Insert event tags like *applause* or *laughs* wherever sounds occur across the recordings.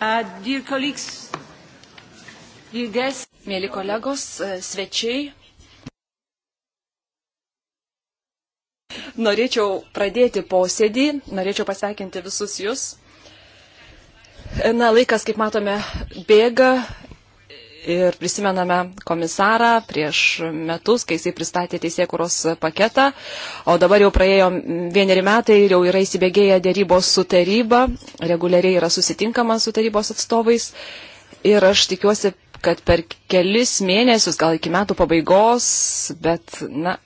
Uh, Mėly kolegos, uh, svečiai. Norėčiau pradėti posėdį, norėčiau pasveikinti visus jūs. Na, laikas, kaip matome, bėga, ir prisimename komisarą prieš metus, kai jisai pristatė teisėkuros paketą, o dabar jau praėjo vieneri metai ir jau yra įsibėgėję dėrybos su taryba, reguliariai yra susitinkama su tarybos atstovais ir aš tikiuosi, kad per kelis mėnesius, gal iki metų pabaigos, bet, na,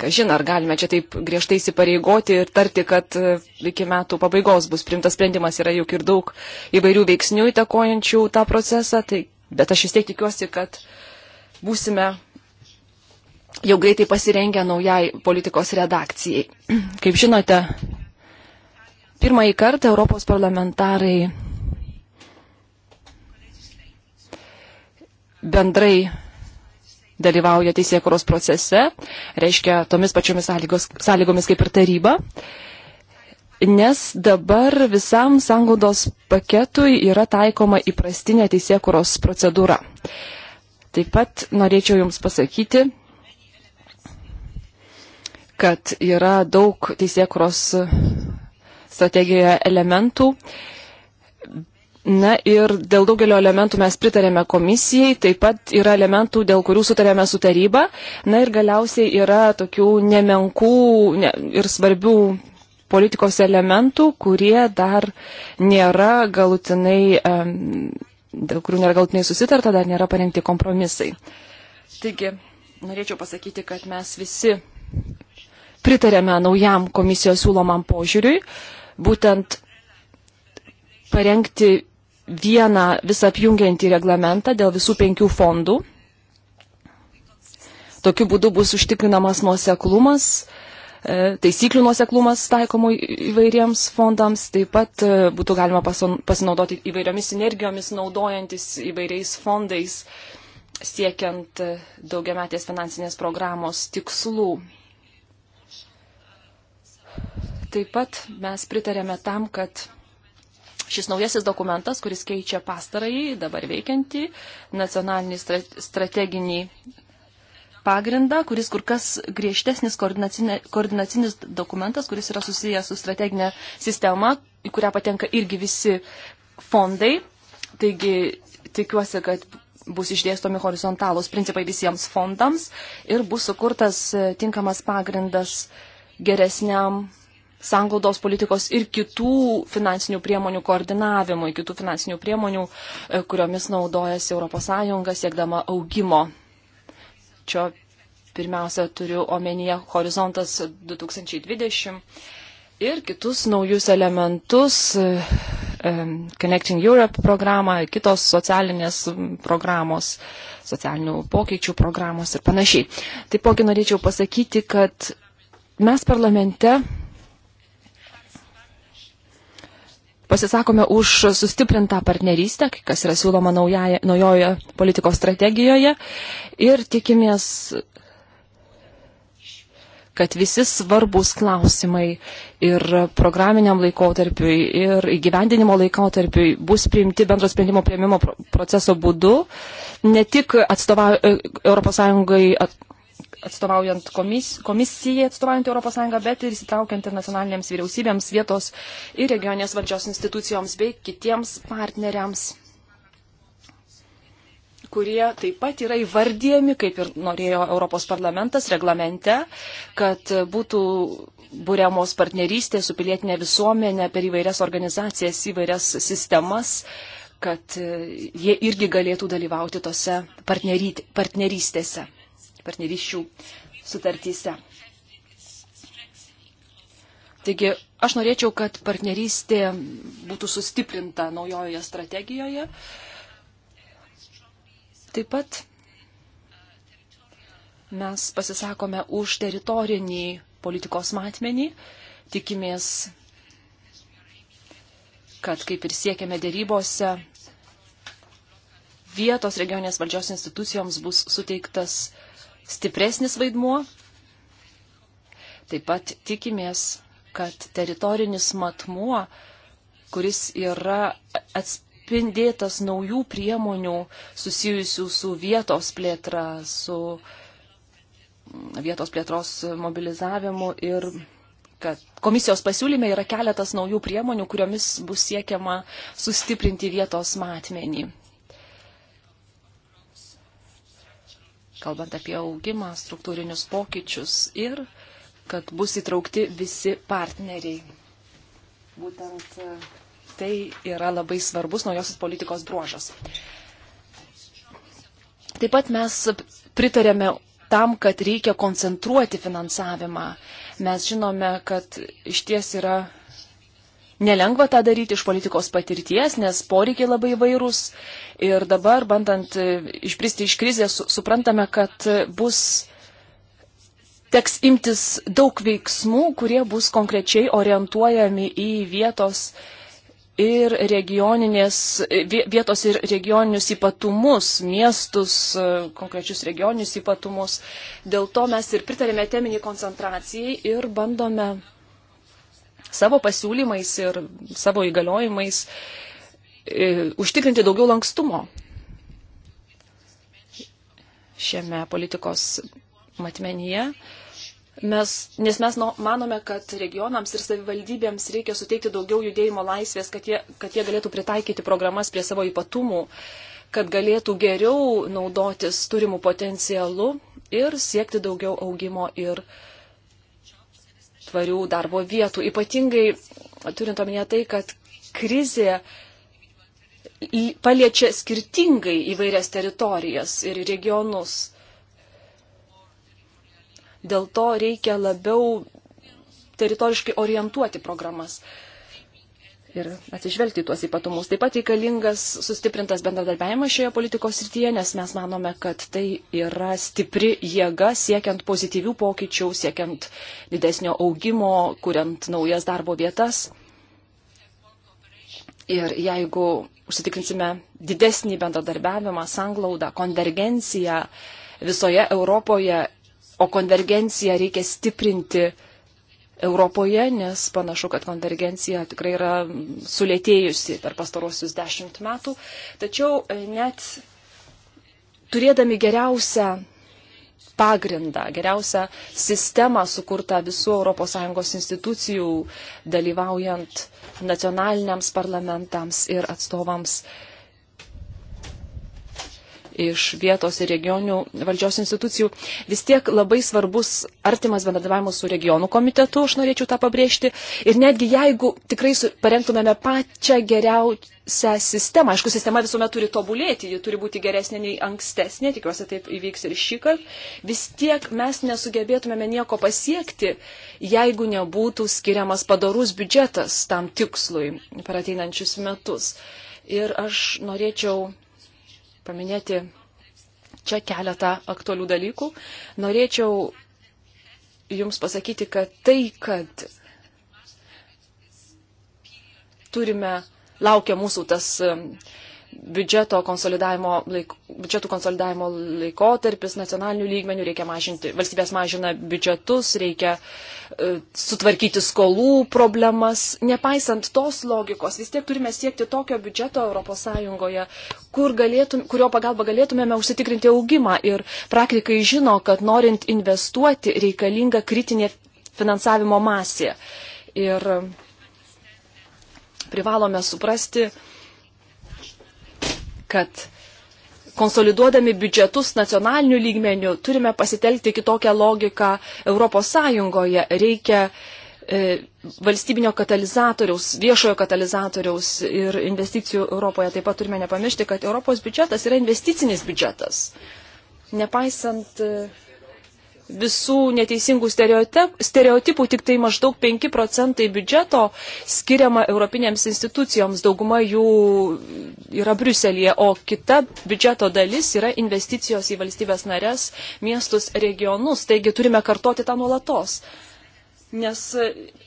Kažin, ar galime čia taip griežtai įsipareigoti ir tarti, kad e, iki metų pabaigos bus primtas sprendimas, yra juk ir daug įvairių veiksnių įtakojančių tą procesą, tai, bet aš vis tiek tikiuosi, kad būsime jau greitai pasirengę naujai politikos redakcijai. *clears throat* Kaip žinote, pirmąjį kartą Europos parlamentarai bendrai dalyvauja teisėkuros procese, reiškia tomis pačiomis sąlygos, sąlygomis kaip ir taryba. Nes dabar visam sanglaudos paketui yra taikoma įprastinė teisėkuros procedūra. Taip pat norėčiau Jums pasakyti, kad yra daug teisėkuros strategijoje elementų, Na ir dėl daugelio elementų mes pritarėme komisijai, taip pat yra elementų, dėl kurių sutarėme su taryba. Na ir galiausiai yra tokių nemenkų ne, ir svarbių politikos elementų, kurie dar nėra galutinai, dėl kurių nėra galutinai susitarta, dar nėra parengti kompromisai. Taigi, norėčiau pasakyti, kad mes visi pritarėme naujam komisijos siūlomam požiūriui, būtent parengti vieną visą apjungiantį reglamentą dėl visų penkių fondų. Tokiu būdu bus užtikrinamas nuoseklumas, e, taisyklių nuoseklumas taikomų įvairiems fondams, taip pat e, būtų galima pasinaudoti įvairiomis sinergijomis, naudojantis įvairiais fondais, siekiant e, daugiametės finansinės programos tikslų. Taip pat mes pritarėme tam, kad Šis naujasis dokumentas, kuris keičia pastarąjį, dabar veikiantį nacionalinį strateginį pagrindą, kuris kur kas griežtesnis koordinacinis dokumentas, kuris yra susijęs su strateginė sistema, į kurią patenka irgi visi fondai. Taigi tikiuosi, kad bus išdėstomi horizontalūs principai visiems fondams ir bus sukurtas e, tinkamas pagrindas geresniam sanglaudos politikos ir kitų finansinių priemonių koordinavimui, kitų finansinių priemonių, e, kuriomis naudojasi ES siekdama augimo. Čia pirmiausia turiu omenyje horizontas 2020 ir kitus naujus elementus, e, e, Connecting Europe programą, kitos socialinės programos, socialinių pokyčių programos ir panašiai. Taipogi norėčiau pasakyti, kad mes parlamente pasisakome už sustiprintą partnerystę, kas yra siūloma naujoje, naujoje politikos strategijoje ir tikimės, kad visi svarbus klausimai ir programiniam laikotarpiui, ir įgyvendinimo laikotarpiui bus priimti bendro sprendimo prieimimo proceso būdu, ne tik atstovau ES atstovaujant komis, komisijai, atstovaujant ES, bet ir įsitraukiant ir nacionalinėms vyriausybėms, vietos ir regionės valdžios institucijoms bei kitiems partneriams kurie taip pat yra įvardyjami, kaip ir norėjo Europos parlamentas reglamente, kad būtų būriamos partnerystės su pilietinė visuomenė per įvairias organizacijas, įvairias sistemas, kad jie irgi galėtų dalyvauti tose partnerystėse partnerysčių sutartyse. Taigi aš norėčiau, kad partnerystė būtų sustiprinta naujojoje strategijoje. Taip pat mes pasisakome už teritorinį politikos matmenį, tikimės, kad kaip ir siekiame dėrybose, vietos regioninės valdžios institucijoms bus suteiktas stipresnis vaidmuo. Taip pat tikimės, kad teritorinis matmuo, kuris yra atspindėtas naujų priemonių susijusių su vietos plėtra, su vietos plėtros mobilizavimu ir kad komisijos pasiūlyme yra keletas naujų priemonių, kuriomis bus siekiama sustiprinti vietos matmenį. kalbant apie augimą, struktūrinius pokyčius ir kad bus įtraukti visi partneriai. Būtent e, tai yra labai svarbus naujosios politikos bruožas. Taip pat mes pritarėme tam, kad reikia koncentruoti finansavimą. Mes žinome, kad iš ties yra Nelengva tą daryti iš politikos patirties, nes poreikiai labai vairūs. Ir dabar, bandant e, išbristi iš krizės, suprantame, kad e, bus teks imtis daug veiksmų, kurie bus konkrečiai orientuojami į vietos ir, e, vietos ir regioninius ypatumus, miestus, konkrečius regioninius ypatumus. Dėl to mes ir pritarėme teminį koncentracijai ir bandome savo pasiūlymais ir savo įgaliojimais e, užtikrinti daugiau lankstumo šiame politikos matmenyje. Mes, nes mes manome, kad regionams ir savivaldybėms reikia suteikti daugiau judėjimo laisvės, kad jie, kad jie galėtų pritaikyti programas prie savo ypatumų, kad galėtų geriau naudotis turimų potencialų ir siekti daugiau augimo ir uh, tvarių darbo vietų. Ypatingai turint omenyje tai, kad krizė paliečia skirtingai įvairias teritorijas ir regionus. Dėl to reikia labiau teritoriškai orientuoti programas. Uh, ir atsižvelgti į tuos ypatumus. Taip pat reikalingas sustiprintas bendradarbiavimas šioje politikos srityje, nes mes manome, kad tai yra stipri jėga siekiant pozityvių pokyčių, siekiant didesnio augimo, kuriant naujas darbo vietas. Ir jeigu užsitikrinsime didesnį bendradarbiavimą, sanglaudą, konvergenciją visoje Europoje, o konvergenciją reikia stiprinti Europoje, nes panašu, kad konvergencija tikrai yra sulėtėjusi per pastarosius dešimt metų. Tačiau e, net turėdami geriausią pagrindą, geriausią sistemą sukurtą visų ES institucijų, dalyvaujant nacionaliniams parlamentams ir atstovams uh, iš vietos ir regionių valdžios institucijų, vis tiek labai svarbus artimas bendradavimas su regionų komitetu, aš norėčiau tą pabrėžti. Ir netgi jeigu tikrai parengtumėme pačią geriausią sistemą, aišku, sistema visuomet turi tobulėti, ji turi būti geresnė nei ankstesnė, tikiuosi taip įvyks ir šį kartą, vis tiek mes nesugebėtumėme nieko pasiekti, jeigu nebūtų skiriamas padarus biudžetas tam tikslui per ateinančius metus. Ir aš norėčiau paminėti čia keletą aktualių dalykų. Norėčiau Jums pasakyti, kad tai, kad turime, laukia mūsų tas biudžeto konsolidavimo, laik, biudžetų konsolidavimo laikotarpis nacionalinių lygmenių, reikia mažinti, valstybės mažina biudžetus, reikia e, sutvarkyti skolų problemas. Nepaisant tos logikos, vis tiek turime siekti tokio biudžeto ES, kur galėtum, kurio pagalba galėtumėme užsitikrinti augimą. Ir praktikai žino, kad norint investuoti reikalinga kritinė finansavimo masė. Ir e, privalome suprasti, kad konsoliduodami biudžetus nacionaliniu lygmeniu turime pasitelkti kitokią logiką ES. Reikia e, valstybinio katalizatoriaus, viešojo katalizatoriaus ir investicijų Europoje. Taip pat turime nepamiršti, kad Europos biudžetas yra investicinis biudžetas. Nepaisant e, visų neteisingų stereotipų tik tai maždaug 5 procentai biudžeto skiriama europinėms institucijoms, dauguma jų yra Briuselėje, o kita biudžeto dalis yra investicijos į valstybės narės, miestus, regionus, taigi turime kartoti tą nuolatos. Nes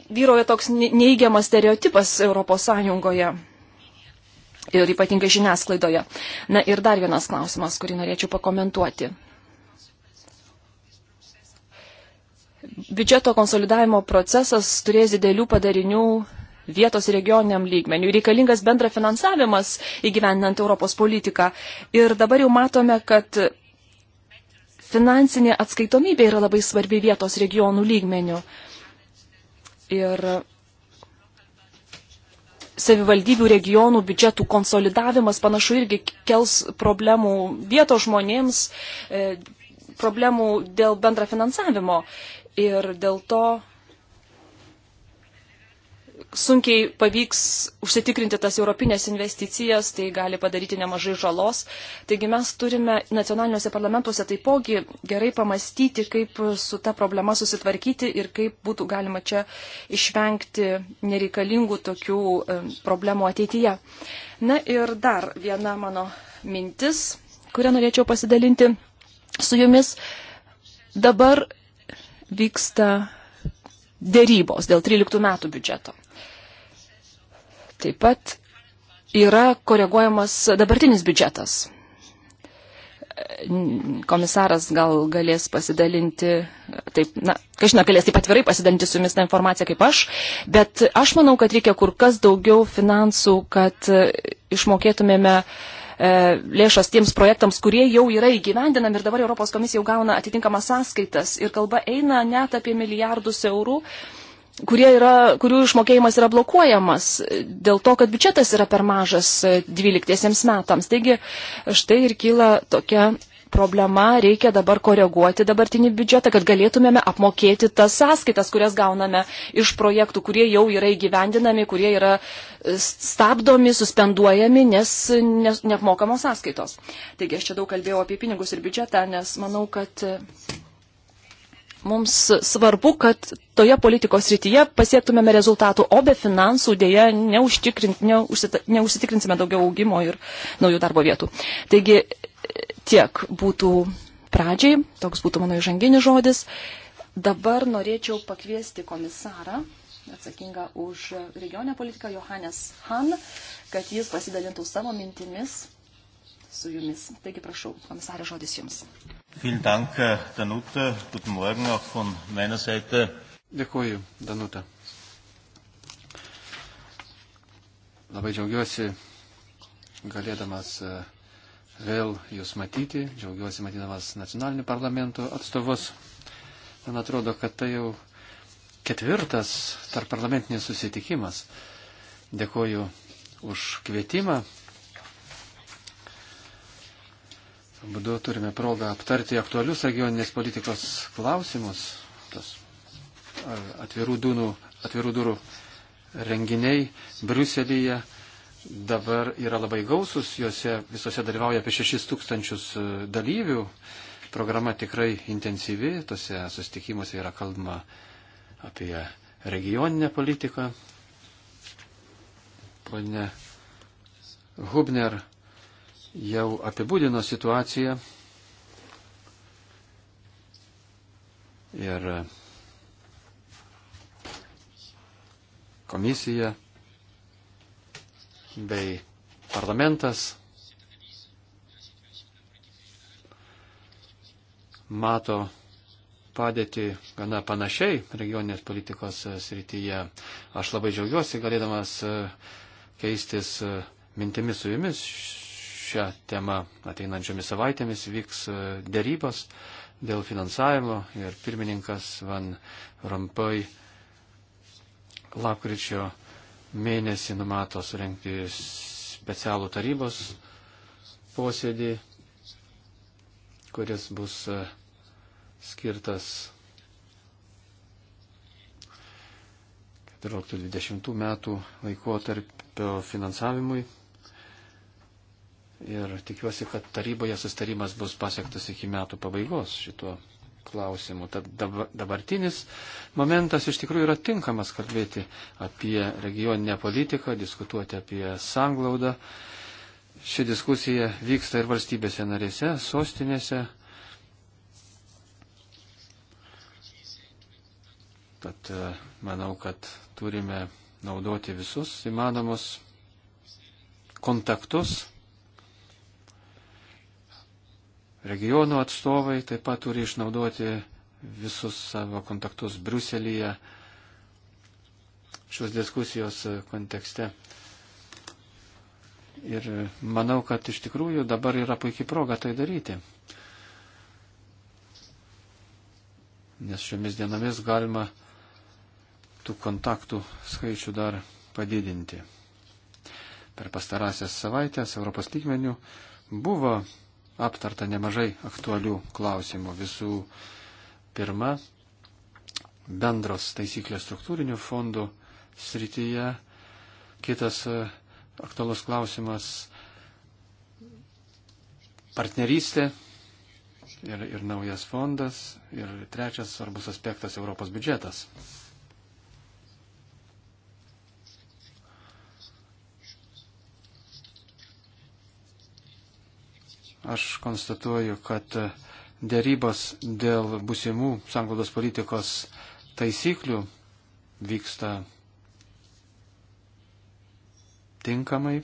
vyroja toks neįgiamas stereotipas ES ir ypatingai žiniasklaidoje. Na ir dar vienas klausimas, kurį norėčiau pakomentuoti. biudžeto konsolidavimo procesas turės didelių padarinių vietos regioniniam lygmeniu. Reikalingas bendra finansavimas įgyvendinant Europos politiką. Ir dabar jau matome, kad finansinė atskaitomybė yra labai svarbi vietos regionų lygmeniu. Ir savivaldybių regionų biudžetų konsolidavimas panašu irgi kels problemų vietos žmonėms, e, problemų dėl bendra finansavimo ir dėl to sunkiai pavyks užsitikrinti tas europinės investicijas, tai gali padaryti nemažai žalos. Taigi mes turime nacionaliniuose parlamentuose taipogi gerai pamastyti, kaip su ta problema susitvarkyti ir kaip būtų galima čia išvengti nereikalingų tokių e, problemų ateityje. Na ir dar viena mano mintis, kurią norėčiau pasidalinti su jumis. Dabar vyksta dėrybos dėl 13 metų biudžeto. Taip pat yra koreguojamas dabartinis biudžetas. Komisaras gal galės pasidalinti, taip, na, kažina, galės taip atvirai pasidalinti su jumis tą informaciją kaip aš, bet aš manau, kad reikia kur kas daugiau finansų, kad išmokėtumėme uh, E, lėšas tiems projektams, kurie jau yra įgyvendinami ir dabar Europos komisija jau gauna atitinkamas sąskaitas. Ir kalba eina net apie milijardus eurų, yra, kurių išmokėjimas yra blokuojamas dėl to, kad biudžetas yra per mažas 12 metams. Taigi štai ir kyla tokia problema, reikia dabar koreguoti dabartinį biudžetą, kad galėtumėme apmokėti tas sąskaitas, kurias gauname iš projektų, kurie jau yra įgyvendinami, kurie yra e, stabdomi, suspenduojami, nes, nes neapmokamos sąskaitos. Taigi aš čia daug kalbėjau apie pinigus ir biudžetą, nes manau, kad e, mums svarbu, kad toje politikos rytyje pasiektumėme rezultatų, o be finansų dėja neužsita, neužsitikrinsime daugiau augimo ir naujų darbo vietų. Taigi Tiek būtų pradžiai, toks būtų mano įžanginis žodis. Dabar norėčiau pakviesti komisarą atsakingą už regionę politiką Johannes Han, kad jis pasidalintų savo mintimis su jumis. Taigi prašau, komisarė, žodis jums. Dank, Danute. Guten Morgen auch von meiner Seite. Dėkuoju, Danute. Labai džiaugiuosi galėdamas uh, vėl jūs matyti. Džiaugiuosi matydamas nacionalinių parlamentų atstovus. Man atrodo, kad tai jau ketvirtas tarp parlamentinis susitikimas. Dėkuoju už kvietimą. Būdu turime progą aptarti aktualius regioninės politikos klausimus. Tas atvirų, dūnų, atvirų durų renginiai Briuselyje dabar yra labai gausus, juose visose dalyvauja apie 6 tūkstančius e, dalyvių. Programa tikrai intensyvi, tose sustikimuose yra kalbama apie regioninę politiką. Pone Hubner jau apibūdino situaciją ir komisija bei parlamentas mato padėtį gana panašiai regioninės politikos e, srityje. Aš labai džiaugiuosi galėdamas e, keistis e, mintimis su jumis šią temą. Ateinančiomis savaitėmis vyks dėrybos dėl finansavimo ir pirmininkas Van Rompuy lapkričio mėnesį numato surenkti specialų tarybos posėdį, kuris bus e, skirtas 14-20 metų laikotarpio finansavimui. Ir tikiuosi, kad taryboje sustarimas bus pasiektas iki metų pabaigos šituo klausimų. Tad dabartinis momentas iš tikrųjų yra tinkamas kalbėti apie regioninę politiką, diskutuoti apie sanglaudą. Ši diskusija vyksta ir valstybėse narėse, sostinėse. Tad e, manau, kad turime naudoti visus įmanomus kontaktus regionų atstovai taip pat turi išnaudoti visus savo kontaktus Bruselėje šios diskusijos kontekste. Ir manau, kad iš tikrųjų dabar yra puikiai proga tai daryti. Nes šiomis dienomis galima tų kontaktų skaičių dar padidinti. Per pastarąsias savaitės Europos lygmenių buvo aptarta nemažai aktualių klausimų. Visų pirma, bendros taisyklės struktūrinių fondų srityje. Kitas e, aktualus klausimas - partnerystė ir, ir naujas fondas. Ir trečias svarbus aspektas - Europos biudžetas. Aš konstatuoju, kad e, dėrybos dėl busimų sanglaudos politikos taisyklių vyksta tinkamai,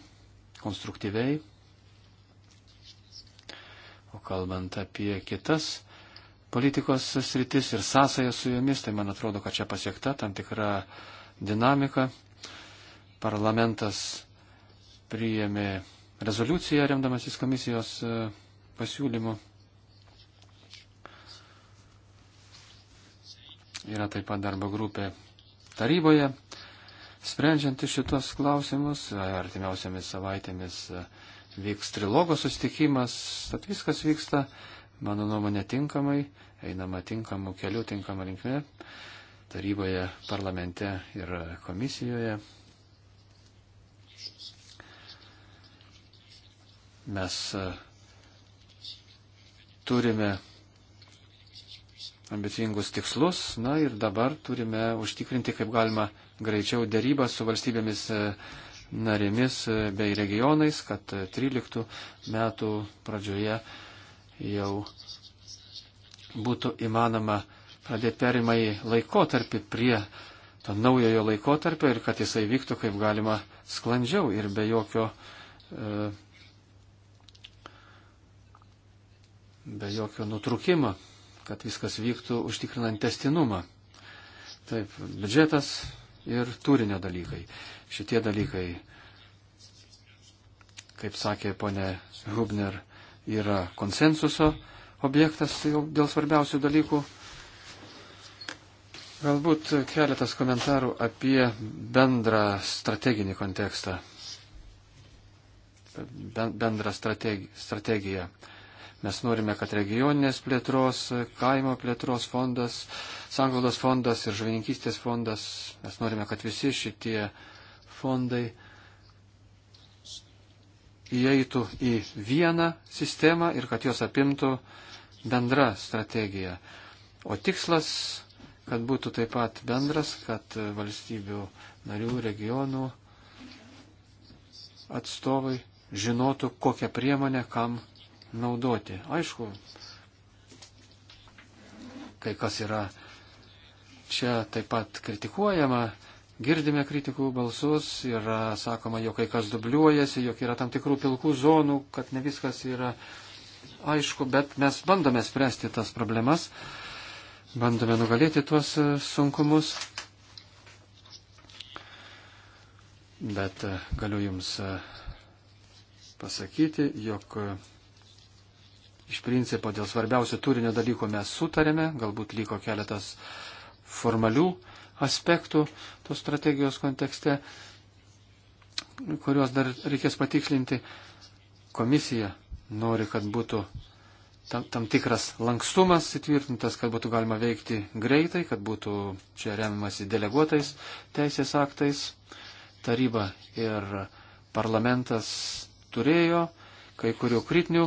konstruktyviai. O kalbant apie kitas politikos sritis ir sąsajas su jomis, tai man atrodo, kad čia pasiekta tam tikra dinamika. Parlamentas priėmė rezoliuciją remdamasis komisijos e, pasiūlymu. Yra taip pat darbo grupė taryboje, sprendžianti šitos klausimus, artimiausiamis savaitėmis e, vyks trilogo sustikimas, tad viskas vyksta, mano nuomonė, tinkamai, einama tinkamu keliu, tinkama linkme, taryboje, parlamente ir komisijoje. Mes e, turime ambicingus tikslus, na ir dabar turime užtikrinti, kaip galima greičiau dėrybą su valstybėmis e, narėmis e, bei regionais, kad 13 metų pradžioje jau būtų įmanoma pradėti perimąjį laikotarpį prie to naujojo laikotarpio ir kad jisai vyktų kaip galima sklandžiau ir be jokio e, be jokio nutrukimo, kad viskas vyktų užtikrinant testinumą. Taip, biudžetas ir turinio dalykai. Šitie dalykai, kaip sakė ponė Hubner, yra konsensuso objektas tai dėl svarbiausių dalykų. Galbūt keletas komentarų apie bendrą strateginį kontekstą. Bendrą strategiją. Mes norime, kad regioninės plėtros, kaimo plėtros fondas, sanglaudos fondas ir žuvininkystės fondas, mes norime, kad visi šitie fondai įeitų į vieną sistemą ir kad jos apimtų bendra strategija. O tikslas, kad būtų taip pat bendras, kad valstybių narių, regionų atstovai žinotų, kokią priemonę kam naudoti. Aišku, kai kas yra čia taip pat kritikuojama, girdime kritikų balsus, yra sakoma, jog kai kas dubliuojasi, jog yra tam tikrų pilkų zonų, kad ne viskas yra aišku, bet mes bandome spręsti tas problemas, bandome nugalėti tuos e, sunkumus. Bet e, galiu Jums e, pasakyti, jog iš principo dėl svarbiausio turinio dalyko mes sutarėme, galbūt liko keletas formalių aspektų tos strategijos kontekste, kuriuos dar reikės patikslinti. Komisija nori, kad būtų tam, tam tikras lankstumas įtvirtintas, kad būtų galima veikti greitai, kad būtų čia remiamasi deleguotais teisės aktais. Taryba ir parlamentas turėjo kai kurių kritinių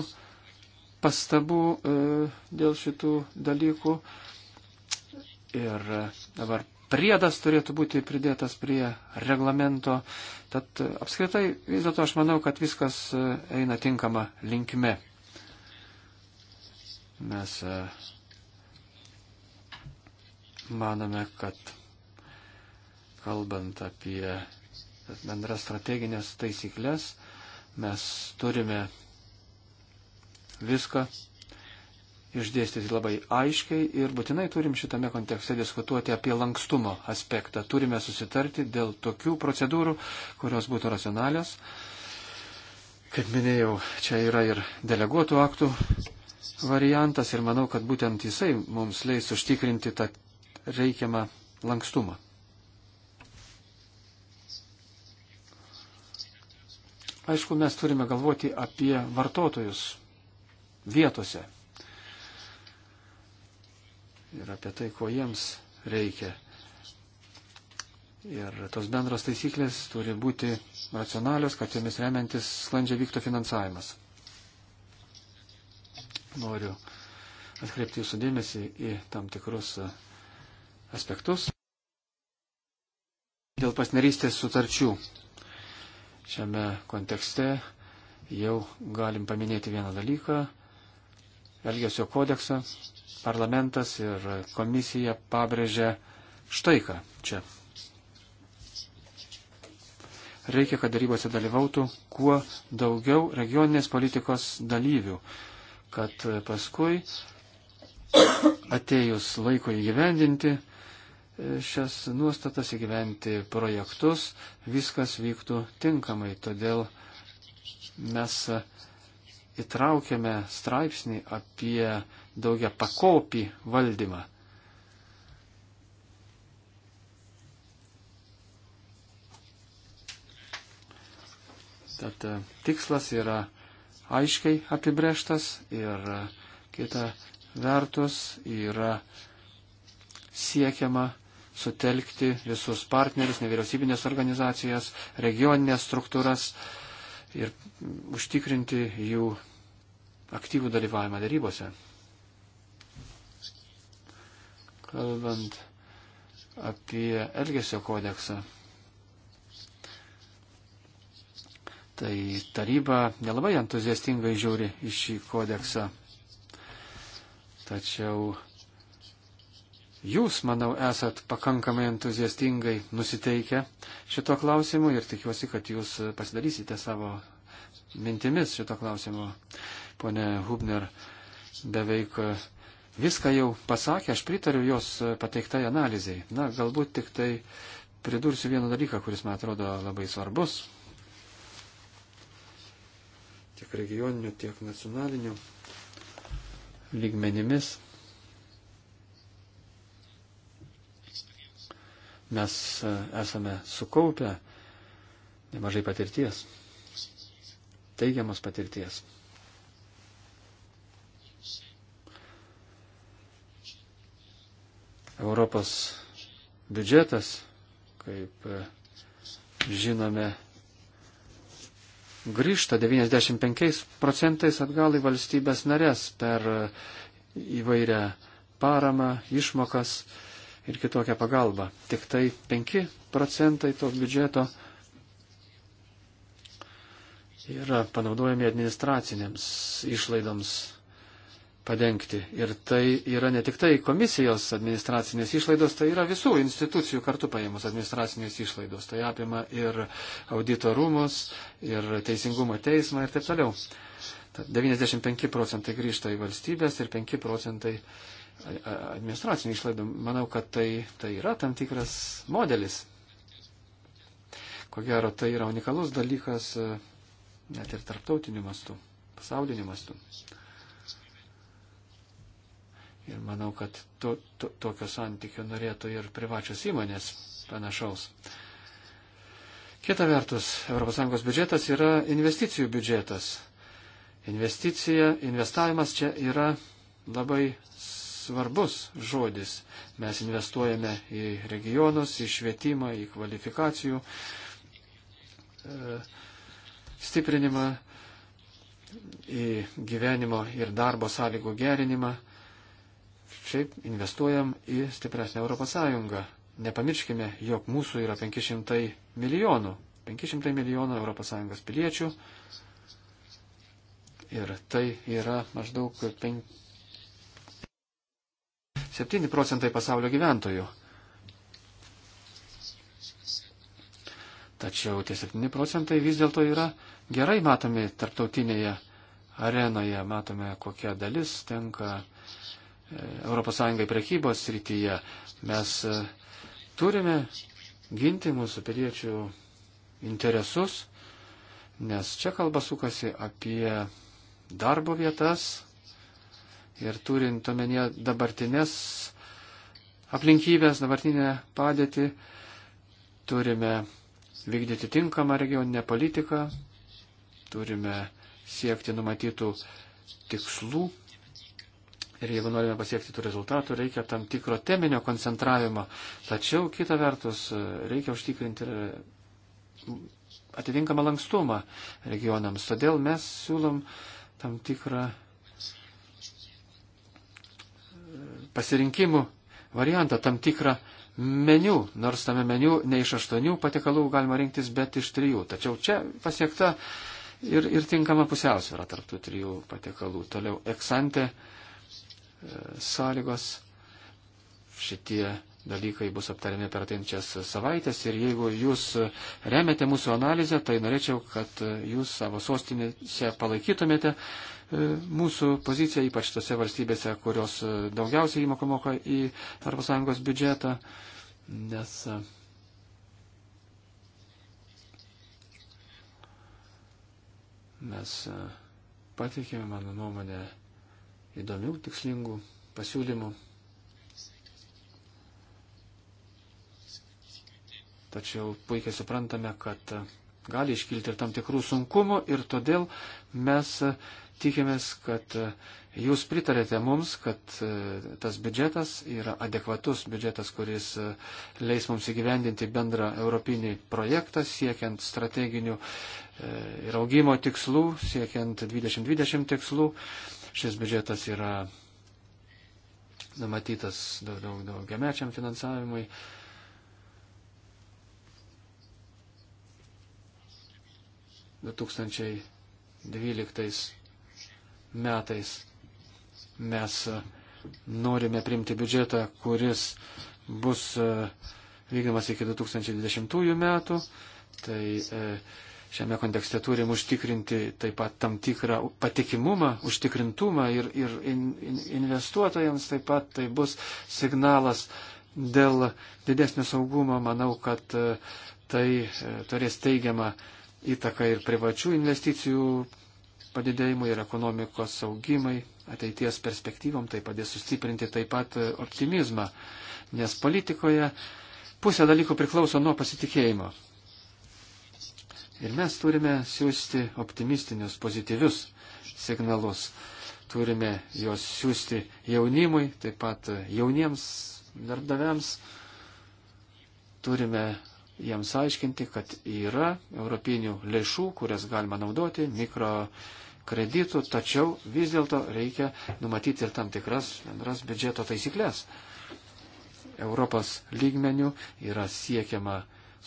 pastabų e, dėl šitų dalykų. Ir dabar priedas turėtų būti pridėtas prie reglamento. Tad apskritai vis dėlto aš manau, kad viskas e, eina tinkama linkme. Mes e, manome, kad kalbant apie bendras strateginės taisyklės, mes turime viską išdėstyti labai aiškiai ir būtinai turim šitame kontekste diskutuoti apie lankstumo aspektą. Turime susitarti dėl tokių procedūrų, kurios būtų racionalios. Kaip minėjau, čia yra ir deleguotų aktų variantas ir manau, kad būtent jisai mums leis užtikrinti tą reikiamą lankstumą. Aišku, mes turime galvoti apie vartotojus, vietose. Ir apie tai, ko jiems reikia. Ir tos bendros taisyklės turi būti racionalios, kad jomis remiantis sklandžiai vyktų finansavimas. Noriu atkreipti jūsų dėmesį į tam tikrus e, aspektus dėl pasnerystės sutarčių. Šiame kontekste jau galim paminėti vieną dalyką, Elgesio kodeksą, parlamentas ir komisija pabrėžė štai ką čia. Reikia, kad darybose dalyvautų kuo daugiau regioninės politikos dalyvių, kad paskui atėjus laiko įgyvendinti e, šias nuostatas, įgyventi projektus, viskas vyktų tinkamai. Todėl mes įtraukėme straipsnį apie daugia pakopį valdymą. Tad e, tikslas yra aiškiai apibrėžtas ir e, kita vertus yra siekiama sutelkti visus partnerius, nevyriausybinės organizacijas, regioninės struktūras, uh, ir užtikrinti jų aktyvų dalyvavimą darybose. Kalbant apie Elgesio kodeksą, tai taryba nelabai entuziastingai žiūri į šį kodeksą. Tačiau Jūs, manau, esat pakankamai entuziastingai nusiteikę šito klausimu ir tikiuosi, kad jūs pasidalysite savo mintimis šito klausimu. Pone Hubner beveik viską jau pasakė, aš pritariu jos pateiktai analizai. Na, galbūt tik tai pridursiu vieną dalyką, kuris man atrodo labai svarbus. Tiek regioniniu, tiek nacionaliniu lygmenimis. Mes e, esame sukaupę nemažai patirties, teigiamos patirties. Europos biudžetas, kaip e, žinome, grįžta 95 procentais atgal į valstybės narės per e, įvairią paramą, išmokas ir kitokią pagalbą. Tik tai 5 procentai to biudžeto yra panaudojami administracinėms išlaidoms padengti. Ir tai yra ne tik tai komisijos administracinės išlaidos, tai yra visų institucijų kartu paėmus administracinės išlaidos. Tai apima ir auditorumus, ir teisingumo teismą ir taip toliau. Tad 95 procentai grįžta į valstybės ir 5 procentai administracinių išlaidų. Manau, kad tai, tai yra tam tikras modelis. Ko gero, tai yra unikalus dalykas e, net ir tarptautiniu mastu, pasauliniu mastu. Ir manau, kad to, to, tokio santykio norėtų ir privačios įmonės panašaus. Kita vertus, ES biudžetas yra investicijų biudžetas. Investicija, investavimas čia yra labai svarbus žodis. Mes investuojame į regionus, į švietimą, į kvalifikacijų e, stiprinimą, į gyvenimo ir darbo sąlygų gerinimą. Šiaip investuojam į stipresnę Europos Sąjungą. Nepamirškime, jog mūsų yra 500 milijonų. 500 milijonų Europos Sąjungos piliečių. Ir tai yra maždaug 5 7 procentai pasaulio gyventojų. Tačiau tie 7 procentai vis dėlto yra gerai matomi tarptautinėje arenoje, matome, kokia dalis tenka ES prekybos srityje. Mes e, turime ginti mūsų piliečių interesus, nes čia kalba sukasi apie darbo vietas, ir turint omenyje dabartinės aplinkybės, dabartinę padėtį, turime vykdyti tinkamą regioninę politiką, turime siekti numatytų tikslų ir jeigu norime pasiekti tų rezultatų, reikia tam tikro teminio koncentravimo. Tačiau, kita vertus, reikia užtikrinti atitinkamą lankstumą regionams. Todėl mes siūlom tam tikrą pasirinkimų variantą, tam tikrą meniu, nors tame meniu ne iš aštuonių patiekalų galima rinktis, bet iš trijų. Tačiau čia pasiekta ir, ir tinkama pusiausvėra tarptų trijų patiekalų. Toliau eksante e, sąlygos šitie dalykai bus aptariami per atinčias savaitės ir jeigu jūs remiate mūsų analizę, tai norėčiau, kad jūs savo sostinėse palaikytumėte E, mūsų pozicija, ypač tose valstybėse, kurios e, daugiausiai įmokų moka į ES biudžetą, nes e, mes pateikėme, mano nuomonė, įdomių, tikslingų pasiūlymų. Tačiau puikiai suprantame, kad gali iškilti ir tam tikrų sunkumų ir todėl mes tikimės, kad e, jūs pritarėte mums, kad e, tas biudžetas yra adekvatus biudžetas, kuris e, leis mums įgyvendinti bendrą europinį projektą, siekiant strateginių ir augimo tikslų, siekiant 2020 tikslų. Šis biudžetas yra numatytas daug, daug, daugiamečiam finansavimui. Du tūkstančiai 2012 metais. Mes e, norime priimti biudžetą, kuris bus e, vykdomas iki 2020 metų. Tai e, šiame kontekste turim užtikrinti taip pat tam tikrą patikimumą, užtikrintumą ir, ir in, in, investuotojams taip pat tai bus signalas dėl didesnio saugumo. Manau, kad tai turės teigiamą įtaką ir privačių investicijų padidėjimui ir ekonomikos augimai, ateities perspektyvom, tai padės sustiprinti taip pat optimizmą, nes politikoje pusė dalykų priklauso nuo pasitikėjimo. Ir mes turime siūsti optimistinius, pozityvius signalus. Turime juos siūsti jaunimui, taip pat jauniems darbdaviams. Turime jiems aiškinti, kad yra europinių lėšų, kurias galima naudoti, mikrokreditų, tačiau vis dėlto reikia numatyti ir tam tikras bendras biudžeto taisyklės. Europos lygmenių yra siekiama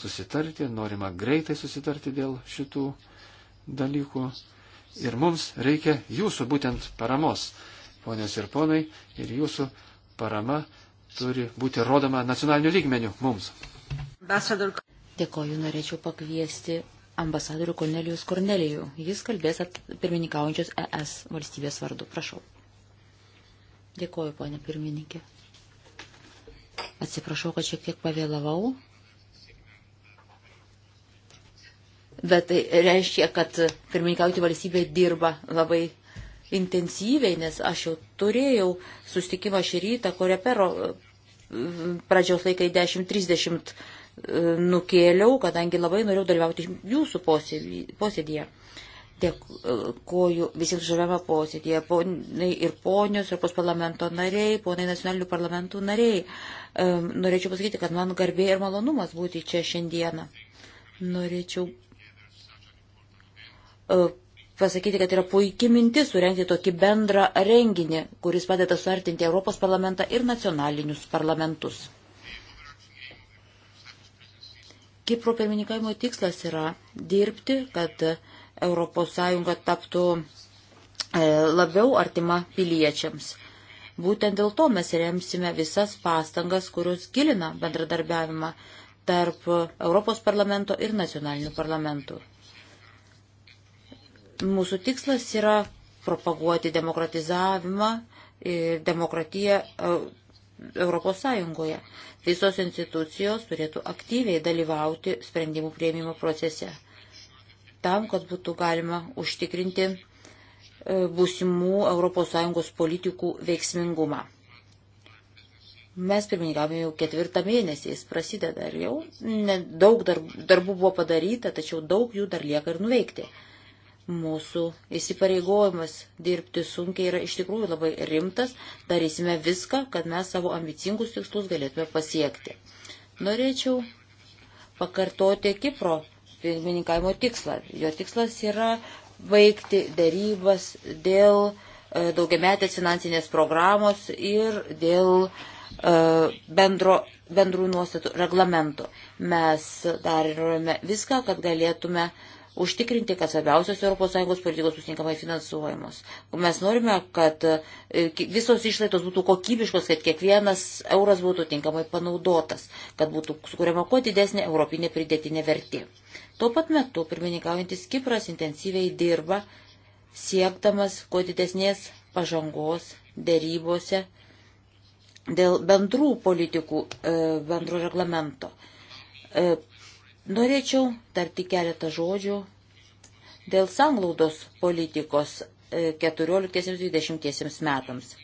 susitarti, norima greitai susitarti dėl šitų dalykų. Ir mums reikia jūsų būtent paramos, ponios ir ponai, ir jūsų parama turi būti rodoma nacionaliniu lygmeniu mums. Dėkoju, norėčiau pakviesti ambasadorių Kornelijus Kornelijų. Jis kalbės pirmininkaujančios ES valstybės vardu. Prašau. Dėkoju, ponė pirmininkė. Atsiprašau, kad šiek tiek pavėlavau. Bet tai reiškia, kad pirmininkauti valstybė dirba labai intensyviai, nes aš jau turėjau sustikimą šį rytą, kurio pero pradžios laikai 10.30 E, nukėliau, kadangi labai norėjau dalyvauti jūsų posėdėje. Dėkoju e, visiems žavėme posėdėje, ponai ir ponios, Europos parlamento nariai, ponai nacionalinių parlamentų nariai. E, norėčiau pasakyti, kad man garbė ir malonumas būti čia šiandieną. Norėčiau pasakyti, kad yra puikia mintis surenkti tokį bendrą renginį, kuris padeda suartinti Europos parlamentą ir nacionalinius parlamentus. Kipro pirmininkavimo tikslas yra dirbti, kad ES taptų e, labiau artima piliečiams. Būtent dėl to mes remsime visas pastangas, kurios gilina bendradarbiavimą tarp Europos parlamento ir nacionalinių parlamentų. Mūsų tikslas yra propaguoti demokratizavimą, demokratiją e, Europos Sąjungoje. Visos institucijos turėtų aktyviai dalyvauti sprendimų prieimimo procese, tam, kad būtų galima užtikrinti e, būsimų ES politikų veiksmingumą. Mes pirmininkavome jau ketvirtą mėnesį, jis prasideda ir jau ne, daug darb, darbų buvo padaryta, tačiau daug jų dar lieka ir nuveikti. Mūsų įsipareigojimas dirbti sunkiai yra iš tikrųjų labai rimtas, darysime viską, kad mes savo ambicingus tikslus galėtume pasiekti. Norėčiau pakartoti Kipro pirmininkavimo tikslą. Jo tikslas yra baigti darybas dėl e, daugiametės finansinės programos ir dėl e, bendro, bendrų nuostatų reglamento. Mes darome viską, kad galėtume uh, užtikrinti, kad svarbiausios ES politikos bus tinkamai finansuojamos. Mes norime, kad e, visos išlaidos būtų kokybiškos, kad kiekvienas euras būtų tinkamai panaudotas, kad būtų sukūriama kuo didesnė europinė pridėtinė vertė. Tuo pat metu pirmininkaujantis Kipras intensyviai dirba, siekdamas kuo didesnės pažangos dėrybose dėl bendrų politikų e, bendro reglamento e, Norėčiau tarti keletą žodžių dėl sanglaudos politikos 14-20 e, metams.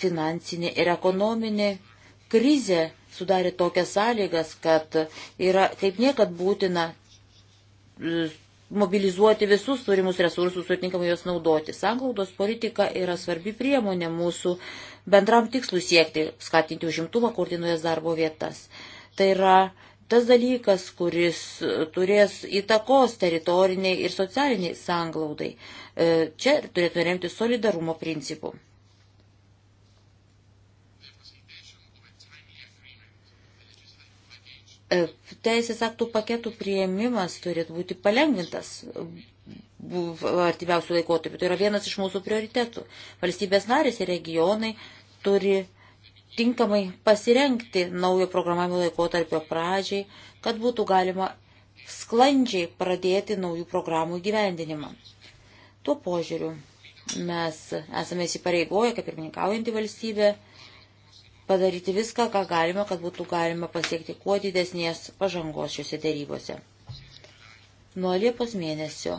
Finansinė ir ekonominė krizė sudarė tokias sąlygas, kad yra kaip niekad būtina e, mobilizuoti visus turimus resursus ir tinkamai juos naudoti. Sanglaudos politika yra svarbi priemonė mūsų uh, bendram tikslui siekti, skatinti užimtumą, kurti naujas darbo vietas. Tai yra tas dalykas, kuris turės įtakos teritoriniai ir socialiniai sanglaudai. E, čia turėtų remti solidarumo principų. E, teisės aktų paketų prieimimas turėtų būti palengvintas artimiausių laikotarpių. Tai yra vienas iš mūsų prioritetų. Valstybės narės ir regionai turi tinkamai pasirenkti naujo programavimo laikotarpio pradžiai, kad būtų galima sklandžiai pradėti naujų programų gyvendinimą. Tuo požiūriu mes esame įsipareigoję, kaip ir minkaujantį valstybę, padaryti viską, ką galima, kad būtų galima pasiekti kuo didesnės pažangos šiuose dėrybose. Nuo Liepos mėnesio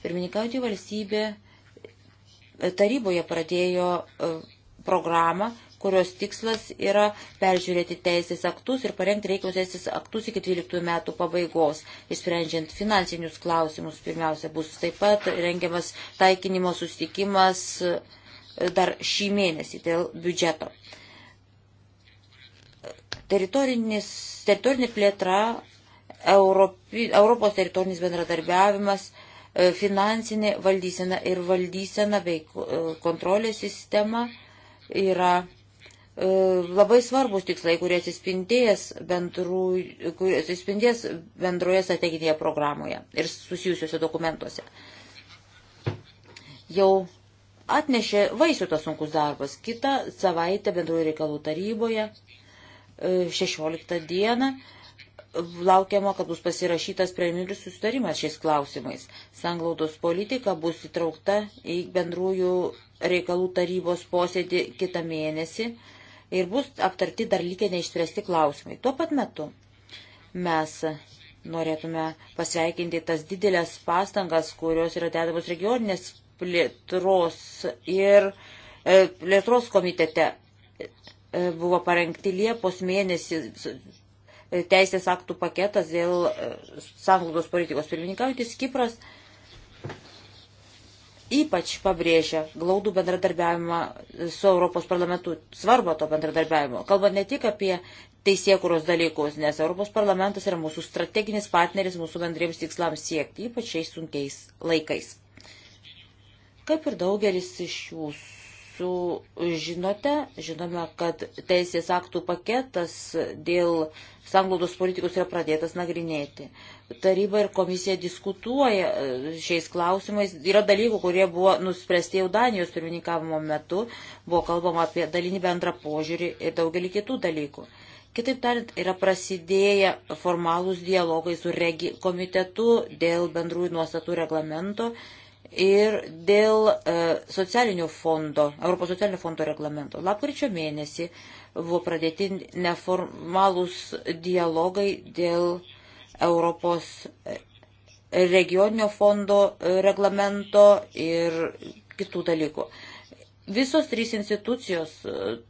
Pirmininkauti valstybė e, taryboje pradėjo e, programą, kurios tikslas yra peržiūrėti teisės aktus ir parengti reikiamus teisės aktus iki 12 metų pabaigos. Išsprendžiant finansinius klausimus, pirmiausia, bus taip pat rengiamas taikinimo sustikimas e, dar šį mėnesį dėl biudžeto. Teritorinė plėtra, Europi, Europos teritorinis bendradarbiavimas E, finansinė valdysena ir valdysena bei e, kontrolės sistema yra e, labai svarbus tikslai, kurie atsispindės, bendrų, kurie atsispindės bendroje strateginėje programoje ir susijusiuose dokumentuose. Jau atnešė vaisių tas sunkus darbas. Kita savaitė bendroje reikalų taryboje 16 dieną laukiama, kad bus pasirašytas preliminarius sustarimas šiais klausimais. Sanglaudos politika bus įtraukta į bendrųjų reikalų tarybos posėdį kitą mėnesį ir bus aptarti dar lygiai neišspręsti klausimai. Tuo pat metu mes norėtume pasveikinti tas didelės pastangas, kurios yra dedamos regioninės plėtros ir e, plėtros komitete e, buvo parengti Liepos mėnesį teisės aktų paketas dėl e, sanglaudos politikos pirmininkaujantis Kipras ypač pabrėžia glaudų bendradarbiavimą su Europos parlamentu, svarbą to bendradarbiavimo, kalbant ne tik apie teisėkuros dalykus, nes Europos parlamentas yra mūsų strateginis partneris mūsų bendriems tikslams siekti, ypač šiais sunkiais laikais. Kaip ir daugelis iš jūsų jūsų žinote, žinome, kad teisės aktų paketas dėl sanglaudos politikos yra pradėtas nagrinėti. Taryba ir komisija diskutuoja e, šiais klausimais. Yra dalykų, kurie buvo nuspręsti jau Danijos pirmininkavimo metu. Buvo kalbama apie dalinį bendrą požiūrį ir daugelį kitų dalykų. Kitaip tariant, yra prasidėję formalūs dialogai su regi komitetu dėl bendrųjų nuostatų reglamento ir dėl e, socialinio fondo, Europos socialinio fondo reglamento. Lapkričio mėnesį buvo pradėti neformalūs dialogai dėl Europos e, regioninio fondo e, reglamento ir kitų dalykų. Visos trys institucijos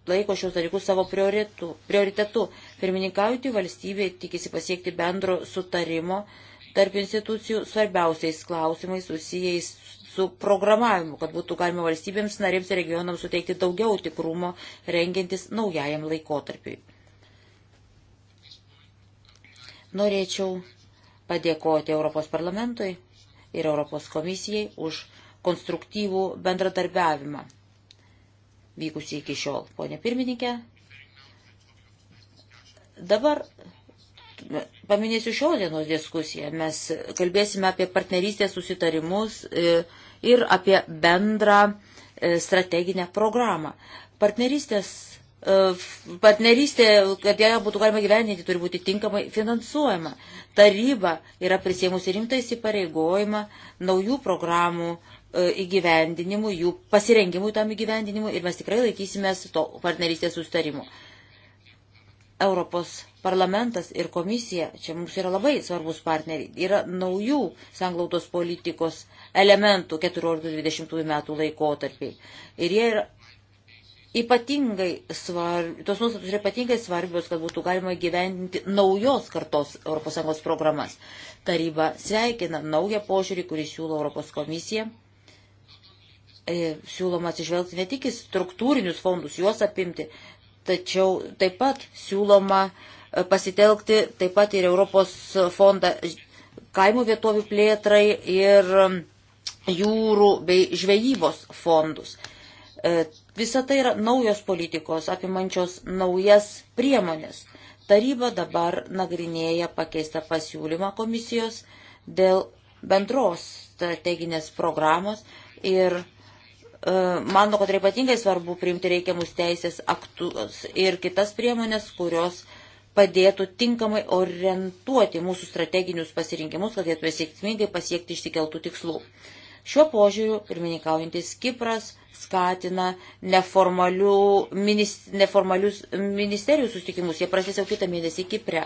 laiko šios dalykus savo prioritetu. Pirmininkaujantį valstybė tikisi pasiekti bendro sutarimo tarp institucijų svarbiausiais klausimais susijęs su programavimu, kad būtų galima valstybėms narėms ir regionams suteikti daugiau tikrumo rengiantis naujajam laikotarpiui. Norėčiau padėkoti Europos parlamentui ir Europos komisijai už konstruktyvų bendradarbiavimą vykusi iki šiol. Pone pirmininkė, dabar paminėsiu šios dienos diskusiją. Mes kalbėsime apie partnerystės susitarimus e, ir apie bendrą e, strateginę programą. Partnerystės, e, partnerystė, kad ją būtų galima gyveninti, turi būti tinkamai finansuojama. Taryba yra prisėmusi rimtą įsipareigojimą naujų programų e, įgyvendinimui, jų pasirengimui tam įgyvendinimui ir mes tikrai laikysimės to partnerystės sustarimu. Europos parlamentas ir komisija, čia mums yra labai svarbus partneriai, yra naujų sanglautos politikos elementų 14-20 metų laikotarpiai. Ir jie yra ypatingai svarbios, tos nuostatos yra ypatingai svarbios, kad būtų galima gyventi naujos kartos ES programas. Taryba sveikina naują požiūrį, kurį siūlo Europos komisija e, siūloma atsižvelgti ne tik į struktūrinius fondus, juos apimti, tačiau taip pat siūloma e, pasitelkti taip pat ir Europos fondą kaimų vietovių plėtrai ir jūrų bei žvejybos fondus. E, visa tai yra naujos politikos, apimančios naujas priemonės. Taryba dabar nagrinėja pakeistą pasiūlymą komisijos dėl bendros strateginės programos ir e, mano, kad yra ypatingai svarbu priimti reikiamus teisės aktus ir kitas priemonės, kurios padėtų tinkamai orientuoti mūsų strateginius pasirinkimus, kad galėtume sėkmingai pasiekti išsikeltų tikslų. E, Šiuo požiūriu pirmininkaujantis Kipras skatina minist, neformalius ministerijų sustikimus. Jie prasidės jau kitą mėnesį Kipre.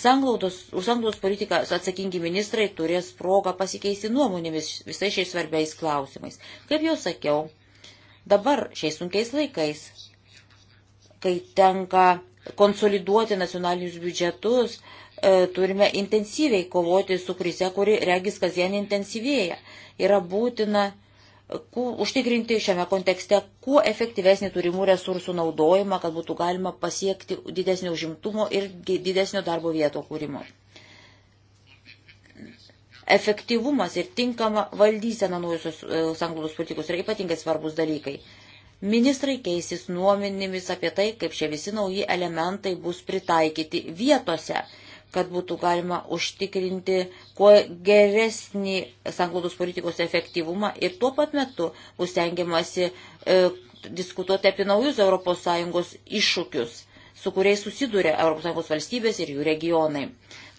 Sanglaudos, už sanglaudos politiką atsakingi ministrai turės progą pasikeisti nuomonėmis visais šiais svarbiais klausimais. Kaip jau sakiau, dabar šiais sunkiais laikais, kai tenka konsoliduoti nacionalinius biudžetus, E, turime intensyviai kovoti su krize, kuri regis kasdien intensyvėja. Yra būtina e, ku, užtikrinti šiame kontekste kuo efektyvesnį turimų resursų naudojimą, kad būtų galima pasiekti didesnio užimtumo ir didesnio darbo vieto kūrimo. Efektyvumas ir tinkama valdysena naujusios e, sanglaudos politikos yra ypatingai svarbus dalykai. Ministrai keisis nuomenimis apie tai, kaip šie visi nauji elementai bus pritaikyti vietose kad būtų galima užtikrinti kuo geresnį sanglaudos politikos efektyvumą ir tuo pat metu bus tengiamasi e, diskutuoti apie naujus ES iššūkius, su kuriais susiduria ES valstybės ir jų regionai.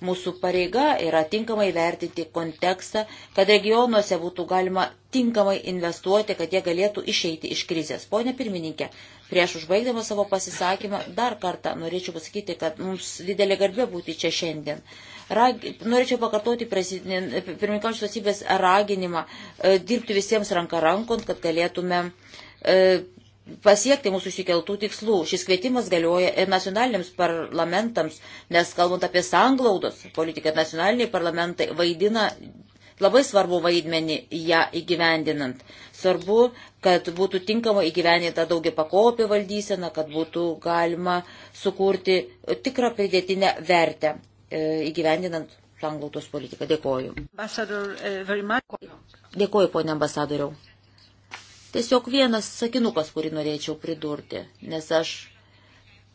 Mūsų pareiga yra tinkamai vertinti kontekstą, kad regionuose būtų galima tinkamai investuoti, kad jie galėtų išeiti iš krizės. Pone pirmininkė, prieš užbaigdama savo pasisakymą dar kartą norėčiau pasakyti, kad mums didelė garbė būti čia šiandien. Rag... Norėčiau pakartoti pirmininkaučios valstybės raginimą e, dirbti visiems ranka rankon, kad galėtume e, pasiekti mūsų išsikeltų tikslų. Šis kvietimas galioja ir nacionaliniams parlamentams, nes kalbant apie sanglaudos politiką, nacionaliniai parlamentai vaidina labai svarbu vaidmenį ją įgyvendinant. Svarbu, kad būtų tinkamai įgyvendinta daugia pakopė valdysena, kad būtų galima sukurti tikrą pridėtinę vertę e, įgyvendinant sanglautos politiką. Dėkoju. E, Dėkoju, ponė ambasadoriau. Tiesiog vienas sakinukas, kurį norėčiau pridurti, nes aš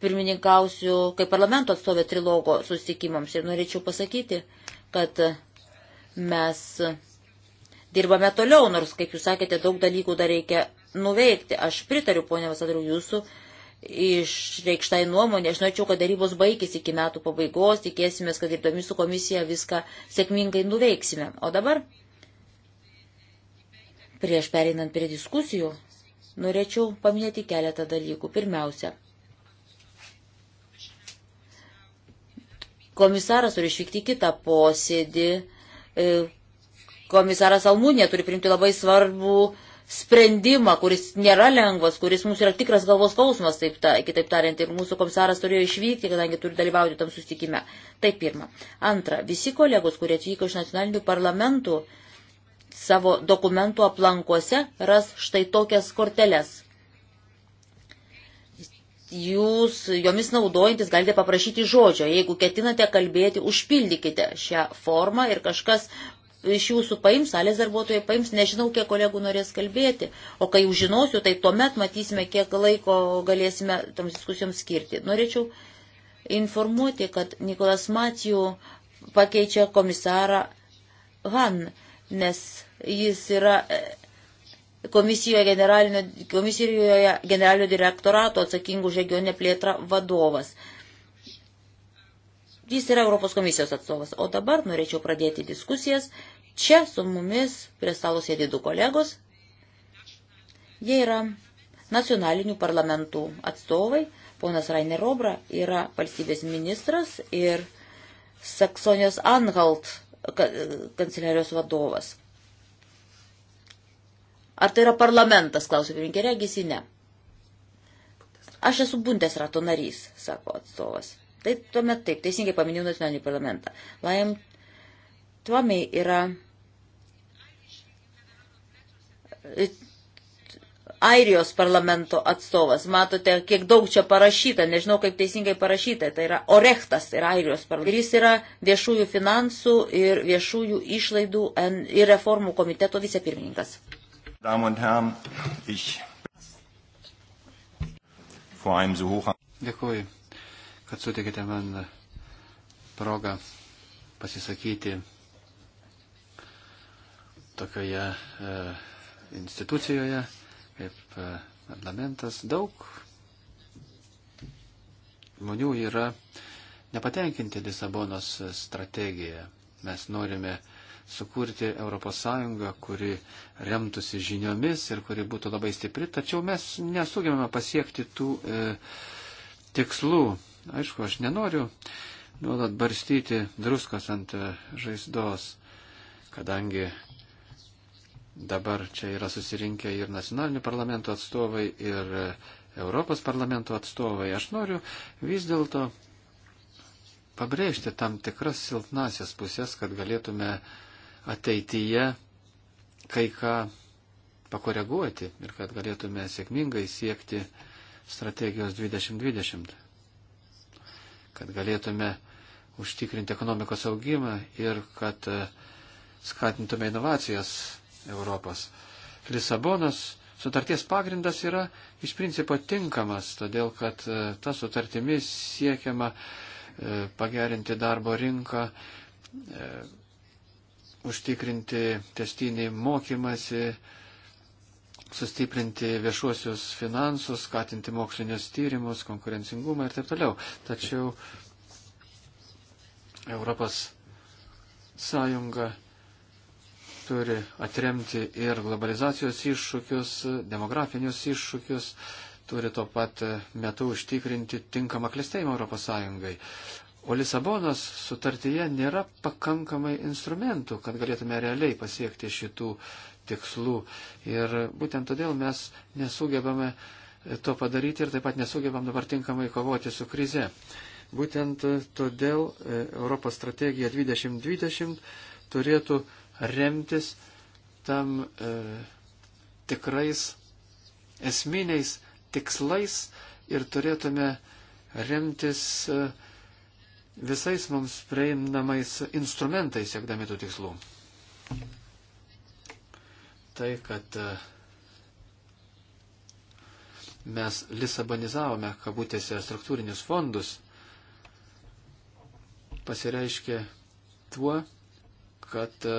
pirmininkausiu kaip parlamento atstovė trilogo susitikimams ir norėčiau pasakyti, kad mes dirbame toliau, nors, kaip jūs sakėte, daug dalykų dar reikia nuveikti. Aš pritariu, ponė Vasadriu, jūsų išreikštai nuomonė. Aš norėčiau, kad darybos baigis iki metų pabaigos, tikėsimės, kad dirbdami su komisija viską sėkmingai nuveiksime. O dabar Prieš pereinant prie diskusijų, norėčiau paminėti keletą dalykų. Pirmiausia, komisaras turi išvykti kitą posėdį. E, komisaras Almūnė turi priimti labai svarbų sprendimą, kuris nėra lengvas, kuris mums yra tikras galvos skausmas, taip ta, kitaip tariant, ir mūsų komisaras turėjo išvykti, kadangi turi dalyvauti tam sustikime. Tai pirma. Antra, visi kolegos, kurie atvyko iš nacionalinių parlamentų, savo dokumentų aplankuose ras štai tokias korteles. Jūs jomis naudojantis galite paprašyti žodžio. Jeigu ketinate kalbėti, užpildykite šią formą ir kažkas iš jūsų paims, salės darbuotojai paims, nežinau, kiek kolegų norės kalbėti. O kai užžinosiu, tai tuomet matysime, kiek laiko galėsime toms diskusijoms skirti. Norėčiau informuoti, kad Nikolas Matijų pakeičia komisarą Van nes jis yra e, komisijoje generalinio, komisijoje generalinio direktorato atsakingų žegionė plėtra vadovas. Jis yra Europos komisijos atstovas. O dabar norėčiau pradėti diskusijas. Čia su mumis prie stalo sėdi du kolegos. Jie yra nacionalinių parlamentų atstovai. Ponas Rainer Robra yra valstybės ministras ir Saksonijos Anhalt kanceliarijos vadovas. Ar tai yra parlamentas, klausė pirmininkė, regisi ne. Aš esu bundės rato narys, sako atstovas. Tai tuomet taip, teisingai paminėjau nacionalinį parlamentą. Laim Tuomiai yra Airijos parlamento atstovas. Matote, kiek daug čia parašyta, nežinau kaip teisingai parašyta, tai yra Orechtas, tai yra Airijos parlamento. Ir jis yra viešųjų finansų ir viešųjų išlaidų ir reformų komiteto vicepirmininkas. Dėkuoju, kad sutikite man progą pasisakyti tokioje e, institucijoje, kaip e, parlamentas, daug žmonių yra nepatenkinti Lisabonos strategiją. Mes norime sukurti ES, kuri remtųsi žiniomis ir kuri būtų labai stipri, tačiau mes nesugebame pasiekti tų e, tikslų. Aišku, aš nenoriu nuolat barstyti druskos ant žaizdos, kadangi Dabar čia yra susirinkę ir nacionalinių parlamentų atstovai, ir e, Europos parlamento atstovai. Aš noriu vis dėlto pabrėžti tam tikras silpnasias pusės, kad galėtume ateityje kai ką pakoreguoti ir kad galėtume sėkmingai siekti strategijos 2020. Kad galėtume užtikrinti ekonomikos augimą ir kad e, skatintume inovacijas Europos. Lisabonos sutarties pagrindas yra iš principo tinkamas, todėl kad e, ta sutartimis siekiama e, pagerinti darbo rinką, e, užtikrinti testinį mokymasi, sustiprinti viešuosius finansus, skatinti mokslinius tyrimus, konkurencingumą ir taip toliau. Tačiau Europos Sąjunga turi atremti ir globalizacijos iššūkius, demografinius iššūkius, turi tuo pat metu užtikrinti tinkamą klėstėjimą ES. O Lisabonos sutartyje nėra pakankamai instrumentų, kad galėtume realiai pasiekti šitų tikslų. Ir būtent todėl mes nesugebame to padaryti ir taip pat nesugebam dabar tinkamai kovoti su krize. Būtent todėl e, Europos strategija 2020 turėtų remtis tam e, tikrais esminiais tikslais ir turėtume remtis e, visais mums prieinamais instrumentais siekdami tų tikslų. Tai, kad e, mes lisabonizavome, kabutėse, struktūrinius fondus, pasireiškia tuo, kad e,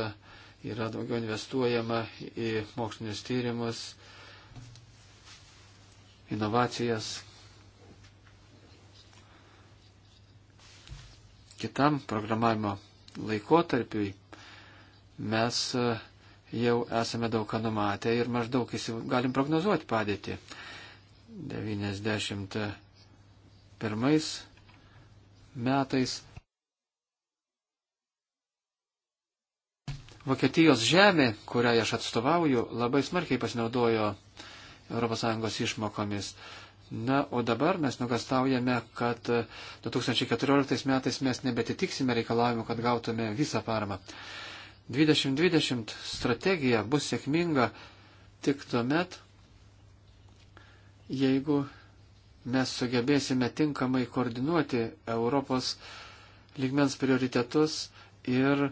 yra daugiau investuojama į mokslinius tyrimus, inovacijas. Kitam programavimo laikotarpiui mes e, jau esame daug ką numatę ir maždaug galim prognozuoti padėtį. 91 metais Vokietijos žemė, kuriai aš atstovauju, labai smarkiai pasinaudojo ES išmokomis. Na, o dabar mes nugastaujame, kad 2014 metais mes nebetitiksime reikalavimų, kad gautume visą paramą. 2020 strategija bus sėkminga tik tuomet, jeigu mes sugebėsime tinkamai koordinuoti Europos lygmens prioritetus ir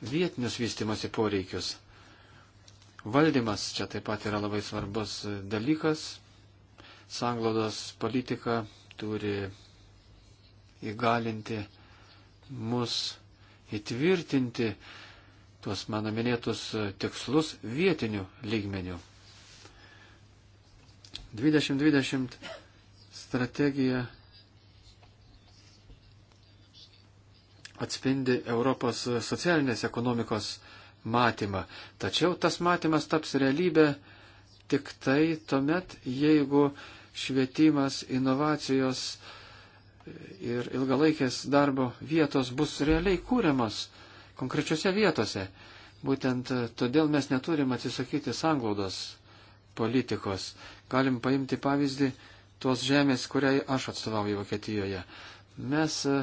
vietinius vystimosi poreikius. Valdymas čia taip pat yra labai svarbus dalykas. Sanglodos politika turi įgalinti mus įtvirtinti tuos mano minėtus tikslus vietiniu lygmeniu. 2020 strategija atspindi Europos socialinės ekonomikos matymą. Tačiau tas matymas taps realybė tik tai tuomet, jeigu švietimas, inovacijos ir ilgalaikės darbo vietos bus realiai kūriamas konkrečiose vietose. Būtent todėl mes neturim atsisakyti sanglaudos politikos. Galim paimti pavyzdį tos žemės, kuriai aš atstovauju Vokietijoje. Mes uh,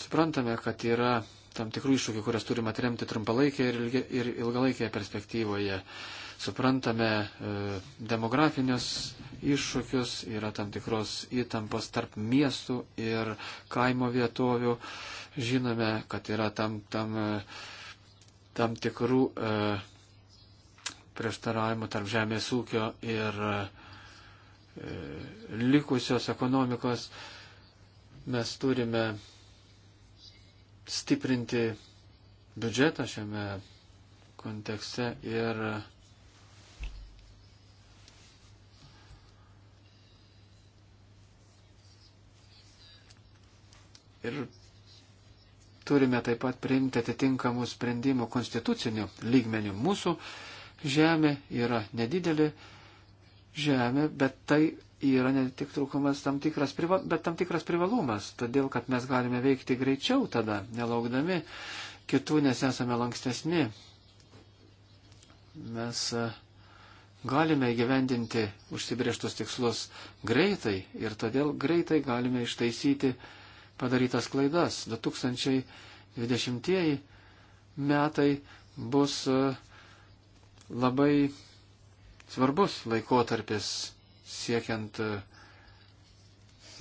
Suprantame, kad yra tam tikrų iššūkių, kurias turime atremti trumpalaikėje ir, ir ilgalaikėje perspektyvoje. Suprantame e, demografinius iššūkius, yra tam tikros įtampos tarp miestų ir kaimo vietovių. Žinome, kad yra tam, tam, e, tam tikrų e, prieštaravimų tarp žemės ūkio ir e, likusios ekonomikos. Mes turime stiprinti biudžetą šiame kontekste ir ir turime taip pat priimti atitinkamų sprendimų konstitucinių lygmenių. Mūsų žemė yra nedidelė žemė, bet tai yra ne tik trūkumas, tam tikras priva, bet tam tikras privalumas, todėl kad mes galime veikti greičiau tada, nelaukdami kitų, nes esame lankstesni. Mes e, galime įgyvendinti užsibrieštus tikslus greitai ir todėl greitai galime ištaisyti padarytas klaidas. 2020 metai bus e, labai svarbus laikotarpis siekiant e,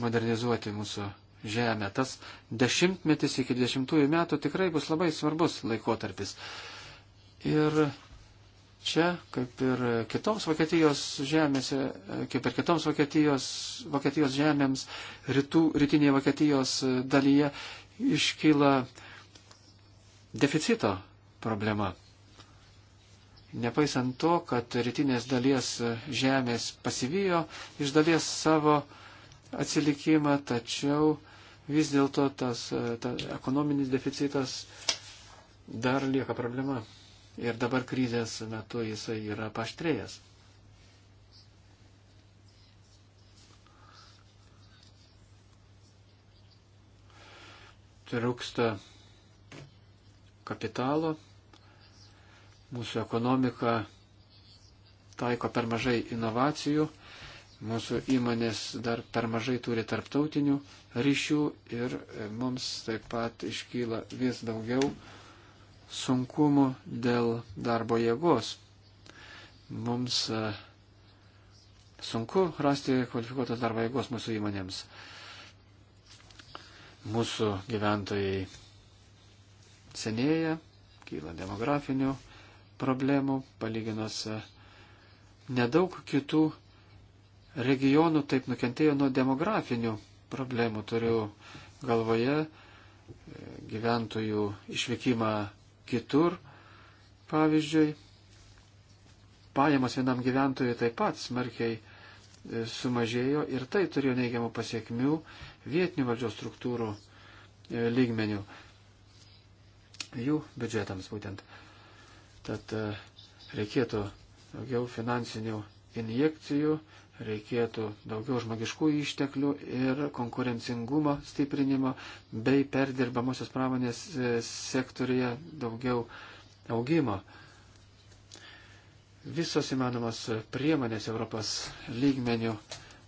modernizuoti mūsų žemę. Tas dešimtmetis iki dešimtųjų metų tikrai bus labai svarbus laikotarpis. Ir čia, kaip ir kitoms Vokietijos žemėse, e, kaip ir kitoms Vokietijos, Vokietijos žemėms, rytų, rytinėje Vokietijos e, dalyje iškyla deficito problema nepaisant to, kad rytinės dalies žemės pasivijo iš dalies savo atsilikimą, tačiau vis dėlto tas ta, ekonominis deficitas dar lieka problema. Ir dabar krizės metu jisai yra paštrėjęs. Trūksta kapitalo Mūsų ekonomika taiko per mažai inovacijų, mūsų įmonės dar per mažai turi tarptautinių ryšių ir mums taip pat iškyla vis daugiau sunkumų dėl darbo jėgos. Mums e, sunku rasti kvalifikuotos darbo jėgos mūsų įmonėms. Mūsų gyventojai senėja, kyla demografinių problemų, palyginus nedaug kitų regionų taip nukentėjo nuo demografinių problemų. Turiu galvoje e, gyventojų išvykimą kitur, pavyzdžiui. Pajamos vienam gyventojui taip pat smarkiai e, sumažėjo ir tai turėjo neigiamų pasiekmių vietinių valdžios struktūrų e, lygmenių jų biudžetams būtent. Tad e, reikėtų daugiau finansinių injekcijų, reikėtų daugiau žmogiškų išteklių ir konkurencingumo stiprinimo bei perdirbamosios pramonės e, sektorija daugiau augimo. Visos įmanomos priemonės Europos lygmenių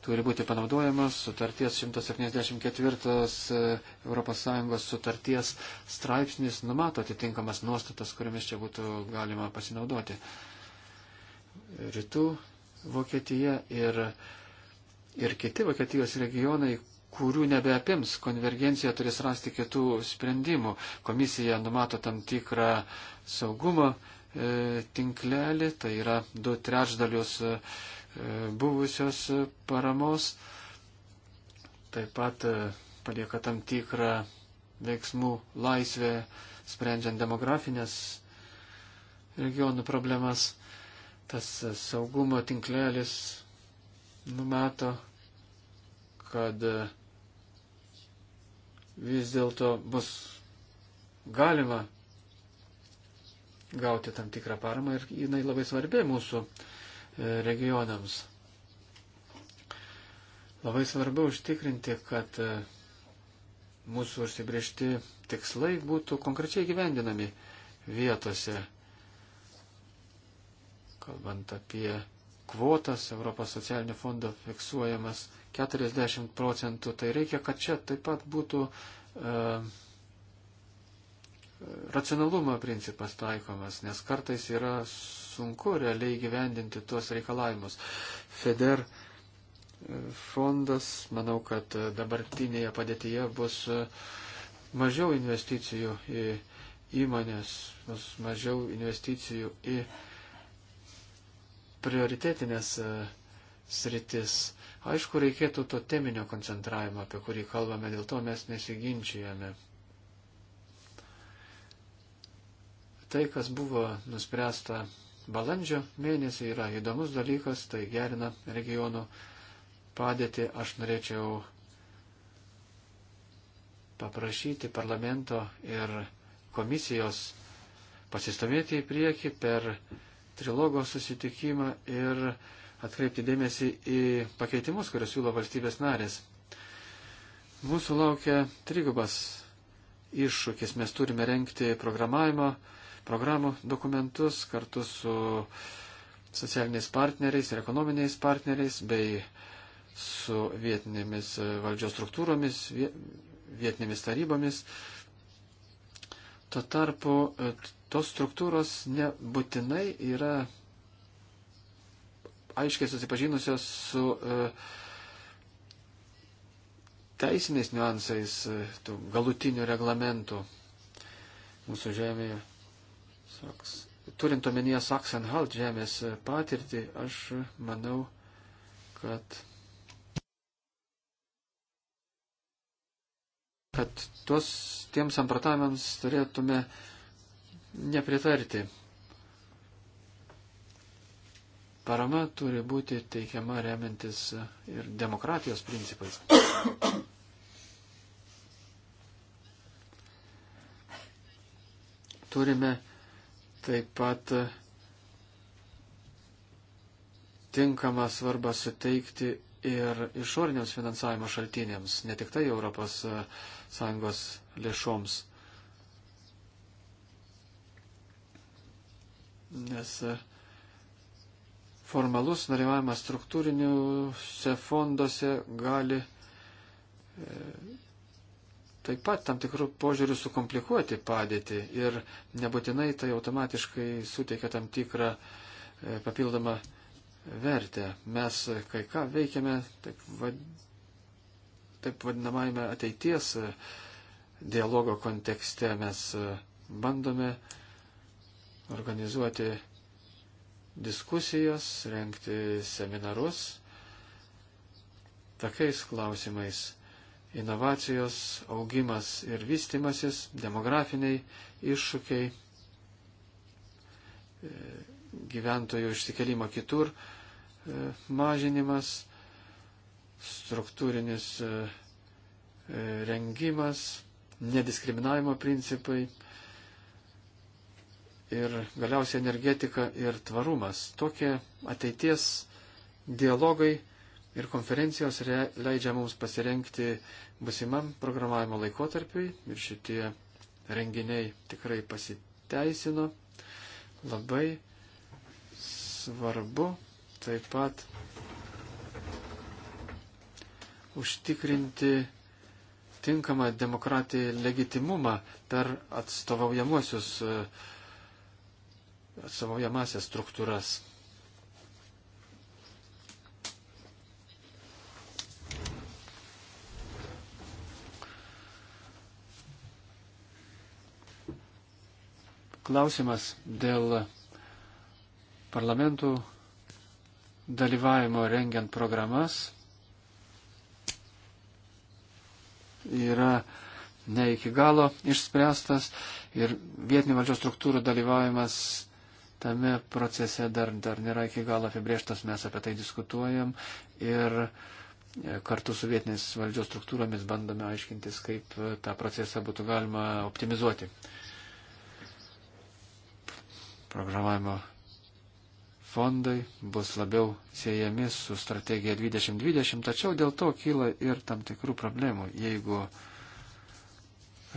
turi būti panaudojamos sutarties 174 ES sutarties straipsnis numato atitinkamas nuostatas, kuriamis čia būtų galima pasinaudoti. Rytų Vokietija ir, ir kiti Vokietijos regionai, kurių nebeapims konvergencija, turės rasti kitų sprendimų. Komisija numato tam tikrą saugumo e, tinklelį, tai yra du trečdalius. E, E, buvusios paramos, taip pat e, palieka tam tikrą veiksmų laisvę, sprendžiant demografinės regionų problemas. Tas saugumo tinklelis numato, kad e, vis dėlto bus galima gauti tam tikrą paramą ir jinai labai svarbi mūsų uh, regionams. Labai svarbu užtikrinti, kad e, mūsų užsibriežti tikslai būtų konkrečiai gyvendinami vietose. Kalbant apie kvotas, Europos socialinio fondo fiksuojamas 40 procentų, tai reikia, kad čia taip pat būtų uh, racionalumo principas taikomas, nes kartais yra sunku realiai gyvendinti tuos reikalavimus. FEDER e, fondas, manau, kad e, dabartinėje padėtyje bus e, mažiau investicijų į įmonės, bus mažiau investicijų į prioritetinės sritis. Aišku, reikėtų to teminio koncentravimo, apie kurį kalbame, dėl to mes nesiginčijame. Tai, kas buvo nuspręsta balandžio mėnesį, yra įdomus dalykas, tai gerina regionų padėtį. Aš norėčiau paprašyti parlamento ir komisijos pasistumėti į priekį per trilogo susitikimą ir atkreipti dėmesį į pakeitimus, kuriuos siūlo valstybės narės. Mūsų laukia trigubas iššūkis. Mes turime renkti programavimo programų dokumentus kartu su socialiniais partneriais ir ekonominiais partneriais bei su vietinėmis valdžios struktūromis, vietinėmis tarybomis. Tuo tarpu e, tos struktūros nebūtinai yra aiškiai susipažinusios su e, teisiniais niuansais e, tų galutinių reglamentų mūsų žemėje. Saks, turint omenyje Sachsenhalt žemės patirtį, aš manau, kad, kad tuos tiems samprotavimams turėtume nepritarti. Parama turi būti teikiama remiantis ir demokratijos principais. Turime Taip pat e, tinkamą svarbą suteikti ir išoriniams finansavimo šaltiniams, ne tik tai ES e, lėšoms. Nes e, formalus dalyvavimas struktūriniuose fonduose gali taip pat tam tikrų požiūrių sukomplikuoti padėtį ir nebūtinai tai automatiškai suteikia tam tikrą e, papildomą vertę. Mes kai ką veikiame taip, vad, taip vadinamajame ateities e, dialogo kontekste. Mes e, bandome organizuoti diskusijas, renkti seminarus tokiais klausimais inovacijos, augimas ir vystimasis, demografiniai iššūkiai, e, gyventojų išsikelimo kitur e, mažinimas, struktūrinis e, rengimas, nediskriminavimo principai ir galiausiai energetika ir tvarumas. Tokie ateities dialogai ir konferencijos re, leidžia mums pasirenkti busimam programavimo laikotarpiui ir šitie renginiai tikrai pasiteisino. Labai svarbu taip pat užtikrinti tinkamą demokratiją legitimumą per atstovaujamuosius e, atstovaujamasias struktūras. klausimas dėl parlamentų dalyvavimo rengiant programas yra ne iki galo išspręstas ir vietinių valdžios struktūrų dalyvavimas tame procese dar, dar nėra iki galo apibrieštas, mes apie tai diskutuojam ir kartu su vietinės valdžios struktūromis bandome aiškintis, kaip tą procesą būtų galima optimizuoti programavimo fondai bus labiau siejami su strategija 2020, tačiau dėl to kyla ir tam tikrų problemų, jeigu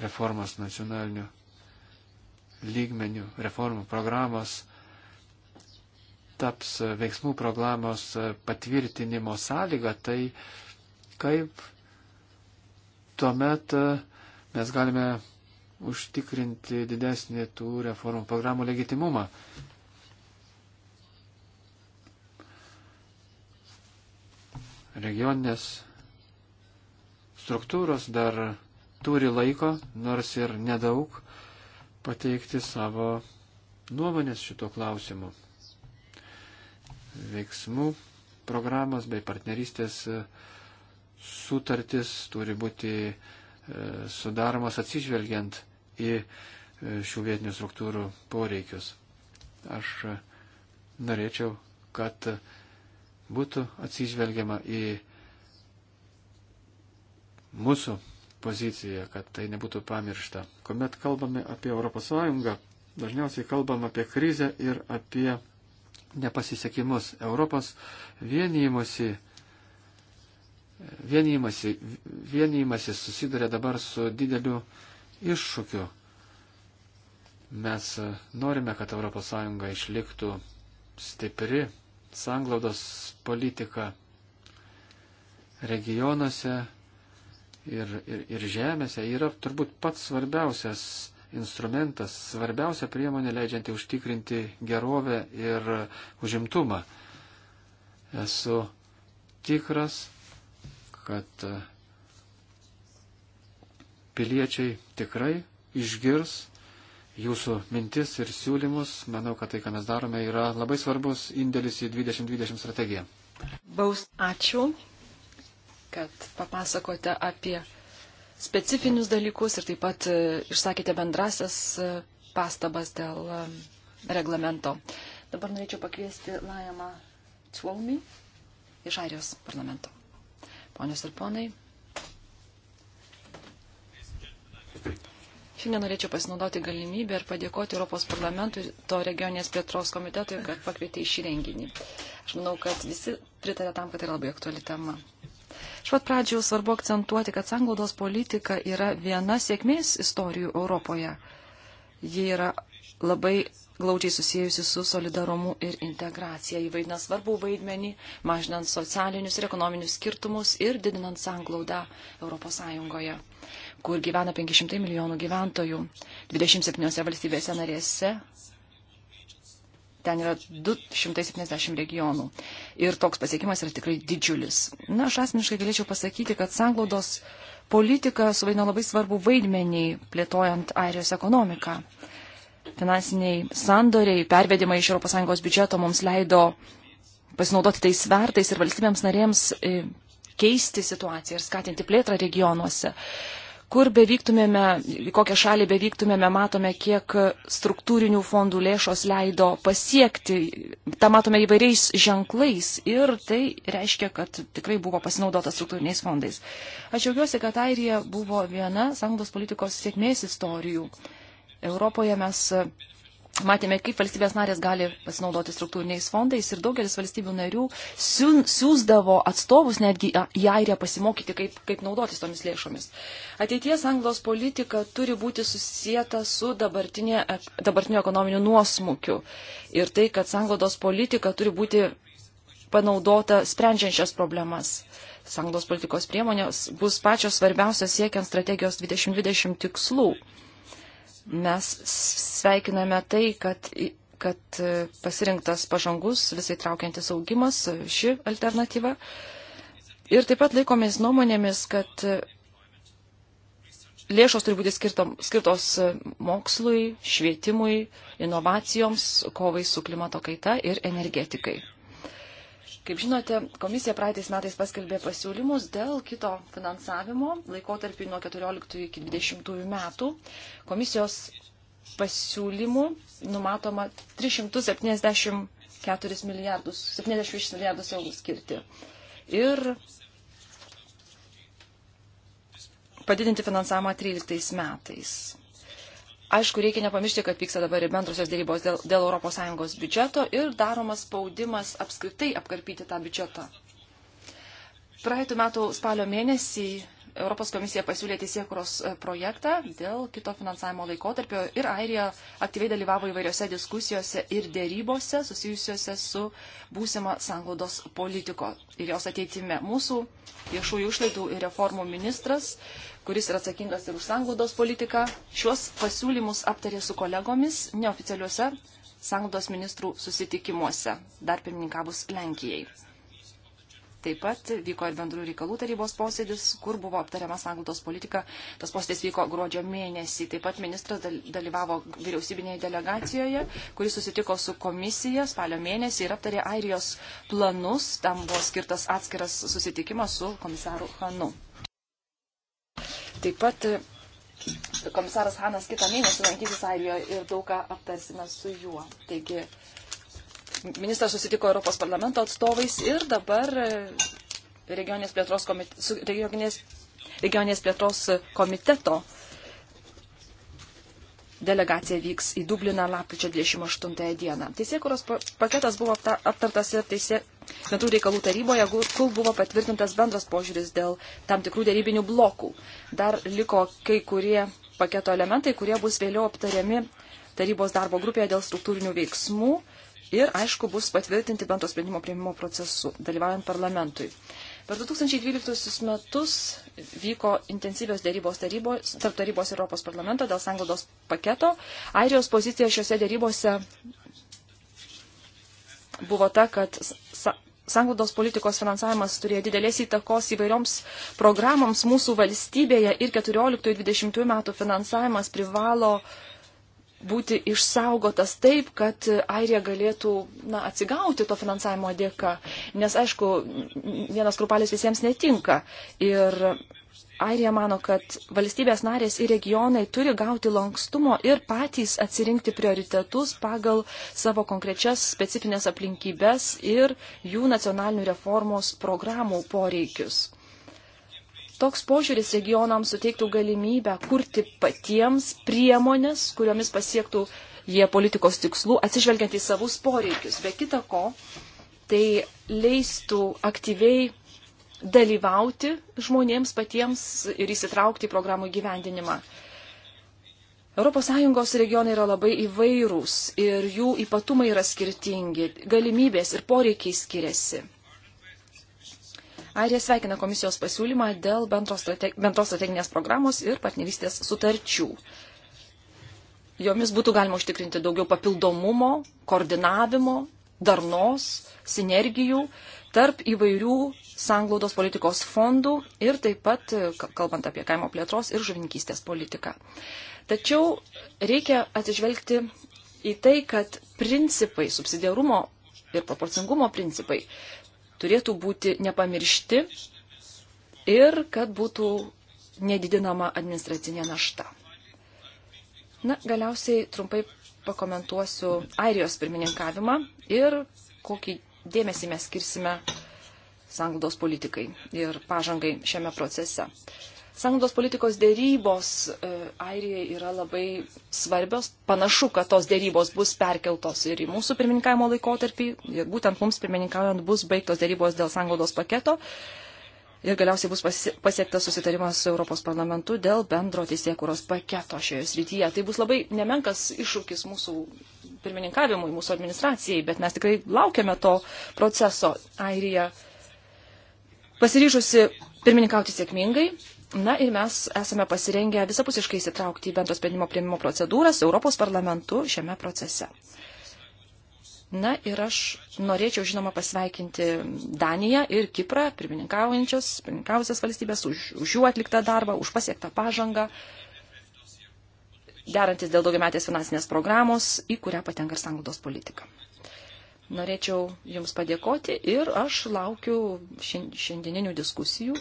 reformas nacionalinių lygmenių, reformų programos taps veiksmų programos patvirtinimo sąlyga, tai kaip tuomet mes galime užtikrinti didesnį tų reformų programų legitimumą. Regioninės struktūros dar turi laiko, nors ir nedaug, pateikti savo nuomonės šito klausimu. Veiksmų programos bei partnerystės sutartis turi būti e, sudaromas atsižvelgiant į e, šių vietinių struktūrų poreikius. Aš e, norėčiau, kad e, būtų atsižvelgiama į mūsų poziciją, kad tai nebūtų pamiršta. Komet kalbame apie ES, dažniausiai kalbam apie krizę ir apie nepasisekimus. Europos vienymosi, vienymasi, vienymasi susiduria dabar su dideliu iššūkių. Mes e, norime, kad ES išliktų stipri sanglaudos politika regionuose ir, ir, ir žemėse yra turbūt pats svarbiausias instrumentas, svarbiausia priemonė leidžianti užtikrinti gerovę ir užimtumą. Esu tikras, kad e, piliečiai tikrai išgirs jūsų mintis ir siūlymus. Manau, kad tai, ką mes darome, yra labai svarbus indėlis į 2020 strategiją. Baus, ačiū, kad papasakote apie specifinius dalykus ir taip pat e, išsakėte bendrasias e, pastabas dėl e, reglamento. Dabar norėčiau pakviesti Lajamą Cuolmi iš Airijos parlamento. Ponios ir ponai. Šiandien norėčiau pasinaudoti galimybę ir padėkoti Europos parlamentui, to regionės plėtros komitetui, kad pakvietė į šį renginį. Aš manau, kad visi pritarė tam, kad tai yra labai aktuali tema. Iš pat pradžių svarbu akcentuoti, kad sanglaudos politika yra viena sėkmės istorijų Europoje. Ji yra labai glaudžiai susijusi su solidarumu ir integracija. Ji vaidina svarbų vaidmenį, mažinant socialinius ir ekonominius skirtumus ir didinant sanglaudą ES kur gyvena 500 milijonų gyventojų 27 valstybėse narėse. Ten yra 270 regionų. Ir toks pasiekimas yra tikrai didžiulis. Na, aš asmeniškai galėčiau pasakyti, kad sanglaudos politika suvaidino labai svarbu vaidmenį plėtojant Airijos ekonomiką. Finansiniai sandoriai, pervedimai iš ES biudžeto mums leido pasinaudoti tais svertais ir valstybėms narėms e, keisti situaciją ir skatinti plėtrą regionuose kur bevyktumėme, į kokią šalį bevyktumėme, matome, kiek struktūrinių fondų lėšos leido pasiekti. Ta matome įvairiais ženklais ir tai reiškia, kad tikrai buvo pasinaudota struktūriniais fondais. Aš džiaugiuosi, kad Airija buvo viena sąjungos politikos sėkmės istorijų. Europoje mes Matėme, kaip valstybės narės gali pasinaudoti struktūriniais fondais ir daugelis valstybių narių siūsdavo atstovus netgi į Airiją pasimokyti, kaip, kaip naudotis tomis lėšomis. Ateities Anglos politika turi būti susijęta su dabartiniu ekonominiu nuosmukiu ir tai, kad Anglos politika turi būti panaudota sprendžiančias problemas. Anglos politikos priemonės bus pačios svarbiausios siekiant strategijos 2020 tikslų. Mes sveikiname tai, kad, kad e, pasirinktas pažangus visai traukiantis augimas, e, ši alternatyva. Ir taip pat laikomės nuomonėmis, kad e, lėšos turi būti skirtom, skirtos mokslui, švietimui, inovacijoms, kovai su klimato kaita ir energetikai. Kaip žinote, komisija praeitais metais paskelbė pasiūlymus dėl kito finansavimo laikotarpį nuo 14 iki 20 metų. Komisijos pasiūlymų numatoma 374 milijardus, 76 milijardus eurų skirti. Ir padidinti finansavimą 13 metais. Aišku, reikia nepamiršti, kad vyksta dabar ir bendrosios dėrybos dėl, dėl ES biudžeto ir daromas spaudimas apskritai apkarpyti tą biudžetą. Praeitų metų spalio mėnesį Europos komisija pasiūlė teisėkuros e, projektą dėl kito finansavimo laikotarpio ir Airija aktyviai dalyvavo įvairiose diskusijose ir dėrybose susijusiuose su būsima sanglaudos politiko ir jos ateitime. Mūsų viešųjų išlaidų ir reformų ministras, kuris yra atsakingas ir už sanglaudos politiką, šiuos pasiūlymus aptarė su kolegomis neoficialiuose sanglaudos ministrų susitikimuose, dar pirmininkavus Lenkijai. Taip pat vyko ir bendrų reikalų tarybos posėdis, kur buvo aptariama sanglautos politika. Tas posėdis vyko gruodžio mėnesį. Taip pat ministras dalyvavo vyriausybinėje delegacijoje, kuris susitiko su komisija spalio mėnesį ir aptarė Airijos planus. Tam buvo skirtas atskiras susitikimas su komisaru Hanu. Taip pat e, komisaras Hanas kitą mėnesį lankysis Airijoje ir daug ką aptarsime su juo. Taigi, ministras susitiko Europos parlamento atstovais ir dabar e, regioninės plėtros, komite, regioninės, regioninės plėtros komiteto delegacija vyks į Dubliną lapkričio 28 dieną. Teisėkuros paketas buvo aptartas ir teisė bendrų reikalų taryboje, kol buvo patvirtintas bendras požiūris dėl tam tikrų dėrybinių blokų. Dar liko kai kurie paketo elementai, kurie bus vėliau aptariami tarybos darbo grupėje dėl struktūrinių veiksmų ir, aišku, bus patvirtinti bendro sprendimo prieimimo procesu, dalyvaujant parlamentui. Per 2012 metus vyko intensyvios dėrybos tarybos, tarp tarybos Europos parlamento dėl sanglaudos paketo. Airijos pozicija šiuose dėrybose buvo ta, kad sanglaudos politikos finansavimas turėjo didelės įtakos įvairioms programoms mūsų valstybėje ir 14-20 metų finansavimas privalo uh, būti išsaugotas taip, kad Airija galėtų na, atsigauti to finansavimo dėka. Nes, aišku, vienas krupalis visiems netinka. Ir Airija mano, kad valstybės narės ir regionai turi gauti lankstumo ir patys atsirinkti prioritetus pagal savo konkrečias specifines aplinkybės ir jų nacionalinių reformos programų poreikius. Toks požiūris regionams suteiktų galimybę kurti patiems priemonės, kuriomis pasiektų jie politikos tikslų, atsižvelgiant į savus poreikius. Be kita ko, tai leistų aktyviai dalyvauti žmonėms patiems ir įsitraukti į programų gyvendinimą. ES regionai yra labai įvairūs ir jų ypatumai yra skirtingi, galimybės ir poreikiai skiriasi. Airija sveikina komisijos pasiūlymą dėl bendros strateginės programos ir partnerystės sutarčių. Jomis būtų galima užtikrinti daugiau papildomumo, koordinavimo, darnos, sinergijų tarp įvairių sanglaudos politikos fondų ir taip pat, kalbant apie kaimo plėtros ir žuvininkystės politiką. Tačiau reikia atsižvelgti į tai, kad principai, subsidiarumo ir proporcingumo principai turėtų būti nepamiršti ir kad būtų nedidinama administracinė našta. Na, galiausiai trumpai pakomentuosiu Airijos pirmininkavimą ir kokį dėmesį mes skirsime sanglaudos politikai ir pažangai šiame procese. Sąnaudos politikos dėrybos e, Airijai yra labai svarbios. Panašu, kad tos dėrybos bus perkeltos ir į mūsų pirmininkavimo laikotarpį. Ir būtent mums pirmininkaujant bus baigtos dėrybos dėl sąnaudos paketo. Ir galiausiai bus pasiektas susitarimas su Europos parlamentu dėl bendro teisėkuros paketo šioje srityje. Tai bus labai nemenkas iššūkis mūsų pirmininkavimui, mūsų administracijai, bet mes tikrai laukiame to proceso. Airija pasiryžusi pirmininkauti sėkmingai Na ir mes esame pasirengę visapusiškai įsitraukti į bendro sprendimo prieimimo procedūrą su Europos parlamentu šiame procese. Na ir aš norėčiau, žinoma, pasveikinti Daniją ir Kiprą, pirmininkaujančias valstybės, už, už jų atliktą darbą, už pasiektą pažangą, derantis dėl daugiametės finansinės programos, į kurią patenka ir sanglaudos politika. Norėčiau Jums padėkoti ir aš laukiu šiandieninių diskusijų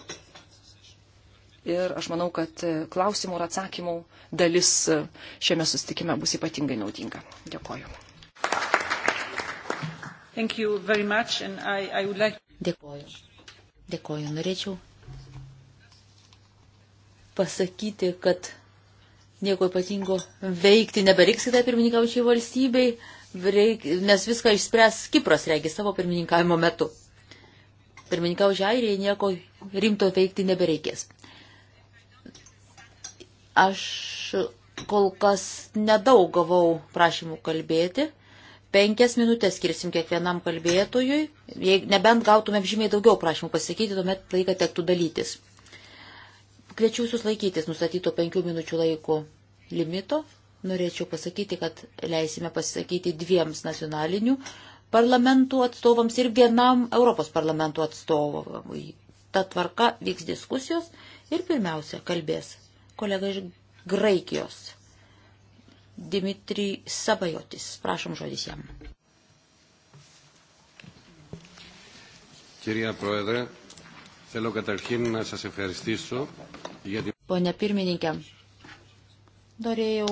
ir aš manau, kad e, klausimų ir atsakymų dalis e, šiame sustikime bus ypatingai naudinga. Dėkoju. Much, I, I like... Dėkoju. Dėkoju. Norėčiau pasakyti, kad nieko ypatingo veikti nebereiks kitai pirmininkaučiai valstybei, reik, nes viską išspręs Kipras, reikia savo pirmininkavimo metu. Pirmininkaučiai Airijai nieko rimto veikti nebereikės. Aš kol kas nedaug gavau prašymų kalbėti. Penkias minutės skirsim kiekvienam kalbėtojui. Jei nebent gautumėm žymiai daugiau prašymų pasakyti, tuomet laiką tektų dalytis. Kviečiu jūs laikytis nustatyto penkių minučių laiko limito. Norėčiau pasakyti, kad leisime pasisakyti dviems nacionalinių parlamentų atstovams ir vienam Europos parlamentų atstovui. Ta tvarka vyks diskusijos ir pirmiausia kalbės kolega iš Graikijos. Dimitri Sabajotis. Prašom žodis jam. Κυρία Πρόεδρε, θέλω καταρχήν να σας ευχαριστήσω για την... Pone pirmininkė, norėjau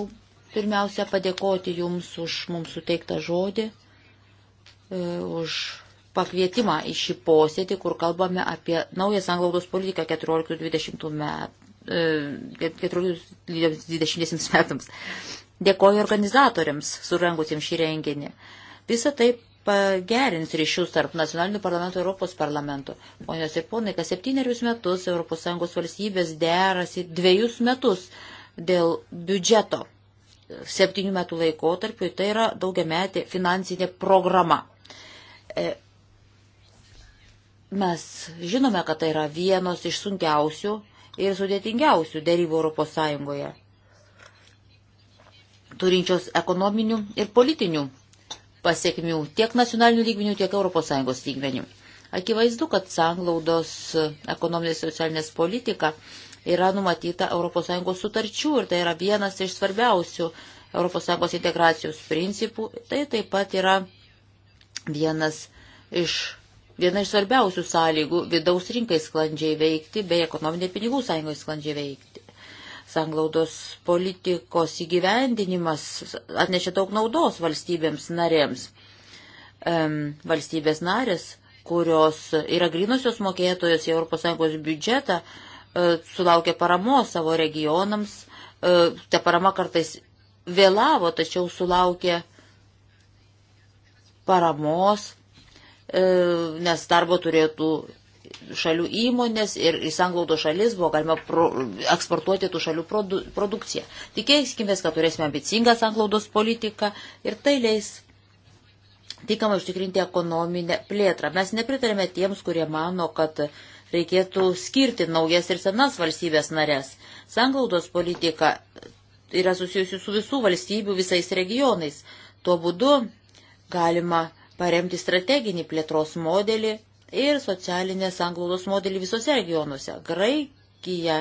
pirmiausia padėkoti Jums už mums suteiktą žodį, e, už pakvietimą į šį posėdį, kur kalbame apie naują sanglaudos politiką 14-20 metų 14-20 e, metams. Dėkoju organizatoriams, surengusiems šį renginį. Visą tai pagerins ryšius tarp nacionalinių parlamentų ir Europos parlamentų. Ponios ir ponai, kas septynerius metus ES valstybės derasi dviejus metus dėl biudžeto septynių metų laikotarpiu, tai yra daugiametė finansinė programa. E, mes žinome, kad tai yra vienos iš sunkiausių ir sudėtingiausių dėrybų Europos Sąjungoje, turinčios ekonominių ir politinių pasiekmių tiek nacionalinių lygmenių, tiek Europos Sąjungos lygmenių. Akivaizdu, kad sanglaudos ekonominė socialinės politika yra numatyta ES sutarčių ir tai yra vienas iš svarbiausių ES integracijos principų. Tai taip pat yra vienas iš viena iš svarbiausių sąlygų vidaus rinkai sklandžiai veikti bei ekonominė pinigų sąjungai sklandžiai veikti. Sanglaudos politikos įgyvendinimas atnešė daug naudos valstybėms narėms. Um, valstybės narės, kurios yra grinusios mokėtojos į ES biudžetą, uh, sulaukė paramos savo regionams. Uh, ta parama kartais vėlavo, tačiau sulaukė paramos E, nes darbo turėtų šalių įmonės ir į sanglaudo šalis buvo galima pro, eksportuoti tų šalių produ, produkciją. Tikėkime, kad turėsime ambicingą sanglaudos politiką ir tai leis tinkamai užtikrinti ekonominę plėtrą. Mes nepritarėme tiems, kurie mano, kad reikėtų skirti naujas ir senas valstybės narės. Sanglaudos politika yra susijusi su visų valstybių visais regionais. Tuo būdu galima paremti strateginį plėtros modelį ir socialinės anglaudos modelį visose regionuose. Graikija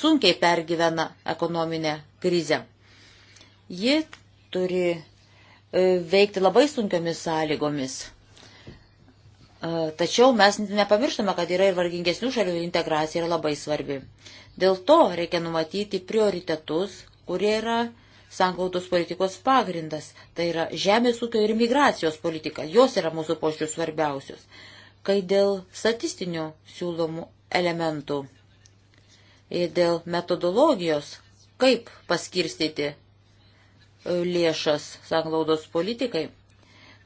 sunkiai pergyvena ekonominę krizę. Ji turi e, veikti labai sunkiomis sąlygomis. E, tačiau mes nepamirštame, kad yra ir vargingesnių šalių integracija yra labai svarbi. Dėl to reikia numatyti prioritetus, kurie yra sankautos politikos pagrindas. Tai yra žemės ūkio ir migracijos politika. Jos yra mūsų požiūrių svarbiausios. Kai dėl statistinių siūlomų elementų ir dėl metodologijos, kaip paskirstyti lėšas sanglaudos politikai,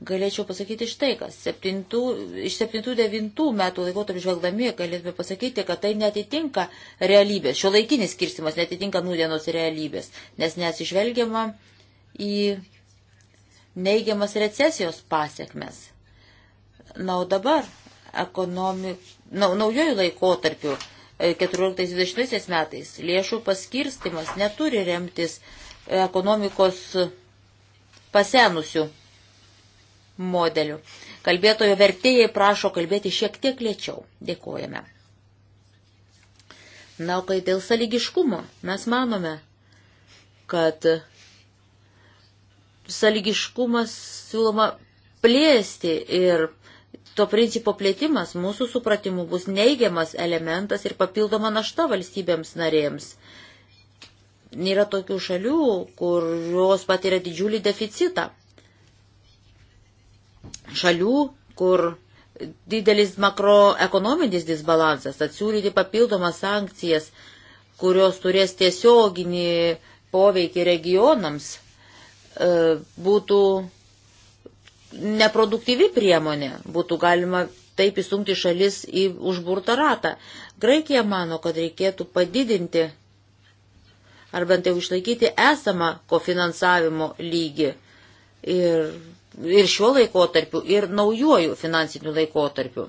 galėčiau pasakyti štai, kas septintų, iš 7-9 metų laikotarpį žvelgdami galėtume pasakyti, kad tai netitinka realybės, šio laikinis skirstimas netitinka nūdienos realybės, nes nesižvelgiama į neigiamas recesijos pasiekmes. Na, o dabar ekonomik... Na, naujojų laikotarpių 14-20 e, metais lėšų paskirstimas neturi remtis ekonomikos pasenusių modelių. Kalbėtojo vertėjai prašo kalbėti šiek tiek lėčiau. Dėkojame. Na, o kai dėl saligiškumo mes manome, kad saligiškumas siūloma plėsti ir to principo plėtimas mūsų supratimu bus neigiamas elementas ir papildoma našta valstybėms narėms. Yra tokių šalių, kurios patiria didžiulį deficitą šalių, kur didelis makroekonominis disbalansas, atsiūlyti papildomas sankcijas, kurios turės tiesioginį poveikį regionams, e, būtų neproduktyvi priemonė, būtų galima taip įstumti šalis į užburtą ratą. Graikija mano, kad reikėtų padidinti ar bent jau išlaikyti esamą kofinansavimo lygį. Ir ir šiuo laikotarpiu, ir naujuoju finansiniu laikotarpiu.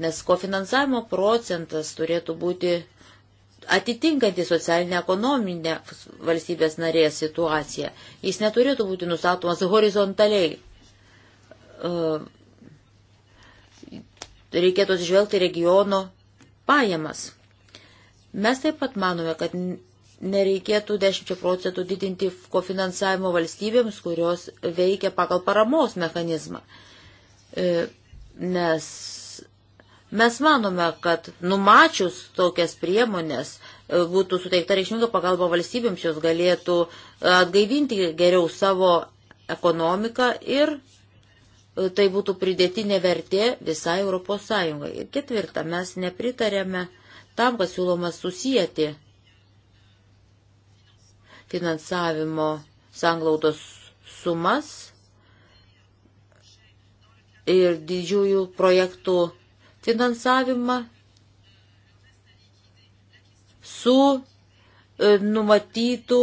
Nes kofinansavimo procentas turėtų būti atitinkanti socialinę ekonominę valstybės narės situaciją. Jis neturėtų būti nustatomas horizontaliai. Reikėtų atsižvelgti regiono pajamas. Mes taip pat manome, kad nereikėtų 10 procentų didinti kofinansavimo valstybėms, kurios veikia pagal paramos mechanizmą. E, nes mes manome, kad numačius tokias priemonės e, būtų suteikta reikšminga pagalba valstybėms, jos galėtų e, atgaivinti geriau savo ekonomiką ir tai būtų pridėtinė vertė visai Europos Sąjungai. Ir ketvirta, mes nepritarėme tam, kas siūloma susijęti finansavimo sanglaudos sumas ir didžiųjų projektų finansavimą su e, numatytų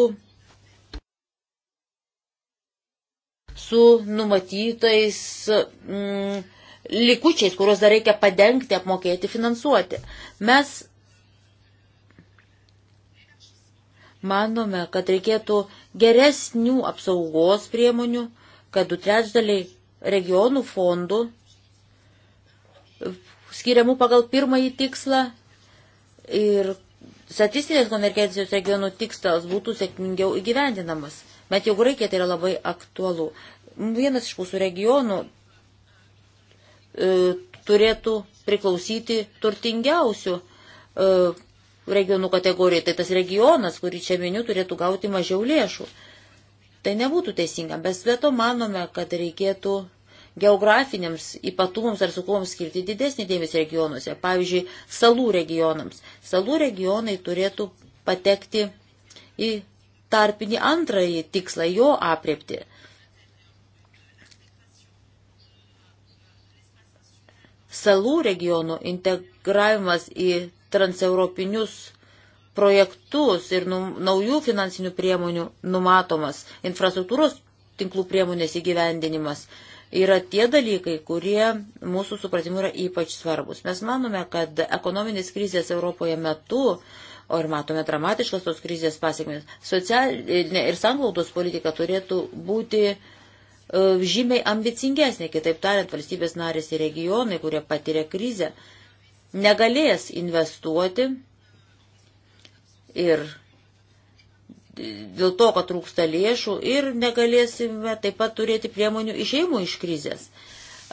su numatytais mm, likučiais, kuriuos dar reikia padengti, apmokėti, finansuoti. Mes manome, kad reikėtų geresnių apsaugos priemonių, kad du trečdaliai regionų fondų skiriamų pagal pirmąjį tikslą ir statistinės konvergencijos regionų tikslas būtų sėkmingiau įgyvendinamas. Bet jau Graikija tai yra labai aktualu. Vienas iš mūsų regionų e, turėtų priklausyti turtingiausių e, regionų kategorijai, tai tas regionas, kurį čia miniu, turėtų gauti mažiau lėšų. Tai nebūtų teisinga, bet be to manome, kad reikėtų geografiniams ypatumams ar sukumams skirti didesnį dėmesį regionuose, pavyzdžiui, salų regionams. Salų regionai turėtų patekti į tarpinį antrąjį tikslą, jo apriepti. Salų regionų integravimas į transeuropinius projektus ir nu, naujų finansinių priemonių numatomas infrastruktūros tinklų priemonės įgyvendinimas yra tie dalykai, kurie mūsų supratimu yra ypač svarbus. Mes manome, kad ekonominės krizės Europoje metu, o ir matome dramatiškas tos krizės pasiekmes, socialinė ir sanglaudos politika turėtų būti e, žymiai ambicingesnė, kitaip tariant, valstybės narės ir regionai, kurie patiria krizę, uh, negalės investuoti ir dėl to, kad trūksta lėšų ir negalėsime taip pat turėti priemonių išeimų iš krizės.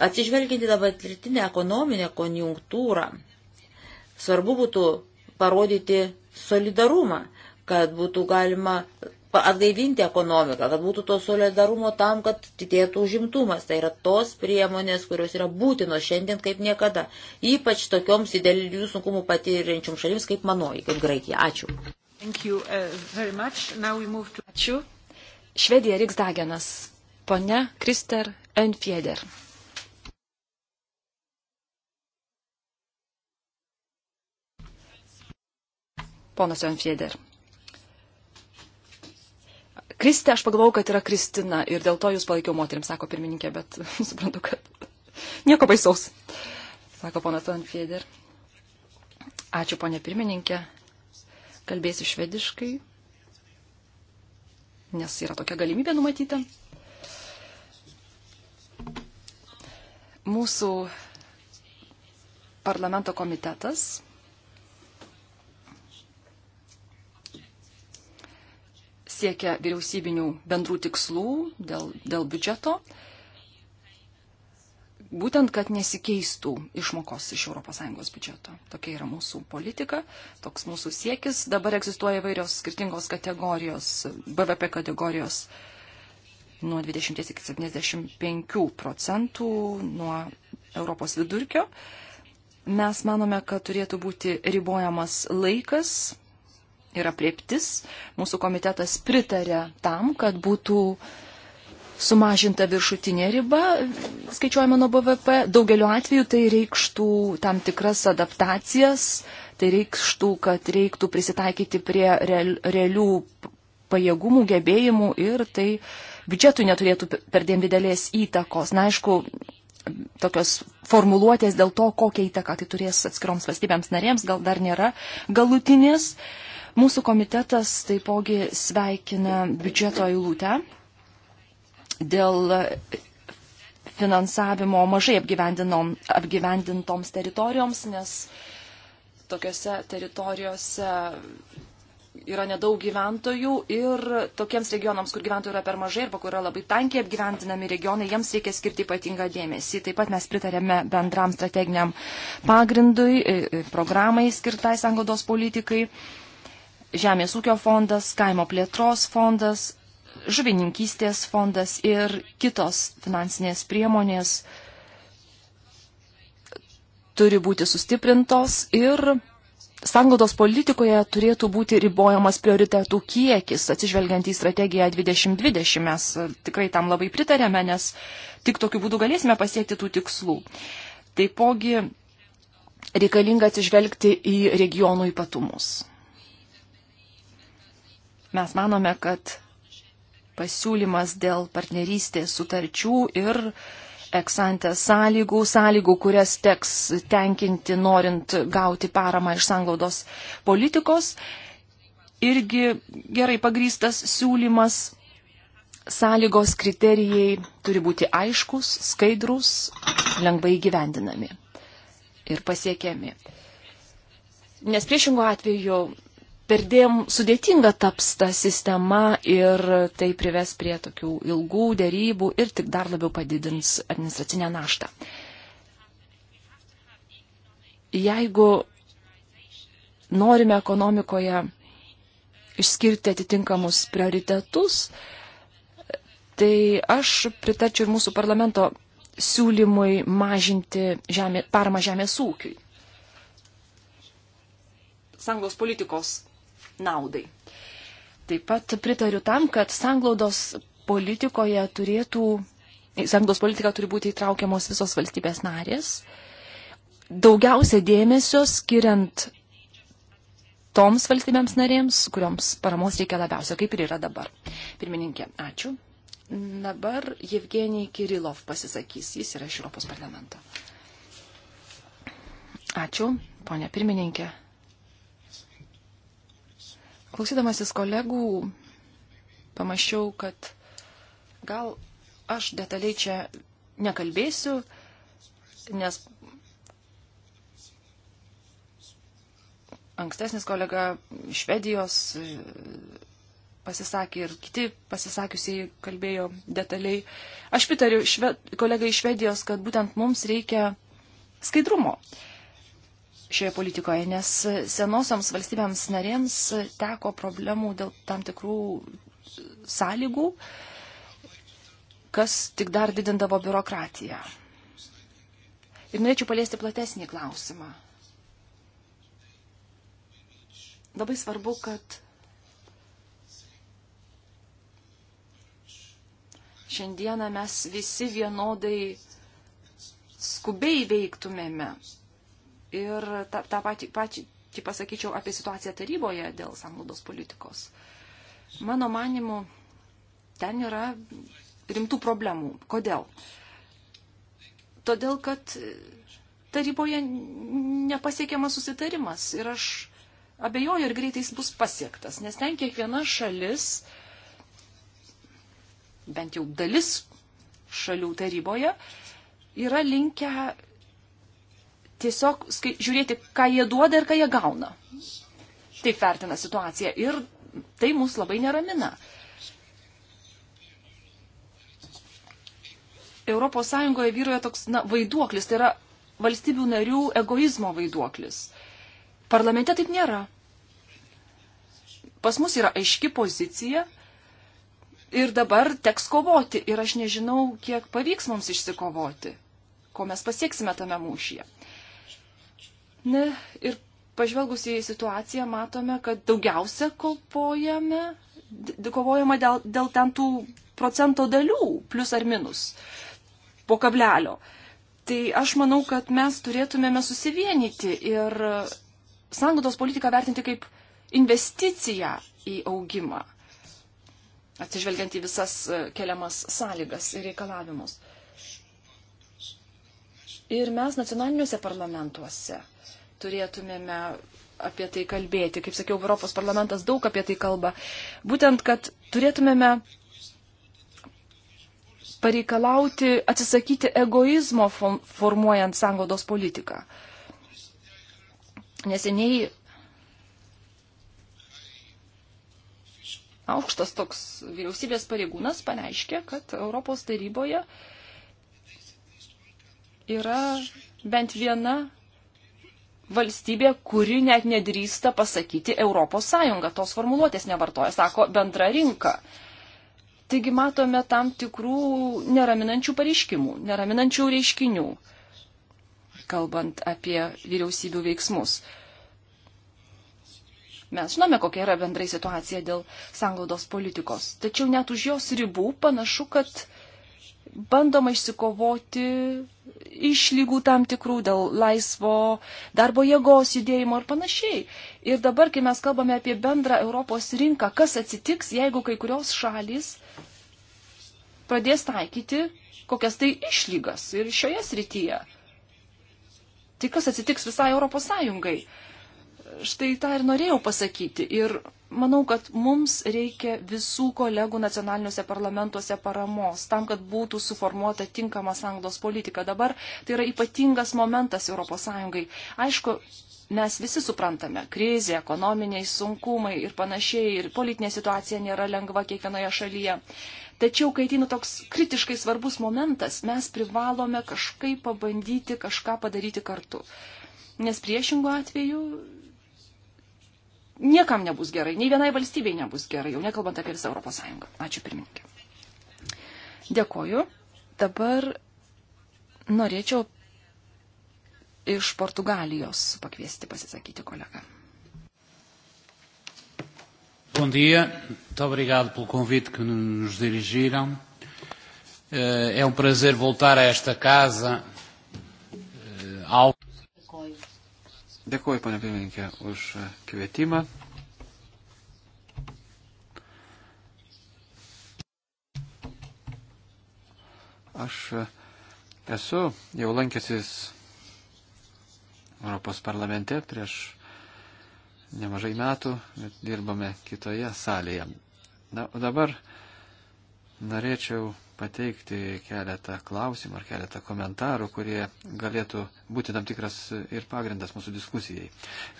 Atsižvelginti dabartinę ekonominę konjunktūrą, svarbu būtų parodyti solidarumą, kad būtų galima atgaivinti ekonomiką, kad būtų to solidarumo tam, kad didėtų užimtumas. Tai yra tos priemonės, kurios yra būtinos šiandien kaip niekada. Ypač tokioms didelių sunkumų patiriančiom šalims kaip manoji, kaip Graikija. Ačiū. Uh, to... Ačiū. Švedija Riksdagenas. Pone Krister Enfieder. Ponas Enfieder. Kristė, aš pagalvojau, kad yra Kristina ir dėl to jūs palaikiau moteriams, sako pirmininkė, bet *laughs* suprantu, kad nieko baisaus, sako ponas Anfieder. Ačiū, ponė pirmininkė. Kalbėsiu švediškai, nes yra tokia galimybė numatyta. Mūsų parlamento komitetas siekia vyriausybinių bendrų tikslų dėl, dėl biudžeto, būtent, kad nesikeistų išmokos iš ES biudžeto. Tokia yra mūsų politika, toks mūsų siekis. Dabar egzistuoja vairios skirtingos kategorijos, BVP kategorijos nuo 20 iki 75 procentų nuo Europos vidurkio. Mes manome, kad turėtų būti ribojamas laikas yra prieptis. Mūsų komitetas pritarė tam, kad būtų sumažinta viršutinė riba, skaičiuojama nuo BVP. Daugeliu atveju tai reikštų tam tikras adaptacijas, tai reikštų, kad reiktų prisitaikyti prie realių pajėgumų, gebėjimų ir tai biudžetui neturėtų perdėm didelės įtakos. Na, aišku, tokios formuluotės dėl to, kokią įtaką tai turės atskiroms valstybėms narėms, gal dar nėra galutinės. Mūsų komitetas taipogi sveikina biudžeto eilutę dėl finansavimo mažai apgyvendintoms teritorijoms, nes tokiuose teritorijose yra nedaug gyventojų ir tokiems regionams, kur gyventojų yra per mažai arba kur yra labai tankiai apgyvendinami regionai, jiems reikia skirti ypatingą dėmesį. Taip pat mes pritarėme bendram strateginiam pagrindui, programai skirtai sangodos politikai. Žemės ūkio fondas, kaimo plėtros fondas, žuvininkystės fondas ir kitos finansinės priemonės turi būti sustiprintos ir sanglaudos politikoje turėtų būti ribojamas prioritetų kiekis, atsižvelgiant į strategiją 2020. Mes e, tikrai tam labai pritarėme, nes tik tokiu būdu galėsime pasiekti tų tikslų. Taipogi reikalinga atsižvelgti į regionų ypatumus. Mes manome, kad pasiūlymas dėl partnerystės sutarčių ir eksantę sąlygų, sąlygų, kurias teks tenkinti norint gauti paramą iš sanglaudos politikos, irgi gerai pagrystas siūlymas. Sąlygos kriterijai turi būti aiškus, skaidrus, lengvai gyvendinami ir pasiekiami. Nes priešingų atveju perdėm sudėtinga taps ta sistema ir tai prives prie tokių ilgų dėrybų ir tik dar labiau padidins administracinę naštą. Jeigu norime ekonomikoje išskirti atitinkamus prioritetus, tai aš pritarčiau ir mūsų parlamento siūlymui mažinti žemė, paramą žemės ūkiui. Sanglos politikos naudai. Taip pat pritariu tam, kad sanglaudos politikoje turėtų, sanglaudos politika turi būti įtraukiamos visos valstybės narės, daugiausia dėmesio skiriant toms valstybėms narėms, kurioms paramos reikia labiausia, kaip ir yra dabar. Pirmininkė, ačiū. Dabar Jevgenijai Kirilov pasisakys, jis yra iš Europos parlamento. Ačiū, ponia pirmininkė. Klausydamasis kolegų, pamačiau, kad gal aš detaliai čia nekalbėsiu, nes ankstesnis kolega Švedijos e, pasisakė ir kiti pasisakiusiai kalbėjo detaliai. Aš pritariu šve, kolegai iš Švedijos, kad būtent mums reikia skaidrumo. Uh, šioje politikoje, nes senosioms valstybėms narėms teko problemų dėl tam tikrų sąlygų, kas tik dar didindavo biurokratiją. Ir norėčiau paliesti platesnį klausimą. Labai svarbu, kad šiandieną mes visi vienodai skubiai veiktumėme Ir tą, tą patį, patį tai pasakyčiau apie situaciją taryboje dėl samlaudos politikos. Mano manimu, ten yra rimtų problemų. Kodėl? Todėl, kad taryboje nepasiekiamas susitarimas ir aš abejoju, ar greitai jis bus pasiektas, nes ten kiekviena šalis, bent jau dalis šalių taryboje, yra linkę tiesiog žiūrėti, ką jie duoda ir ką jie gauna. Taip vertina situaciją ir tai mus labai neramina. Europos Sąjungoje vyroja toks na, vaiduoklis, tai yra valstybių narių egoizmo vaiduoklis. Parlamente taip nėra. Pas mus yra aiški pozicija ir dabar teks kovoti ir aš nežinau, kiek pavyks mums išsikovoti, ko mes pasieksime tame mūšyje. Na ir pažvelgus į situaciją matome, kad daugiausia kolpojame, kovojama dėl, dėl ten tų procento dalių, plus ar minus, po kablelio. Tai aš manau, kad mes turėtumėme susivienyti ir sanglaudos politiką vertinti kaip investiciją į augimą, atsižvelgiant į visas e, keliamas sąlygas ir reikalavimus. Ir mes nacionaliniuose parlamentuose turėtumėme apie tai kalbėti. Kaip sakiau, Europos parlamentas daug apie tai kalba. Būtent, kad turėtumėme pareikalauti atsisakyti egoizmo formuojant sangodos politiką. Neseniai aukštas toks vyriausybės pareigūnas pareiškė, kad Europos taryboje yra bent viena valstybė, kuri net nedrįsta pasakyti Europos Sąjunga, tos formuluotės nevartoja, sako bendra rinka. Taigi matome tam tikrų neraminančių pareiškimų, neraminančių reiškinių, kalbant apie vyriausybių veiksmus. Mes žinome, kokia yra bendrai situacija dėl sanglaudos politikos, tačiau net už jos ribų panašu, kad bandoma išsikovoti išlygų tam tikrų dėl laisvo darbo jėgos judėjimo ir panašiai. Ir dabar, kai mes kalbame apie bendrą Europos rinką, kas atsitiks, jeigu kai kurios šalis pradės taikyti kokias tai išlygas ir šioje srityje. Tai kas atsitiks visai Europos Sąjungai? štai tą ir norėjau pasakyti. Ir manau, kad mums reikia visų kolegų nacionaliniuose parlamentuose paramos tam, kad būtų suformuota tinkama sanglos politika. Dabar tai yra ypatingas momentas ES. Aišku, mes visi suprantame, krizė, ekonominiai sunkumai ir panašiai, ir politinė situacija nėra lengva kiekvienoje šalyje. Tačiau, kai ateina toks kritiškai svarbus momentas, mes privalome kažkaip pabandyti kažką padaryti kartu. Nes priešingų atveju niekam nebus gerai, nei vienai valstybei nebus gerai, jau nekalbant apie visą Europos Sąjungą. Ačiū pirmininkė. Dėkoju. Dabar norėčiau iš Portugalijos pakviesti pasisakyti kolegą. Bom dia, muito obrigado pelo convite que nos dirigiram. Eh, é um prazer voltar a esta casa Dėkuoju, ponia pirmininkė, už kvietimą. Aš esu jau lankęsis Europos parlamente prieš nemažai metų, bet dirbame kitoje salėje. Na, o dabar norėčiau pateikti keletą klausimų ar keletą komentarų, kurie galėtų būti tam tikras ir pagrindas mūsų diskusijai.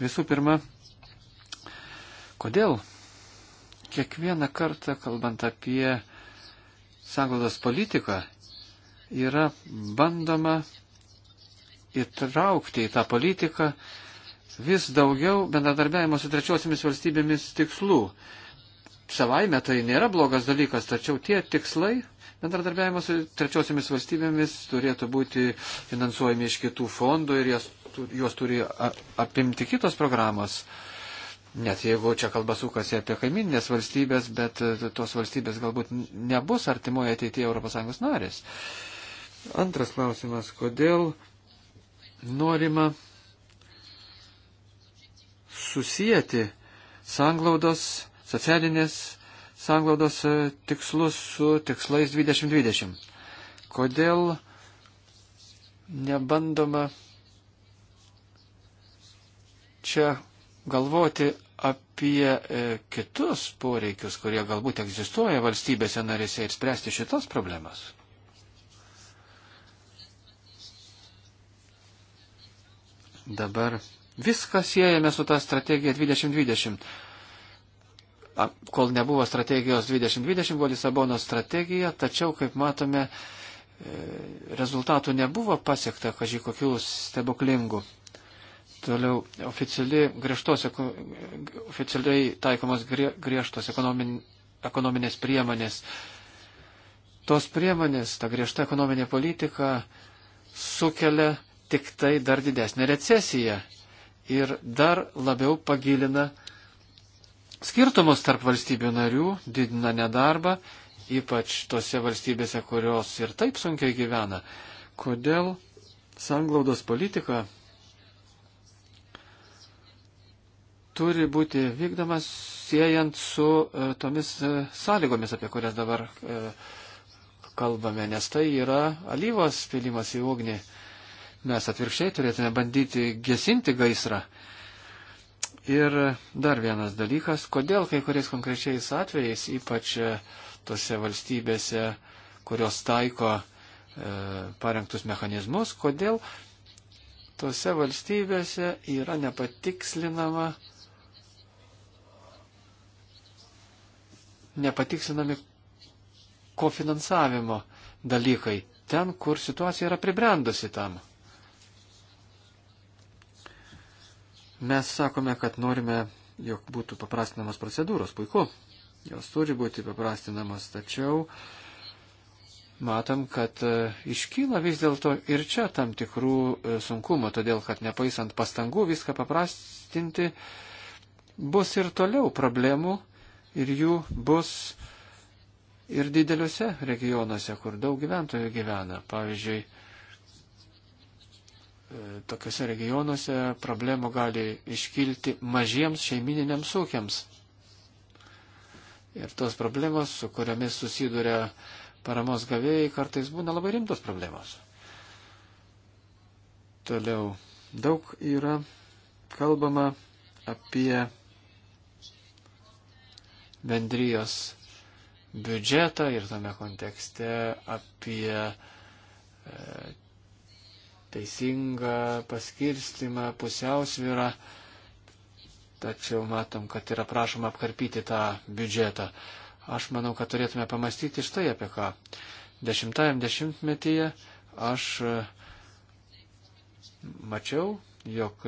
Visų pirma, kodėl kiekvieną kartą, kalbant apie sąglaudos politiką, yra bandoma įtraukti į tą politiką vis daugiau bendradarbiavimo su trečiosiamis valstybėmis tikslų. Savaime tai nėra blogas dalykas, tačiau tie tikslai Bendradarbiavimas su trečiosiomis valstybėmis turėtų būti finansuojami iš kitų fondų ir jas, juos turi apimti kitos programos. Net jeigu čia kalba sukasi apie kaiminės valstybės, bet e, tos valstybės galbūt nebus artimoje ateityje ES narės. Antras klausimas, kodėl norima susijęti sanglaudos, socialinės sanglaudos e, tikslus su tikslais 2020. Kodėl nebandoma čia galvoti apie e, kitus poreikius, kurie galbūt egzistuoja valstybėse narėse ir spręsti šitas problemas? Dabar viską siejame su tą strategiją 2020 kol nebuvo strategijos 2020, buvo Lisabono strategija, tačiau, kaip matome, e, rezultatų nebuvo pasiekta, kažkai kokių stebuklingų. Toliau oficiali griežtos, oficialiai taikomos griežtos ekonomin, ekonominės priemonės. Tos priemonės, ta griežta ekonominė politika sukelia tik tai dar didesnę recesiją ir dar labiau pagilina skirtumus tarp valstybių narių, didina nedarbą, ypač tose valstybėse, kurios ir taip sunkiai gyvena. Kodėl sanglaudos politika turi būti vykdomas siejant su e, tomis e, sąlygomis, apie kurias dabar e, kalbame, nes tai yra alyvos pilimas į ugnį. Mes atvirkščiai turėtume bandyti gesinti gaisrą. E, Ir dar vienas dalykas, kodėl kai kuriais konkrečiais atvejais, ypač e, tose valstybėse, kurios taiko e, parengtus mechanizmus, kodėl tose valstybėse yra nepatikslinama, nepatikslinami kofinansavimo dalykai, ten, kur situacija yra pribrendusi tam. Mes sakome, kad norime, jog būtų paprastinamos procedūros. Puiku, jos turi būti paprastinamos, tačiau matom, kad e, iškyla vis dėlto ir čia tam tikrų e, sunkumų, todėl kad nepaisant pastangų viską paprastinti, bus ir toliau problemų ir jų bus ir dideliuose regionuose, kur daug gyventojų gyvena. Pavyzdžiui, E, tokiuose regionuose problemų gali iškilti mažiems šeimininiams ūkiams. Ir tos problemos, su kuriamis susiduria paramos gavėjai, kartais būna labai rimtos problemos. Toliau daug yra kalbama apie bendrijos biudžetą ir tame kontekste apie e, teisingą paskirstimą, pusiausvyrą. Tačiau matom, kad yra prašoma apkarpyti tą biudžetą. Aš manau, kad turėtume pamastyti štai apie ką. Dešimtajam dešimtmetyje aš e, mačiau, jog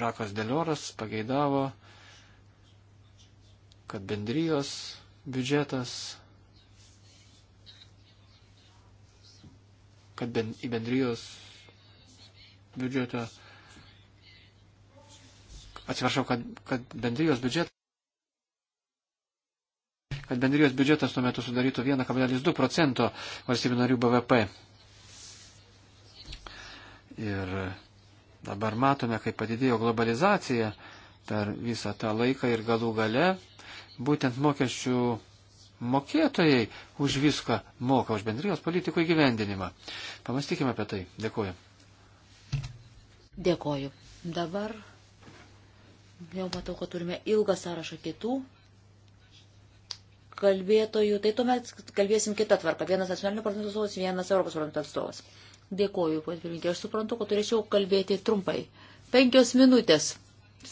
Žakas Delioras pageidavo, kad bendrijos biudžetas, kad ben, į bendrijos biudžeto, atsiprašau, kad, kad bendrijos biudžetas kad bendrijos biudžetas tuo metu sudarytų 1,2 procento valstybių narių BVP. Ir dabar matome, kaip padidėjo globalizacija per visą tą laiką ir galų gale būtent mokesčių mokėtojai už viską moka, už bendrijos politikų įgyvendinimą. Pamastykime apie tai. Dėkuoju. Dėkoju. Dabar jau matau, kad turime ilgą sąrašą kitų kalbėtojų. Tai tuomet kalbėsim kitą tvarką. Vienas nacionalinio parlamento atstovas, vienas Europos parlamento atstovas. Dėkoju, pat pirmininkė. Aš suprantu, kad turėčiau kalbėti trumpai. Penkios minutės,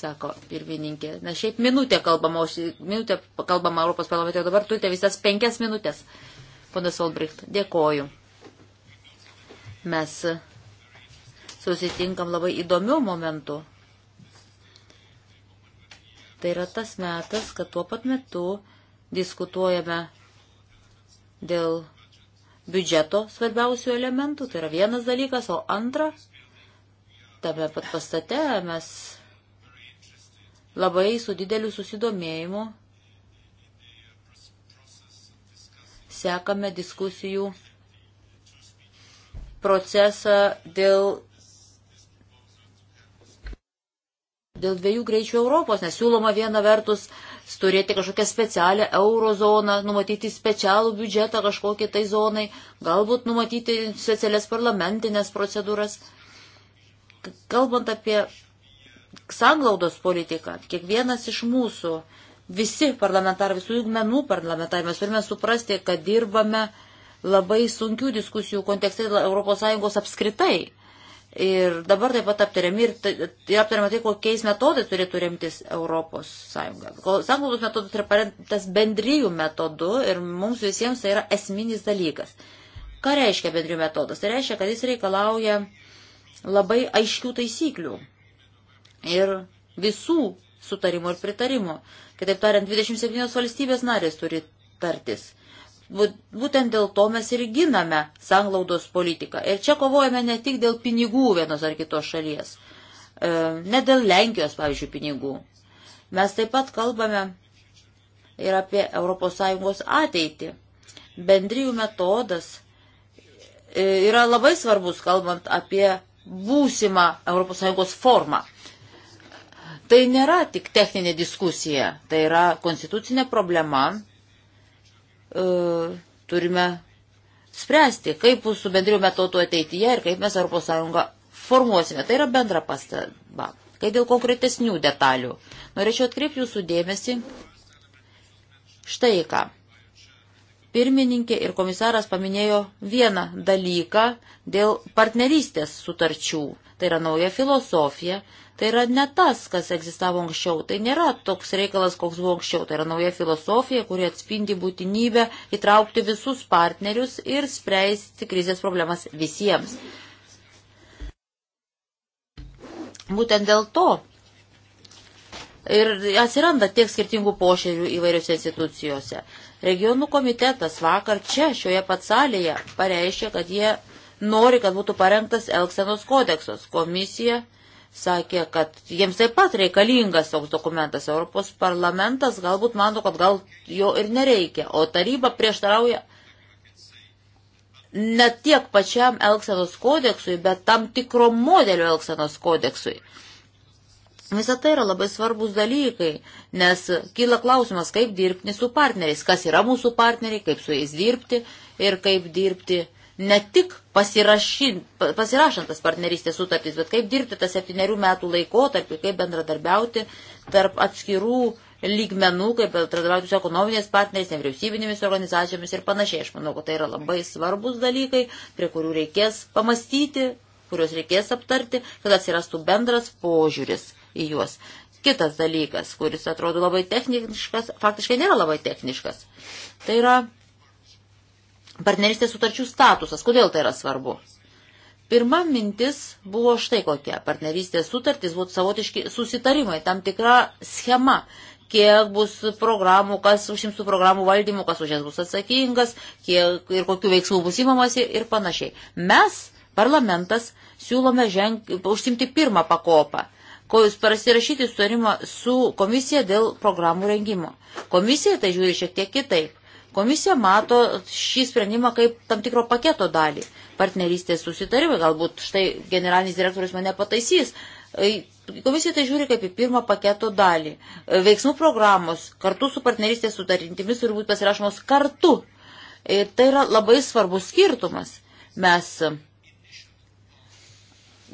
sako pirmininkė. Na šiaip minutė kalbama, minutė kalbama Europos parlamente, o dabar turite visas penkias minutės. Ponas Olbricht, dėkoju. Mes susitinkam labai įdomių momentų. Tai yra tas metas, kad tuo pat metu diskutuojame dėl biudžeto svarbiausių elementų. Tai yra vienas dalykas, o antra, tame pat pastate mes labai su dideliu susidomėjimu sekame diskusijų procesą dėl dėl dviejų greičių Europos, nes siūloma viena vertus turėti kažkokią specialią eurozoną, numatyti specialų biudžetą kažkokiai tai zonai, galbūt numatyti specialias parlamentinės procedūras. Kalbant apie sanglaudos politiką, kiekvienas iš mūsų, visi parlamentarai, visų jungmenų parlamentarai, mes turime suprasti, kad dirbame labai sunkių diskusijų kontekste dėl ES apskritai Ir dabar taip pat aptariami ir, tai, ir aptariama tai, kokiais metodais turėtų remtis Europos Sąjunga. Sanglaudos metodas yra paremtas bendryjų metodu ir mums visiems tai yra esminis dalykas. Ką reiškia bendrijų metodas? Tai reiškia, kad jis reikalauja labai aiškių taisyklių ir visų sutarimų ir pritarimų. Kitaip tariant, 27 valstybės narės turi tartis. Būtent dėl to mes ir giname sanglaudos politiką. Ir čia kovojame ne tik dėl pinigų vienos ar kitos šalies, e, ne dėl Lenkijos, pavyzdžiui, pinigų. Mes taip pat kalbame ir apie ES ateitį. Bendrijų metodas e, yra labai svarbus, kalbant apie būsimą ES formą. Tai nėra tik techninė diskusija, tai yra konstitucinė problema, uh, turime spręsti, kaip bus su bendriu metodu ateityje ir kaip mes ES formuosime. Tai yra bendra pastaba. Kai dėl konkretesnių detalių, norėčiau atkreipti jūsų dėmesį štai ką pirmininkė ir komisaras paminėjo vieną dalyką dėl partnerystės sutarčių. Tai yra nauja filosofija, tai yra ne tas, kas egzistavo anksčiau, tai nėra toks reikalas, koks buvo anksčiau, tai yra nauja filosofija, kuri atspindi būtinybę įtraukti visus partnerius ir spręsti krizės problemas visiems. Būtent dėl to Ir atsiranda tiek skirtingų pošerių įvairiose institucijose. Regionų komitetas vakar čia, šioje pat salėje, pareiškė, kad jie nori, kad būtų parengtas Elksenos kodeksas. Komisija sakė, kad jiems taip pat reikalingas toks dokumentas. Europos parlamentas galbūt mano, kad gal jo ir nereikia, o taryba prieštarauja ne tiek pačiam Elksenos kodeksui, bet tam tikro modelio Elksenos kodeksui. Visą tai yra labai svarbus dalykai, nes kyla klausimas, kaip dirbti su partneriais, kas yra mūsų partneriai, kaip su jais dirbti ir kaip dirbti ne tik pasirašant tas partnerystės sutartys, bet kaip dirbti tą septyniarių metų laikotarpį, kaip bendradarbiauti tarp atskirų lygmenų, kaip bendradarbiauti su ekonominės partneriais, nevyriausybinėmis organizacijomis ir panašiai. Aš manau, kad tai yra labai svarbus dalykai, prie kurių reikės pamastyti, kuriuos reikės aptarti, kad atsirastų bendras požiūris į juos. Kitas dalykas, kuris atrodo labai techniškas, faktiškai nėra labai techniškas, tai yra partneristės sutarčių statusas. Kodėl tai yra svarbu? Pirma mintis buvo štai kokia. Partnerystės sutartys būtų savotiški susitarimai, tam tikra schema, kiek bus programų, kas užims tų programų valdymų, kas už jas bus atsakingas, kiek ir kokiu veiksmu bus įmamasi ir panašiai. Mes, parlamentas, siūlome ženk, užsimti pirmą pakopą ko jūs pasirašyti sutarimą su komisija dėl programų rengimo. Komisija tai žiūri šiek tiek kitaip. Komisija mato šį sprendimą kaip tam tikro paketo dalį. Partnerystės susitarimai, galbūt štai generalinis direktorius mane pataisys. Komisija tai žiūri kaip į pirmą paketo dalį. Veiksmų programos kartu su partnerystės sutarintimis turi būti pasirašomos kartu. Ir tai yra labai svarbus skirtumas. Mes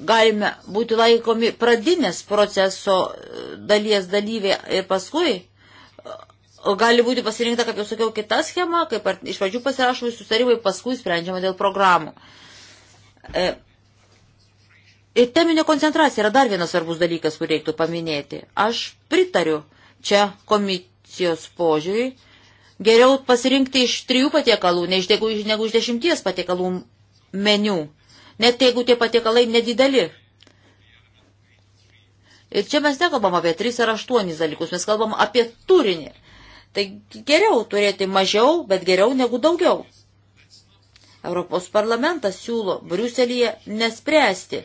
galime būti laikomi pradinės proceso e, dalies dalyvė ir paskui e, gali būti pasirinkta, kaip jau sakiau, kita schema, kaip iš pradžių pasirašomi sustarimai, paskui sprendžiama dėl programų. E, ir teminė koncentracija yra dar vienas svarbus dalykas, kurį reiktų paminėti. Aš pritariu čia komisijos požiūriui. Geriau pasirinkti iš trijų patiekalų, ne iš, negu iš dešimties patiekalų meniu net jeigu tie patiekalai nedideli. Ir čia mes nekalbam apie 3 ar 8 dalykus, mes kalbam apie turinį. Tai geriau turėti mažiau, bet geriau negu daugiau. Europos parlamentas siūlo Briuselyje nespręsti,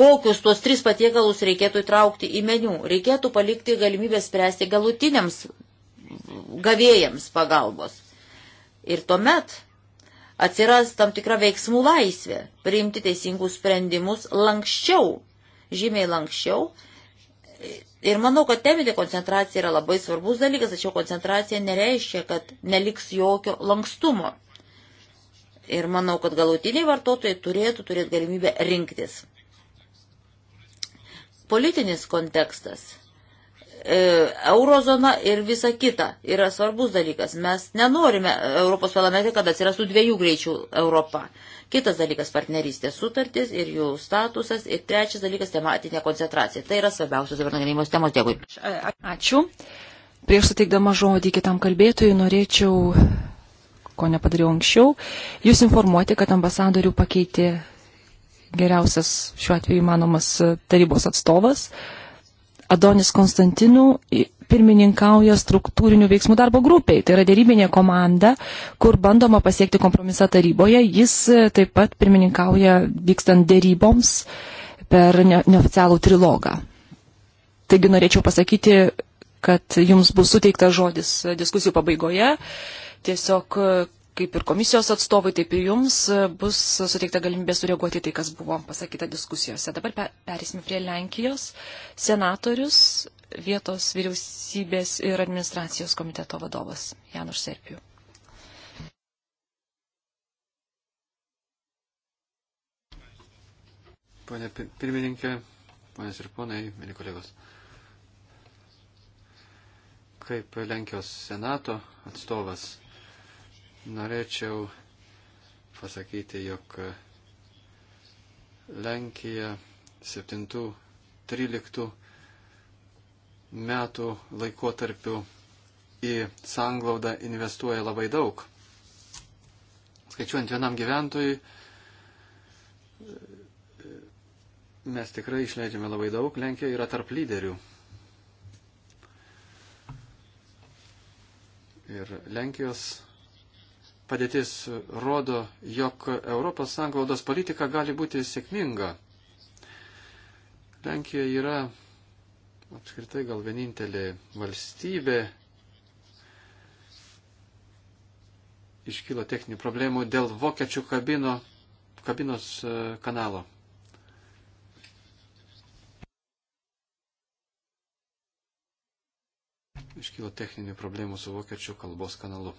kokius tuos tris patiekalus reikėtų įtraukti į meniu. Reikėtų palikti galimybę spręsti galutiniams gavėjams pagalbos. Ir tuomet atsiras tam tikra veiksmų laisvė priimti teisingus sprendimus lankščiau, žymiai lankščiau. Ir manau, kad teminė koncentracija yra labai svarbus dalykas, tačiau koncentracija nereiškia, kad neliks jokio lankstumo. Ir manau, kad galutiniai vartotojai turėtų turėti galimybę rinktis. Politinis kontekstas E, eurozona ir visa kita yra svarbus dalykas. Mes nenorime Europos parlamente, kad atsirastų dviejų greičių Europa. Kitas dalykas - partnerystės sutartys ir jų statusas. Ir trečias dalykas - tematinė koncentracija. Tai yra svarbiausios dabar nagrinėjimos temos. Dėkui. Ačiū. Prieš suteikdama žodį kitam kalbėtojui norėčiau, ko nepadariau anksčiau, jūs informuoti, kad ambasadorių pakeitė geriausias šiuo atveju įmanomas tarybos atstovas Adonis Konstantinų pirmininkauja struktūrinių veiksmų darbo grupiai. Tai yra dėrybinė komanda, kur bandoma pasiekti kompromisą taryboje. Jis e, taip pat pirmininkauja vykstant dėryboms per neoficialų trilogą. Taigi norėčiau pasakyti, kad jums bus suteiktas žodis e, diskusijų pabaigoje. Tiesiog e, kaip ir komisijos atstovui, taip ir jums e, bus suteikta galimybė sureaguoti tai, kas buvo pasakyta diskusijose. Dabar perėsime prie Lenkijos. Senatorius, vietos vyriausybės ir administracijos komiteto vadovas Janus Serpijų. Pane pirmininkė, ponės ir ponai, mėly kolegos. Kaip Lenkijos senato atstovas Norėčiau pasakyti, jog Lenkija 7-13 metų laikotarpiu į sanglaudą investuoja labai daug. Skaičiuojant vienam gyventojui, mes tikrai išleidžiame labai daug, Lenkija yra tarp lyderių. Ir Lenkijos padėtis rodo, jog Europos sanglaudos politika gali būti sėkminga. Lenkija yra apskritai gal vienintelė valstybė. Iškilo techninių problemų dėl vokiečių kabino, kabinos e, kanalo. Iškilo techninių problemų su vokiečių kalbos kanalu.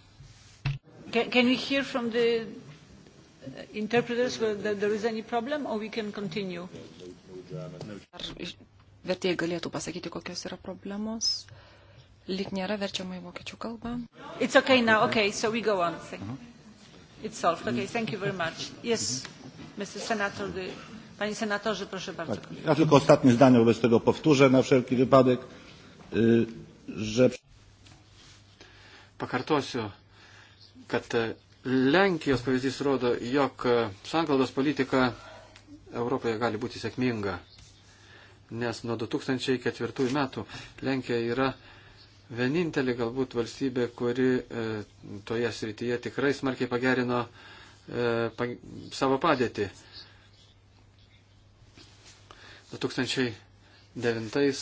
Can, can we hear from the uh, interpreters whether there is any problem or we can continue? Ar vertėjai galėtų pasakyti, kokios yra problemos? Lik nėra verčiama į vokiečių kalbą. It's okay now, okay, so we go on. Thank you. It's solved. Okay, thank you very much. Yes, Mr. Senator, the... Panie senatorze, proszę bardzo. Tak. Ja tylko ostatnie zdanie wobec tego powtórzę na wszelki wypadek, że... Pakartosiu kad e, Lenkijos pavyzdys rodo, jog e, sankaldos politika Europoje gali būti sėkminga, nes nuo 2004 metų Lenkija yra vienintelė galbūt valstybė, kuri e, toje srityje tikrai smarkiai pagerino e, pa, savo padėtį. 2009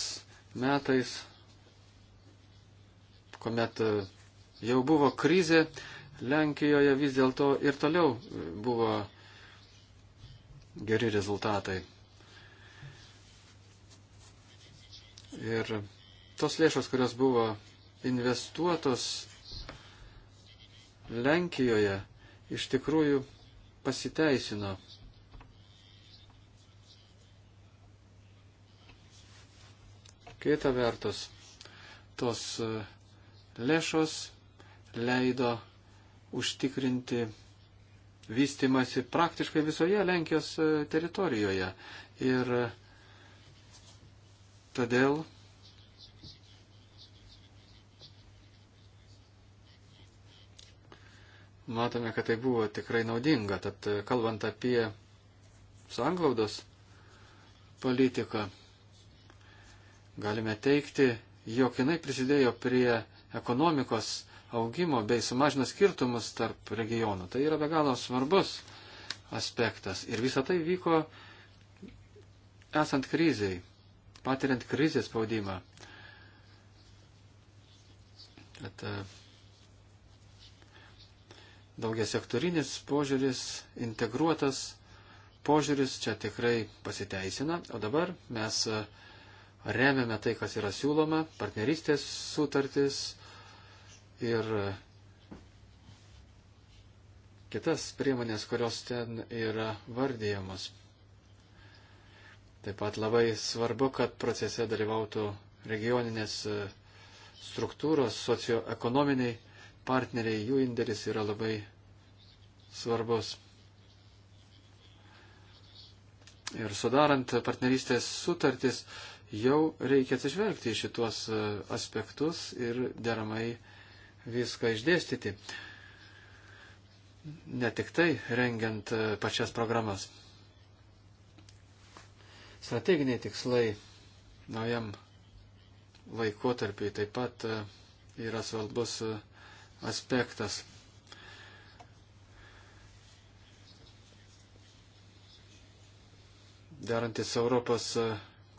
metais, kuomet e, jau buvo krizė, Lenkijoje vis dėlto ir toliau e, buvo geri rezultatai. Ir tos lėšos, kurios buvo investuotos Lenkijoje, iš tikrųjų pasiteisino. Kita vertus, tos e, lėšos leido užtikrinti vystimasi praktiškai visoje Lenkijos e, teritorijoje. Ir todėl matome, kad tai buvo tikrai naudinga. Tad e, kalbant apie sanglaudos politiką, galime teikti, jog jinai prisidėjo prie ekonomikos augimo bei sumažina skirtumus tarp regionų. Tai yra be galo svarbus aspektas. Ir visa tai vyko esant kriziai, patiriant krizės spaudimą. Bet e, daugia sektorinis požiūris, integruotas požiūris čia tikrai pasiteisina. O dabar mes e, remiame tai, kas yra siūloma, partnerystės sutartis, ir e, kitas priemonės, kurios ten yra vardėjamos. Taip pat labai svarbu, kad procese dalyvautų regioninės e, struktūros, socioekonominiai partneriai, jų indėlis yra labai svarbus. Ir sudarant partnerystės sutartis, jau reikia atsižvelgti į šitos e, aspektus ir deramai uh, viską išdėstyti, ne tik tai rengiant e, pačias programas. Strateginiai tikslai naujam laikotarpiai taip pat e, yra svarbus e, aspektas. Darantis Europos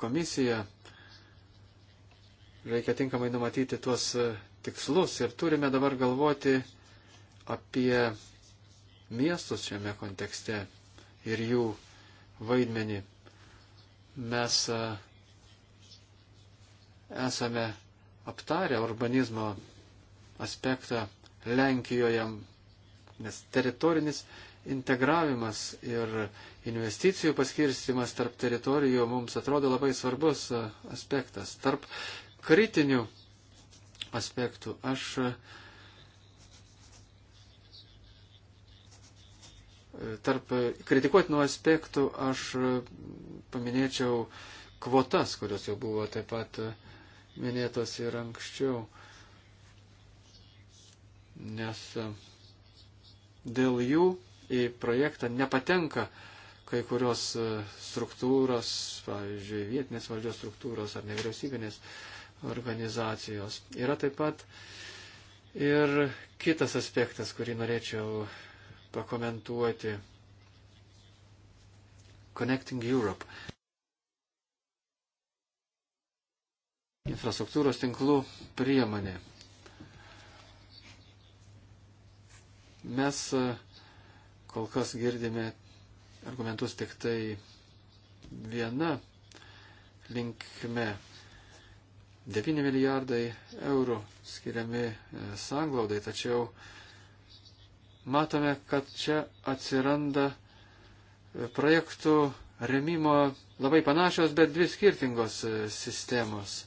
komisiją, reikia tinkamai numatyti tuos tikslus ir turime dabar galvoti apie miestus šiame kontekste ir jų vaidmenį. Mes e, esame aptarę urbanizmo aspektą Lenkijoje, nes teritorinis integravimas ir investicijų paskirstimas tarp teritorijų mums atrodo labai svarbus e, aspektas. Tarp kritinių aspektų. Aš e, tarp kritikuotinų aspektų aš paminėčiau kvotas, kurios jau buvo taip pat minėtos ir anksčiau. Nes e, dėl jų į projektą nepatenka kai kurios e, struktūros, pavyzdžiui, vietinės valdžios struktūros ar nevyriausybinės uh, organizacijos. Yra taip pat ir kitas aspektas, kurį norėčiau pakomentuoti. Connecting Europe. Infrastruktūros tinklų priemonė. Mes e, kol kas girdime argumentus tik tai viena linkme 9 milijardai eurų skiriami e, sanglaudai, tačiau matome, kad čia atsiranda e, projektų remimo labai panašios, bet dvi skirtingos e, sistemos.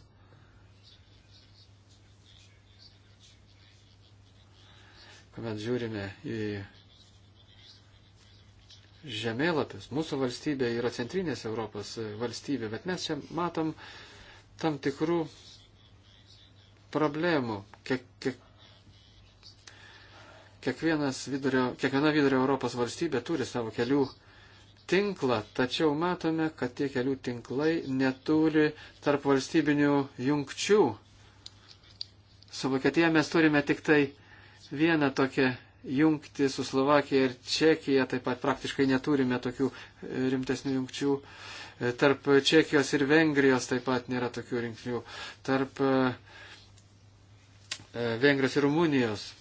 Kuomet žiūrime į žemėlapius, mūsų valstybė yra centrinės Europos valstybė, bet mes čia matom tam tikrų problemų. Kiek, kiek, kiekvienas vidurio, kiekviena vidurio Europos valstybė turi savo kelių tinklą, tačiau matome, kad tie kelių tinklai neturi tarp valstybinių jungčių. Su Vokietija mes turime tik tai vieną tokią jungtį, su Slovakija ir Čekija taip pat praktiškai neturime tokių e, rimtesnių jungčių. E, tarp Čekijos ir Vengrijos taip pat nėra tokių rinklių. Tarp uh, E, Vengrijos ir Rumunijos.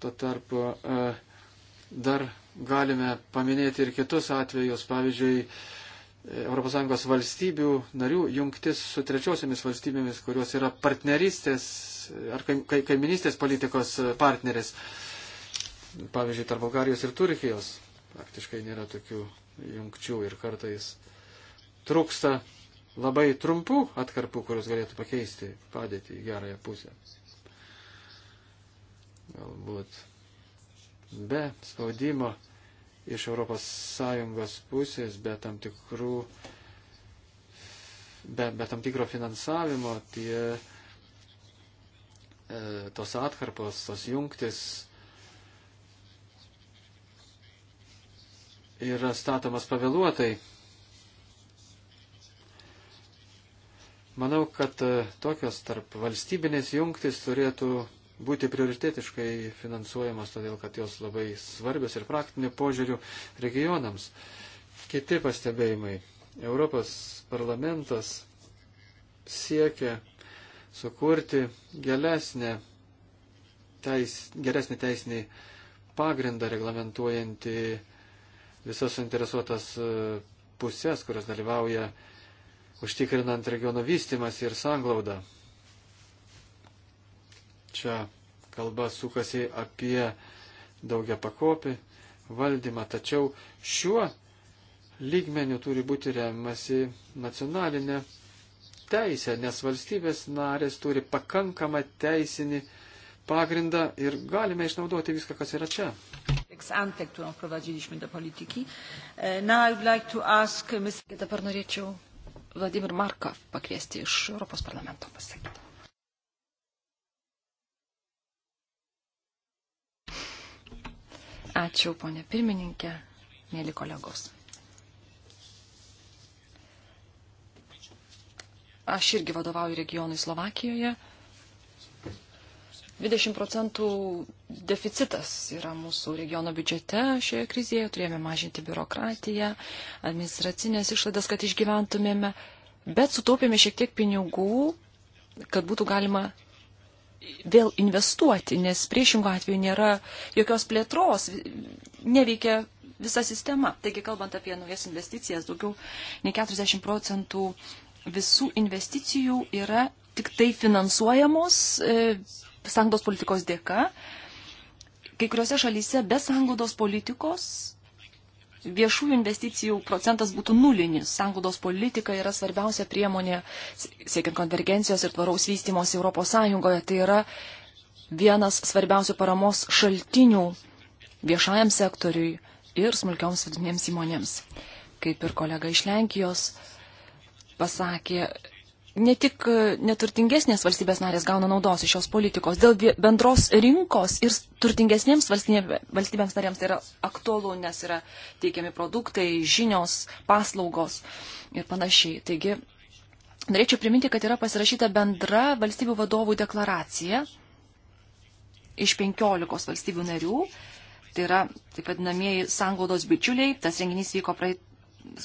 Tuo tarpu e, dar galime paminėti ir kitus atvejus, pavyzdžiui, ES valstybių narių jungtis su trečiosiamis valstybėmis, kurios yra partnerystės ar kaiminystės politikos partneris. Pavyzdžiui, tarp Bulgarijos ir Turkijos praktiškai nėra tokių jungčių ir kartais trūksta labai trumpų atkarpų, kurios galėtų pakeisti padėtį į gerąją pusę. Galbūt be spaudimo iš ES pusės, be tam, tikrų, be, be tam tikro finansavimo, tie, e, tos atkarpos, tos jungtis yra statomas pavėluotai Manau, kad e, tokios tarp valstybinės jungtis turėtų būti prioritetiškai finansuojamas, todėl kad jos labai svarbios ir praktinių požiūrių regionams. Kiti pastebėjimai. Europos parlamentas siekia sukurti gelesnę, teis, geresnį teisinį pagrindą reglamentuojantį visas suinteresuotas e, pusės, kurios dalyvauja uh, užtikrinant regionų vystimas ir sanglaudą. Čia kalba sukasi apie daugia pakopį valdymą, tačiau šiuo lygmeniu turi būti remiamasi nacionalinė teisė, nes valstybės narės turi pakankamą teisinį pagrindą ir galime išnaudoti viską, kas yra čia. E, uh, dabar norėčiau Vladimir Markov pakviesti iš Europos parlamento pasakyti. Ačiū, ponė pirmininkė, mėly kolegos. Aš irgi vadovauju regionui Slovakijoje 20 procentų deficitas yra mūsų regiono biudžete šioje krizėje, turėjome mažinti biurokratiją, administracinės išlaidas, kad išgyventumėme, bet sutaupėme šiek tiek pinigų, kad būtų galima vėl investuoti, nes priešingų atveju nėra jokios plėtros, neveikia visa sistema. Taigi, kalbant apie naujas investicijas, daugiau nei 40 procentų visų investicijų yra tik tai finansuojamos. E, sanglos politikos dėka. Kai kuriuose šalyse be sanglodos politikos viešųjų investicijų procentas būtų nulinis. Sanglaudos politika yra svarbiausia priemonė siekiant konvergencijos ir tvaraus vystimos ES. Tai yra vienas svarbiausių paramos šaltinių viešajam sektoriui ir smulkioms vidinėms įmonėms. Kaip ir kolega iš Lenkijos pasakė, ne tik e, neturtingesnės valstybės narės gauna naudos iš šios politikos, dėl bendros rinkos ir turtingesnėms valstybėms narėms tai yra aktualu, nes yra teikiami produktai, žinios, paslaugos ir panašiai. Taigi, norėčiau priminti, kad yra pasirašyta bendra valstybių vadovų deklaracija iš 15 valstybių narių. Tai yra taip vadinamieji sanglaudos bičiuliai. Tas renginys vyko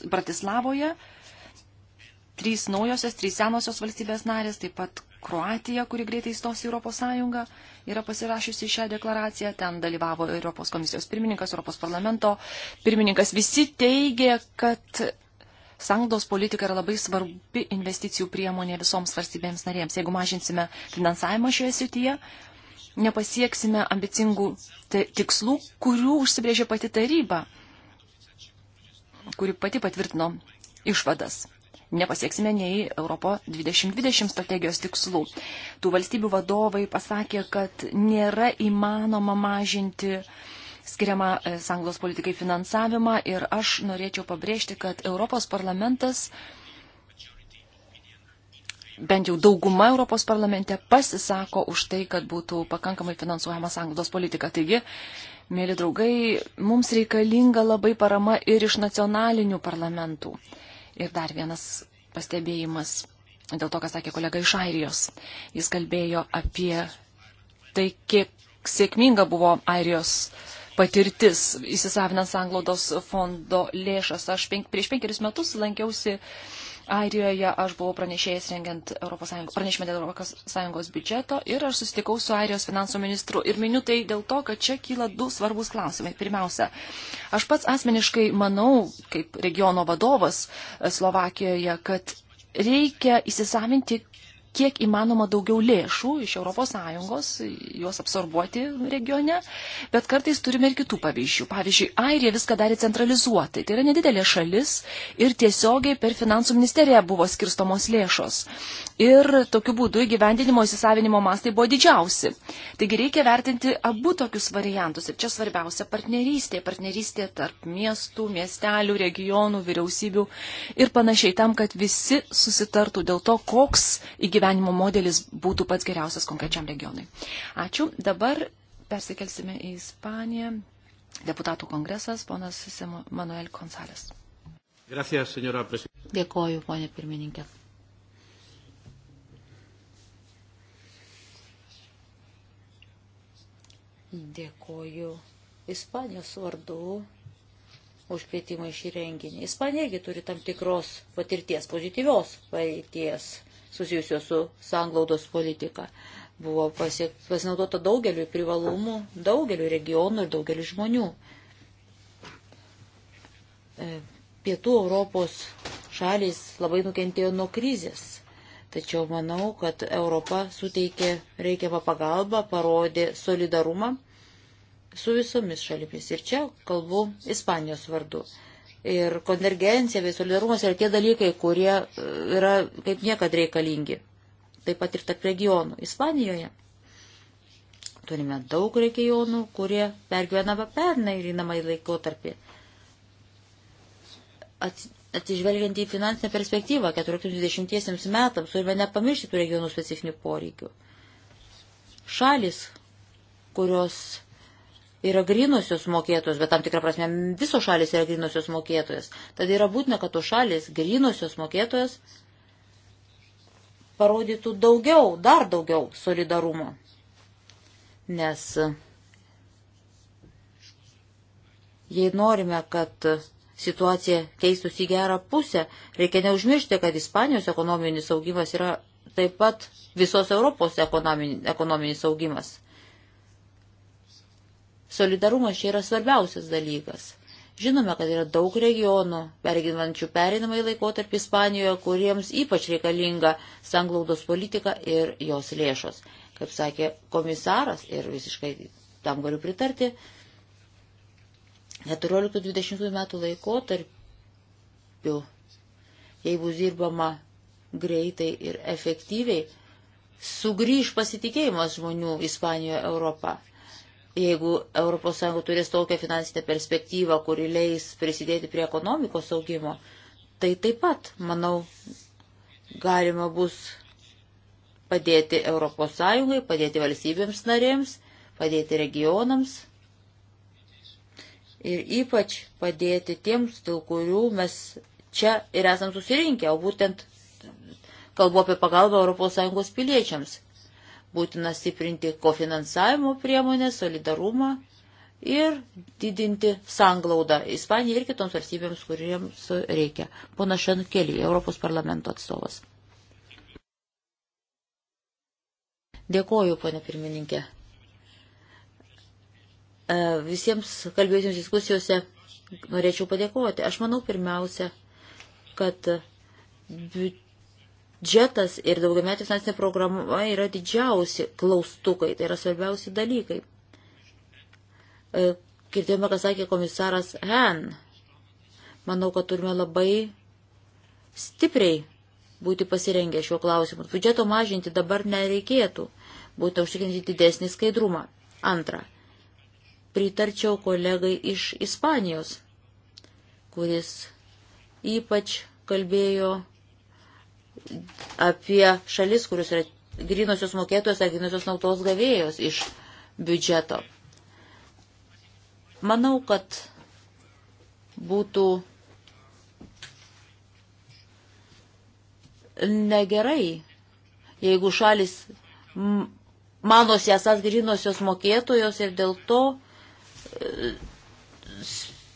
Bratislavoje. Pra trys naujosios, trys senosios valstybės narės, taip pat Kroatija, kuri greitai įstos į Europos Sąjungą, yra pasirašiusi šią deklaraciją, ten dalyvavo Europos komisijos pirmininkas, Europos parlamento pirmininkas. Visi teigė, kad Sangdos politika yra labai svarbi investicijų priemonė visoms valstybėms narėms. Jeigu mažinsime finansavimą šioje srityje, nepasieksime ambicingų tikslų, kurių užsibrėžė pati taryba, kuri pati patvirtino išvadas nepasieksime nei Europo 2020 strategijos tikslų. Tų valstybių vadovai pasakė, kad nėra įmanoma mažinti skiriamą e, sanglos politikai finansavimą ir aš norėčiau pabrėžti, kad Europos parlamentas, bent jau dauguma Europos parlamente pasisako už tai, kad būtų pakankamai finansuojama sanglos politika. Taigi, Mėly draugai, mums reikalinga labai parama ir iš nacionalinių parlamentų. Ir dar vienas pastebėjimas dėl to, ką sakė kolega iš Airijos. Jis kalbėjo apie tai, kiek sėkminga buvo Airijos patirtis įsisavinant sanglaudos fondo lėšas. Aš penk, prieš penkerius metus lankiausi Airijoje aš buvau pranešėjęs rengiant pranešimą dėl ES biudžeto ir aš susitikau su Airijos finansų ministru. Ir miniu tai dėl to, kad čia kyla du svarbus klausimai. Pirmiausia, aš pats asmeniškai manau, kaip regiono vadovas e, Slovakijoje, kad reikia įsisavinti, kiek įmanoma daugiau lėšų iš ES, juos absorbuoti regione, bet kartais turime ir kitų pavyzdžių. Pavyzdžiui, Airija viską darė centralizuotai, tai yra nedidelė šalis ir tiesiogiai per finansų ministeriją buvo skirstomos lėšos ir tokiu būdu įgyvendinimo įsisavinimo mastai buvo didžiausi. Taigi reikia vertinti abu tokius variantus ir čia svarbiausia partnerystė, partnerystė tarp miestų, miestelių, regionų, vyriausybių ir panašiai tam, kad visi susitartų dėl to, koks įgyvenimo modelis būtų pats geriausias konkrečiam regionui. Ačiū. Dabar persikelsime į Ispaniją. Deputatų kongresas, ponas Manuel Gonzales. Gracias, Dėkoju, ponė pirmininkė. Dėkoju Ispanijos vardu už kvietimą į šį renginį. Ispanija irgi turi tam tikros patirties, pozityvios patirties susijusios su sanglaudos politika. Buvo pasiek, pasinaudota daugeliu privalumų, daugeliu regionų ir daugeliu žmonių. E, Pietų Europos šalis labai nukentėjo nuo krizės Tačiau manau, kad Europa suteikė reikiamą pagalbą, parodė solidarumą su visomis šalimis. Ir čia kalbu Ispanijos vardu. Ir konvergencija bei solidarumas yra tie dalykai, kurie e, yra kaip niekad reikalingi. Taip pat ir tarp regionų. Ispanijoje turime daug regionų, kurie pergyvena pernai ir įnamai laikotarpį. Ats atsižvelgiant į finansinę perspektyvą 14-20 metams, turime nepamiršti tų regionų specifinių poreikių. Šalis, kurios yra grinusios mokėtojos, bet tam tikrą prasme visos šalis yra grinusios mokėtojas, tad yra būtina, kad tos šalis grinusios mokėtojas parodytų daugiau, dar daugiau solidarumo. Nes jei norime, kad situacija keistųsi į gerą pusę. Reikia neužmiršti, kad Ispanijos ekonominis augimas yra taip pat visos Europos ekonominis augimas. Solidarumas čia yra svarbiausias dalykas. Žinome, kad yra daug regionų, pergyvenančių perinamai laikotarpį Ispanijoje, kuriems ypač reikalinga sanglaudos politika ir jos lėšos. Kaip sakė komisaras, ir visiškai tam galiu pritarti, 14-20 metų laikotarpiu, jei bus dirbama greitai ir efektyviai, sugrįž pasitikėjimas žmonių Ispanijoje Europą. Jeigu ES turės tokią finansinę perspektyvą, kuri leis prisidėti prie ekonomikos augimo, tai taip pat, manau, galima bus padėti ES, padėti valstybėms narėms, padėti regionams ir ypač padėti tiems, dėl kurių mes čia ir esam susirinkę, o būtent kalbu apie pagalbą ES piliečiams. Būtina stiprinti kofinansavimo priemonę, solidarumą ir didinti sanglaudą Ispanijai ir kitoms valstybėms, kuriems reikia. Pana Šankelį, Europos parlamento atstovas. Dėkoju, ponė pirmininkė. E, visiems kalbėjusiems diskusijose norėčiau padėkoti. Aš manau pirmiausia, kad biudžetas ir daugiametė finansinė programa yra didžiausi klaustukai, tai yra svarbiausi dalykai. E, girdėjome, ką sakė komisaras Hen. Manau, kad turime labai stipriai būti pasirengę šiuo klausimu. Biudžeto mažinti dabar nereikėtų, būtų užtikrinti didesnį skaidrumą. Antra, pritarčiau kolegai iš Ispanijos, kuris ypač kalbėjo apie šalis, kurios yra grinosios mokėtojos ar grinosios naudos gavėjos iš biudžeto. Manau, kad būtų negerai, jeigu šalis manos esas grinosios mokėtojos ir dėl to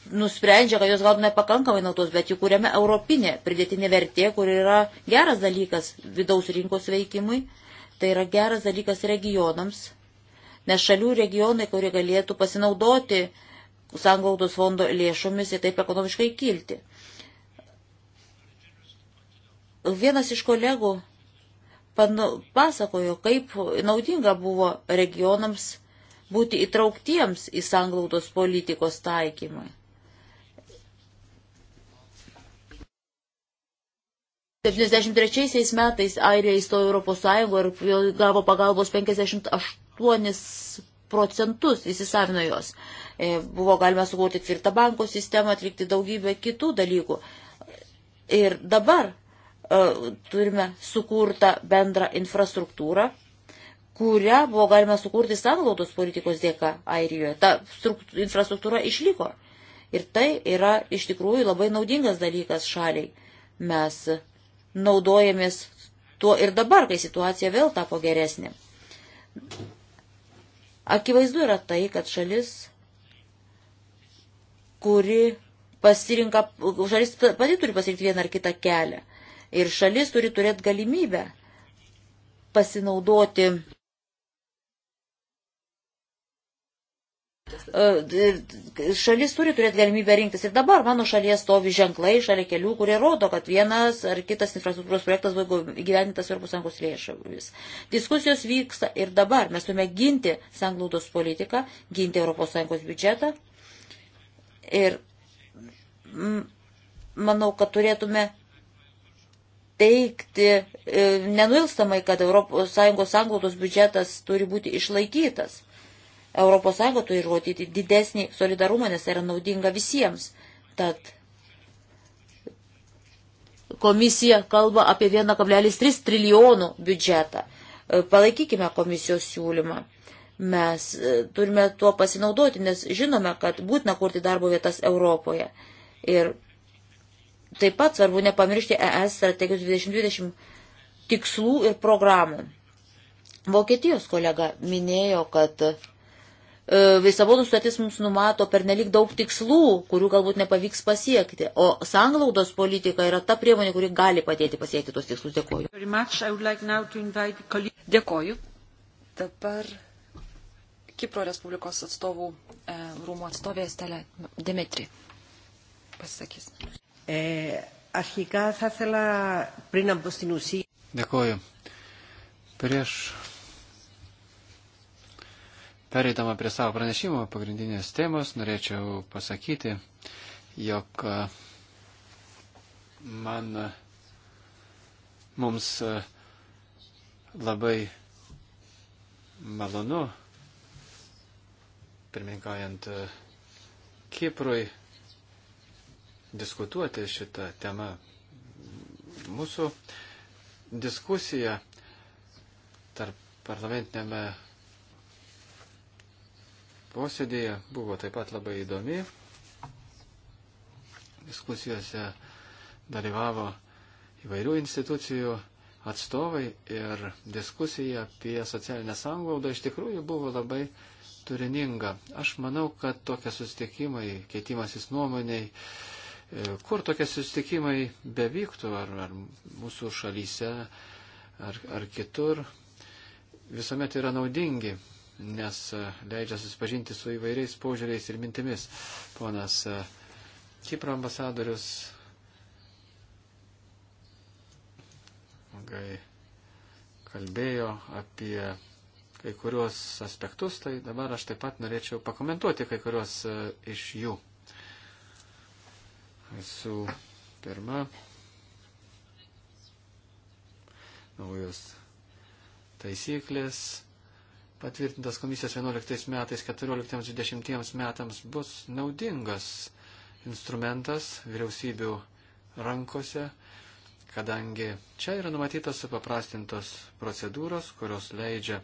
nusprendžia, kad jos gal nepakankamai naudos, bet jų kuriame europinė pridėtinė vertė, kur yra geras dalykas vidaus rinkos veikimui, tai yra geras dalykas regionams, nes šalių regionai, kurie galėtų pasinaudoti sanglaudos fondo lėšomis ir taip ekonomiškai kilti. Vienas iš kolegų pasakojo, kaip naudinga buvo regionams būti įtrauktiems į sanglaudos politikos taikymą. Septyniasdešimt trečiaisiais metais Airija įstojo Europos Sąjungą ir gavo pagalbos 58 procentus įsisavino jos. E, buvo galima sukurti tvirtą banko sistemą, atlikti daugybę kitų dalykų. Ir dabar e, turime sukurtą bendrą infrastruktūrą, kurią buvo galima sukurti sanglaudos politikos dėka Airijoje. Ta infrastruktūra išliko. Ir tai yra iš tikrųjų labai naudingas dalykas šaliai. Mes naudojamės tuo ir dabar, kai situacija vėl tapo geresnė. Akivaizdu yra tai, kad šalis, kuri pasirinka, šalis pati turi pasirinkti vieną ar kitą kelią. Ir šalis turi turėti galimybę pasinaudoti E, e, šalis turi turėti galimybę rinktis. Ir dabar mano šalyje stovi ženklai šalia kelių, kurie rodo, kad vienas ar kitas infrastruktūros projektas buvo gyvenintas svarbus sankos lėšomis. Diskusijos vyksta ir dabar mes turime ginti sanglaudos politiką, ginti ES biudžetą. Ir manau, kad turėtume teikti e, nenuilstamai, kad ES sanglaudos biudžetas turi būti išlaikytas ES turi rodyti didesnį solidarumą, nes tai yra naudinga visiems. Tad komisija kalba apie 1,3 trilijonų biudžetą. E, palaikykime komisijos siūlymą. Mes e, turime tuo pasinaudoti, nes žinome, kad būtina kurti darbo vietas Europoje. Ir taip pat svarbu nepamiršti ES strategijos 2020 tikslų ir programų. Vokietijos kolega minėjo, kad E, Visabonų sutartis mums numato per nelik daug tikslų, kurių galbūt nepavyks pasiekti, o sanglaudos politika yra ta priemonė, kuri gali padėti pasiekti tuos tikslus. Dėkoju. Dėkoju. Dabar Kipro Respublikos atstovų e, rūmų atstovė Estelė Demetri pasisakys. E, Dėkoju. Prieš Pereidama prie savo pranešimo pagrindinės temos, norėčiau pasakyti, jog e, man e, mums e, labai malonu, pirmininkaujant Kiprui, diskutuoti šitą temą. Mūsų diskusija tarp parlamentinėme posėdėje buvo taip pat labai įdomi. Diskusijose dalyvavo įvairių institucijų atstovai ir diskusija apie socialinę sąnglaudą iš tikrųjų buvo labai turininga. Aš manau, kad tokie sustikimai, keitimasis nuomoniai, e, kur tokie sustikimai bevyktų, ar, ar mūsų šalyse, ar, ar kitur, visuomet yra naudingi nes e, leidžia susipažinti su įvairiais požiūriais ir mintimis. Ponas e, Kipro ambasadorius ilgai kalbėjo apie kai kuriuos aspektus, tai dabar aš taip pat norėčiau pakomentuoti kai kuriuos e, iš jų. Visų pirma, naujos taisyklės patvirtintas komisijos 11 metais, 14-20 metams bus naudingas instrumentas vyriausybių rankose, kadangi čia yra numatytos supaprastintos procedūros, kurios leidžia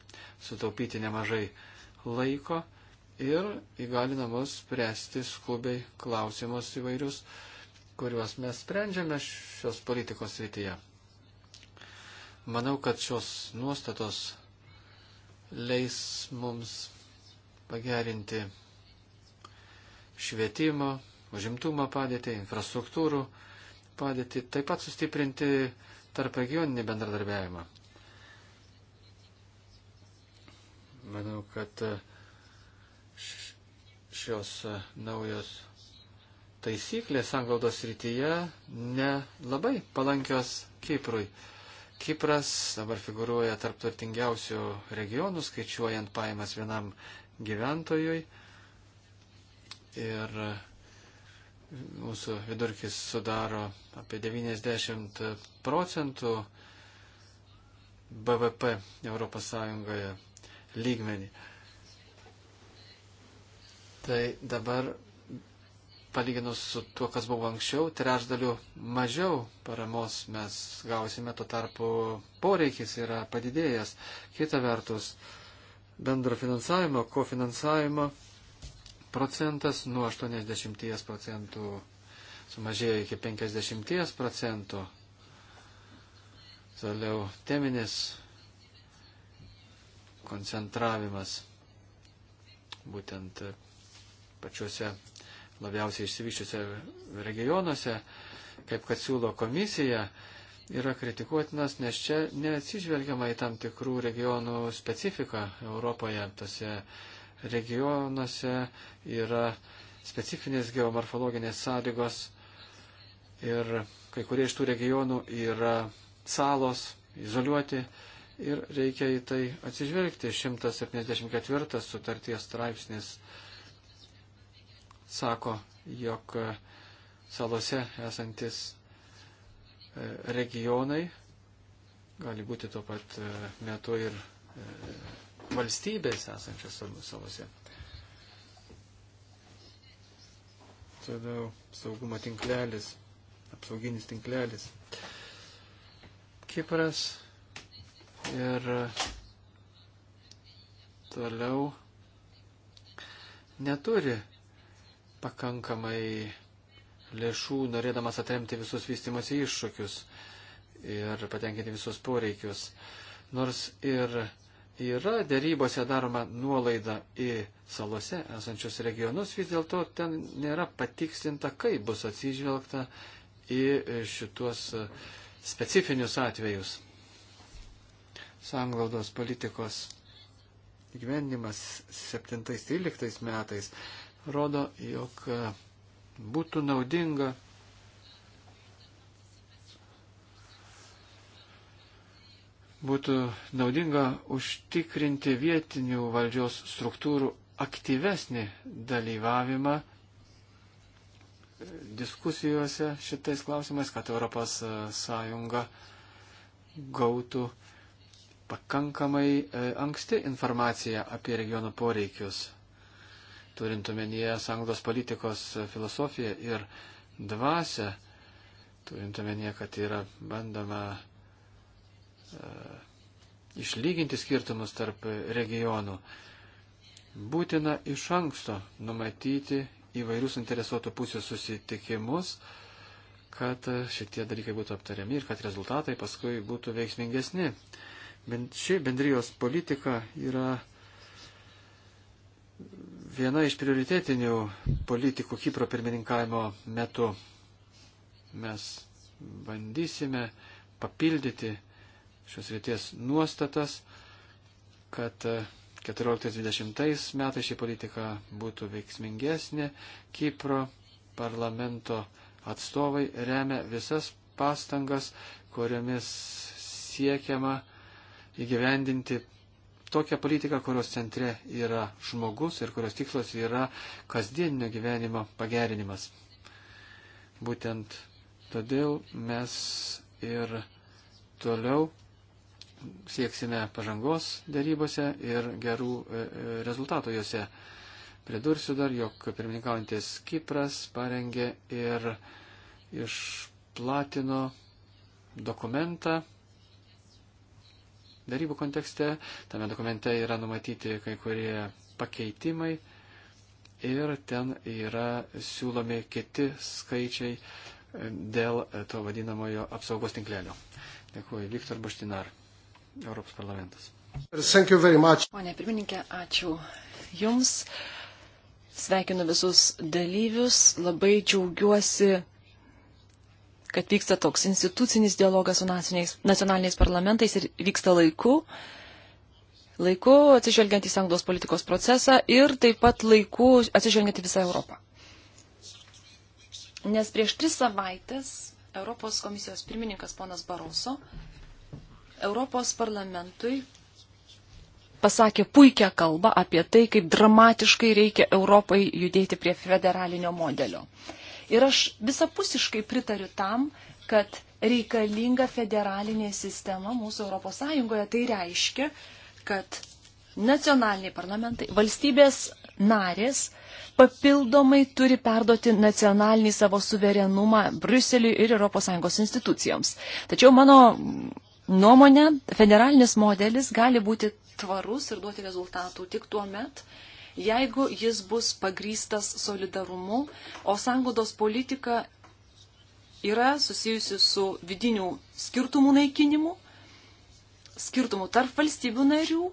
sutaupyti nemažai laiko ir įgalina mus spręsti skubiai klausimus įvairius, kuriuos mes sprendžiame šios politikos rytyje. Manau, kad šios nuostatos leis mums pagerinti švietimo, užimtumo padėtį, infrastruktūrų padėtį, taip pat sustiprinti tarp regioninį bendradarbiavimą. Manau, kad e, šios e, naujos taisyklės anglodos rytyje nelabai palankios Kiprui. Kipras dabar figuruoja tarp turtingiausių regionų, skaičiuojant pajamas vienam gyventojui. Ir mūsų vidurkis sudaro apie 90 procentų BVP ES lygmenį. Tai dabar palyginus su tuo, kas buvo anksčiau, trešdaliu mažiau paramos mes gausime, tuo tarpu poreikis yra padidėjęs. Kita vertus, bendro finansavimo, kofinansavimo procentas nuo 80 procentų sumažėjo iki 50 procentų. Toliau teminis koncentravimas būtent pačiuose labiausiai išsivyščiuose regionuose, kaip kad siūlo komisija, yra kritikuotinas, nes čia neatsižvelgiama į tam tikrų regionų specifiką Europoje. Tose regionuose yra specifinės geomorfologinės sąlygos ir kai kurie iš tų regionų yra salos, izoliuoti ir reikia į tai atsižvelgti. 174 sutarties straipsnis sako, jog e, salose esantis e, regionai gali būti tuo pat e, metu ir valstybės esančios salose. Tada saugumo tinklelis, apsauginis tinklelis. Kipras ir toliau neturi pakankamai lėšų, norėdamas atremti visus vystimosi iššūkius ir patenkinti visus poreikius. Nors ir yra dėrybose daroma nuolaida į salose esančius regionus, vis dėlto ten nėra patikslinta, kaip bus atsižvelgta į šituos specifinius atvejus. Sanglaudos politikos gyvenimas 7-13 metais rodo, jog būtų naudinga būtų naudinga užtikrinti vietinių valdžios struktūrų aktyvesnį dalyvavimą diskusijose šitais klausimais, kad Europos e, Sąjunga gautų pakankamai e, anksti informaciją apie regiono poreikius turint omenyje sąnaudos politikos filosofiją ir dvasę, turint omenyje, kad yra bandoma e, išlyginti skirtumus tarp regionų. Būtina iš anksto numatyti įvairius interesuotų pusių susitikimus, kad šitie dalykai būtų aptariami ir kad rezultatai paskui būtų veiksmingesni. Bent ši bendrijos politika yra viena iš prioritetinių politikų Kipro pirmininkavimo metu. Mes bandysime papildyti šios ryties nuostatas, kad 14-20 metais ši politika būtų veiksmingesnė. Kipro parlamento atstovai remia visas pastangas, kuriomis siekiama įgyvendinti tokią politiką, kurios centre yra žmogus ir kurios tikslas yra kasdieninio gyvenimo pagerinimas. Būtent todėl mes ir toliau sieksime pažangos darybose ir gerų e, e, rezultatų juose. Pridursiu dar, jog pirmininkaujantis Kipras parengė ir išplatino dokumentą darybų kontekste. Tame dokumente yra numatyti kai kurie pakeitimai ir ten yra siūlomi kiti skaičiai e, dėl to vadinamojo apsaugos tinklelio. Dėkuoju, Viktor Buštinar, Europos parlamentas. Pone pirmininkė, ačiū Jums. Sveikinu visus dalyvius. Labai džiaugiuosi kad vyksta toks institucinis dialogas su nacionaliniais parlamentais ir vyksta laiku, laiku atsižvelgiant į sanglos politikos procesą ir taip pat laiku atsižvelgiant į visą Europą. Nes prieš tris savaitės Europos komisijos pirmininkas ponas Baroso Europos parlamentui pasakė puikią kalbą apie tai, kaip dramatiškai reikia Europai judėti prie federalinio modelio. Uh, Ir aš visapusiškai pritariu tam, kad reikalinga federalinė sistema mūsų ES. Tai reiškia, kad nacionaliniai parlamentai, valstybės narės papildomai turi perduoti nacionalinį savo suverenumą Bruseliui ir ES institucijoms. Tačiau mano nuomonė, federalinis modelis gali būti tvarus ir duoti rezultatų tik tuo met, jeigu jis bus pagrystas solidarumu, o sangodos politika yra susijusi su vidinių skirtumų naikinimu, skirtumų tarp valstybių narių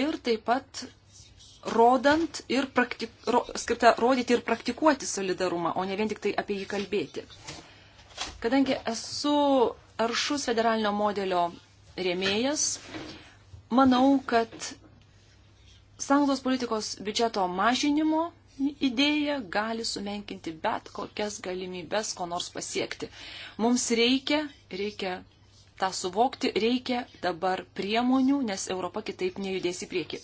ir taip pat rodant ir praktik, ro, skirta rodyti ir praktikuoti solidarumą, o ne vien tik tai apie jį kalbėti. Kadangi esu aršus federalinio modelio rėmėjas, manau, kad Sanglos politikos biudžeto mažinimo idėja gali sumenkinti bet kokias galimybes, ko nors pasiekti. Mums reikia, reikia tą suvokti, reikia dabar priemonių, nes Europa kitaip nejudės į priekį.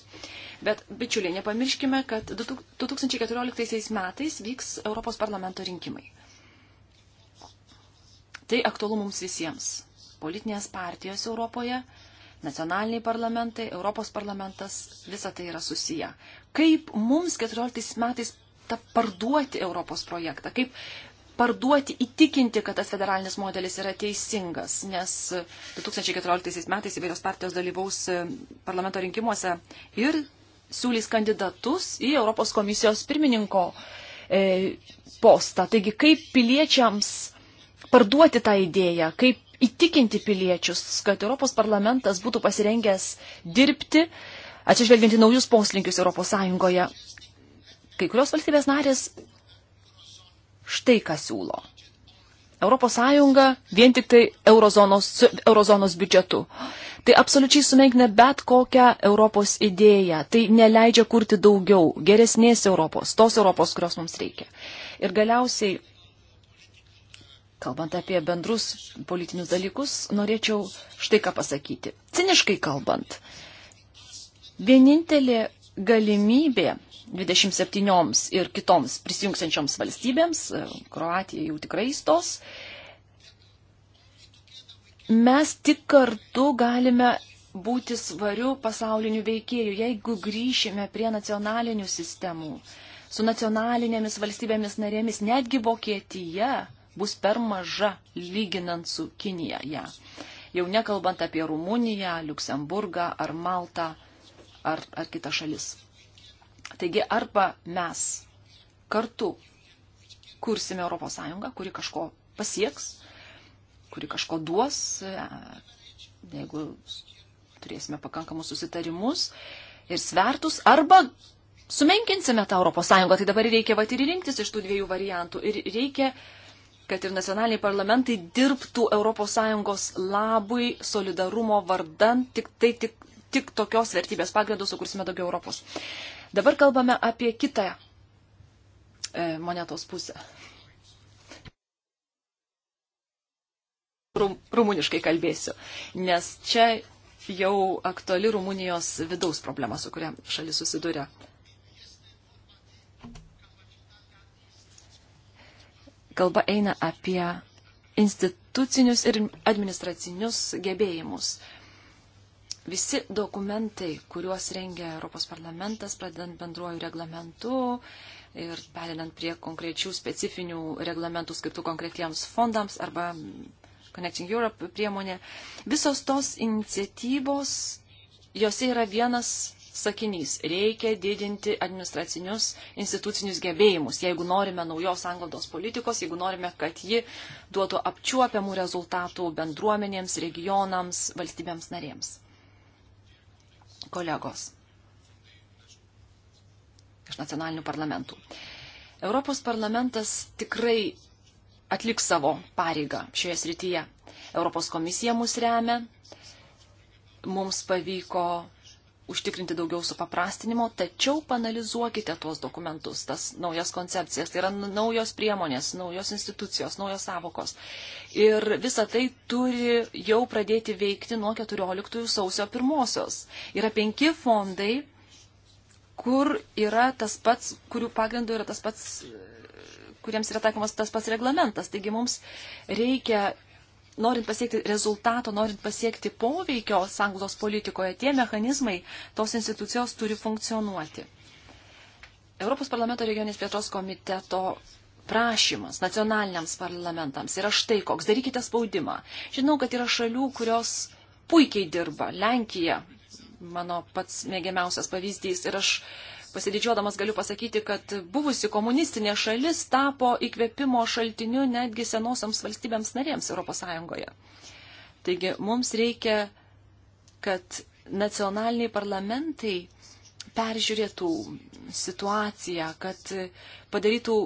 Bet, bičiuliai, nepamirškime, kad 2014 metais vyks Europos parlamento rinkimai. Tai aktualu mums visiems. Politinės partijos Europoje nacionaliniai parlamentai, Europos parlamentas, visa tai yra susiję. Kaip mums 14 metais ta parduoti Europos projektą, kaip parduoti, įtikinti, kad tas federalinis modelis yra teisingas, nes 2014 metais įvairios partijos dalyvaus e, parlamento rinkimuose ir siūlys kandidatus į Europos komisijos pirmininko e, postą. Taigi kaip piliečiams parduoti tą idėją, kaip įtikinti piliečius, kad Europos parlamentas būtų pasirengęs dirbti, atsižvelgiant į naujus poslinkius Europos Sąjungoje. Kai kurios valstybės narės štai ką siūlo. Europos Sąjunga vien tik tai eurozonos, eurozonos biudžetu. Tai absoliučiai sumenkina bet kokią Europos idėją. Tai neleidžia kurti daugiau, geresnės Europos, tos Europos, kurios mums reikia. Ir galiausiai Kalbant apie bendrus politinius dalykus, norėčiau štai ką pasakyti. Ciniškai kalbant, vienintelė galimybė 27 ir kitoms prisijungsiančioms valstybėms, e, Kroatija jau tikrai įstos, mes tik kartu galime būti svariu pasauliniu veikėju, jeigu grįšime prie nacionalinių sistemų, su nacionalinėmis valstybėmis narėmis, netgi Vokietija bus per maža lyginant su Kinija ją. Ja. Jau nekalbant apie Rumuniją, Luksemburgą ar Maltą ar, ar kitas šalis. Taigi arba mes kartu kursime Europos Sąjungą, kuri kažko pasieks, kuri kažko duos, jeigu turėsime pakankamus susitarimus ir svertus, arba sumenkinsime tą Europos Sąjungą. Tai dabar reikia vat ir rinktis iš tų dviejų variantų. Ir reikia uh, kad ir nacionaliniai parlamentai dirbtų ES labui solidarumo vardan, tik, tai, tik, tik tokios vertybės pagrindų sukursime daugiau Europos. Dabar kalbame apie kitą e, monetos pusę. Rum, rumuniškai kalbėsiu, nes čia jau aktuali Rumunijos vidaus problema, su kuria šalis susiduria. kalba eina apie institucinius ir administracinius gebėjimus. Visi dokumentai, kuriuos rengia Europos parlamentas, pradedant bendruoju reglamentu ir perinant prie konkrečių specifinių reglamentų skirtų konkretiems fondams arba Connecting Europe priemonė, visos tos iniciatyvos, jose yra vienas sakinys. Reikia didinti administracinius institucinius gebėjimus, jeigu norime naujos anglodos politikos, jeigu norime, kad ji duotų apčiuopiamų rezultatų bendruomenėms, regionams, valstybėms narėms. Kolegos iš nacionalinių parlamentų. Europos parlamentas tikrai atliks savo pareigą šioje srityje. Europos komisija mus remia, mums pavyko užtikrinti daugiau supaprastinimo, tačiau panalizuokite tuos dokumentus, tas naujas koncepcijas, tai yra naujos priemonės, naujos institucijos, naujos savokos. Ir visa tai turi jau pradėti veikti nuo 14 sausio 1. Yra penki fondai, kur yra tas pats, kurių pagrindų yra tas pats kuriems yra taikomas tas pats reglamentas. Taigi mums reikia norint pasiekti rezultato, norint pasiekti poveikio sanglos politikoje, tie mechanizmai, tos institucijos turi funkcionuoti. Europos parlamento regionės plėtros komiteto prašymas nacionaliniams parlamentams yra štai koks, darykite spaudimą. Žinau, kad yra šalių, kurios puikiai dirba. Lenkija, mano pats mėgiamiausias pavyzdys, ir aš pasididžiuodamas galiu pasakyti, kad buvusi komunistinė šalis tapo įkvėpimo šaltiniu netgi senosiams valstybėms narėms ES. Taigi mums reikia, kad nacionaliniai parlamentai peržiūrėtų situaciją, kad padarytų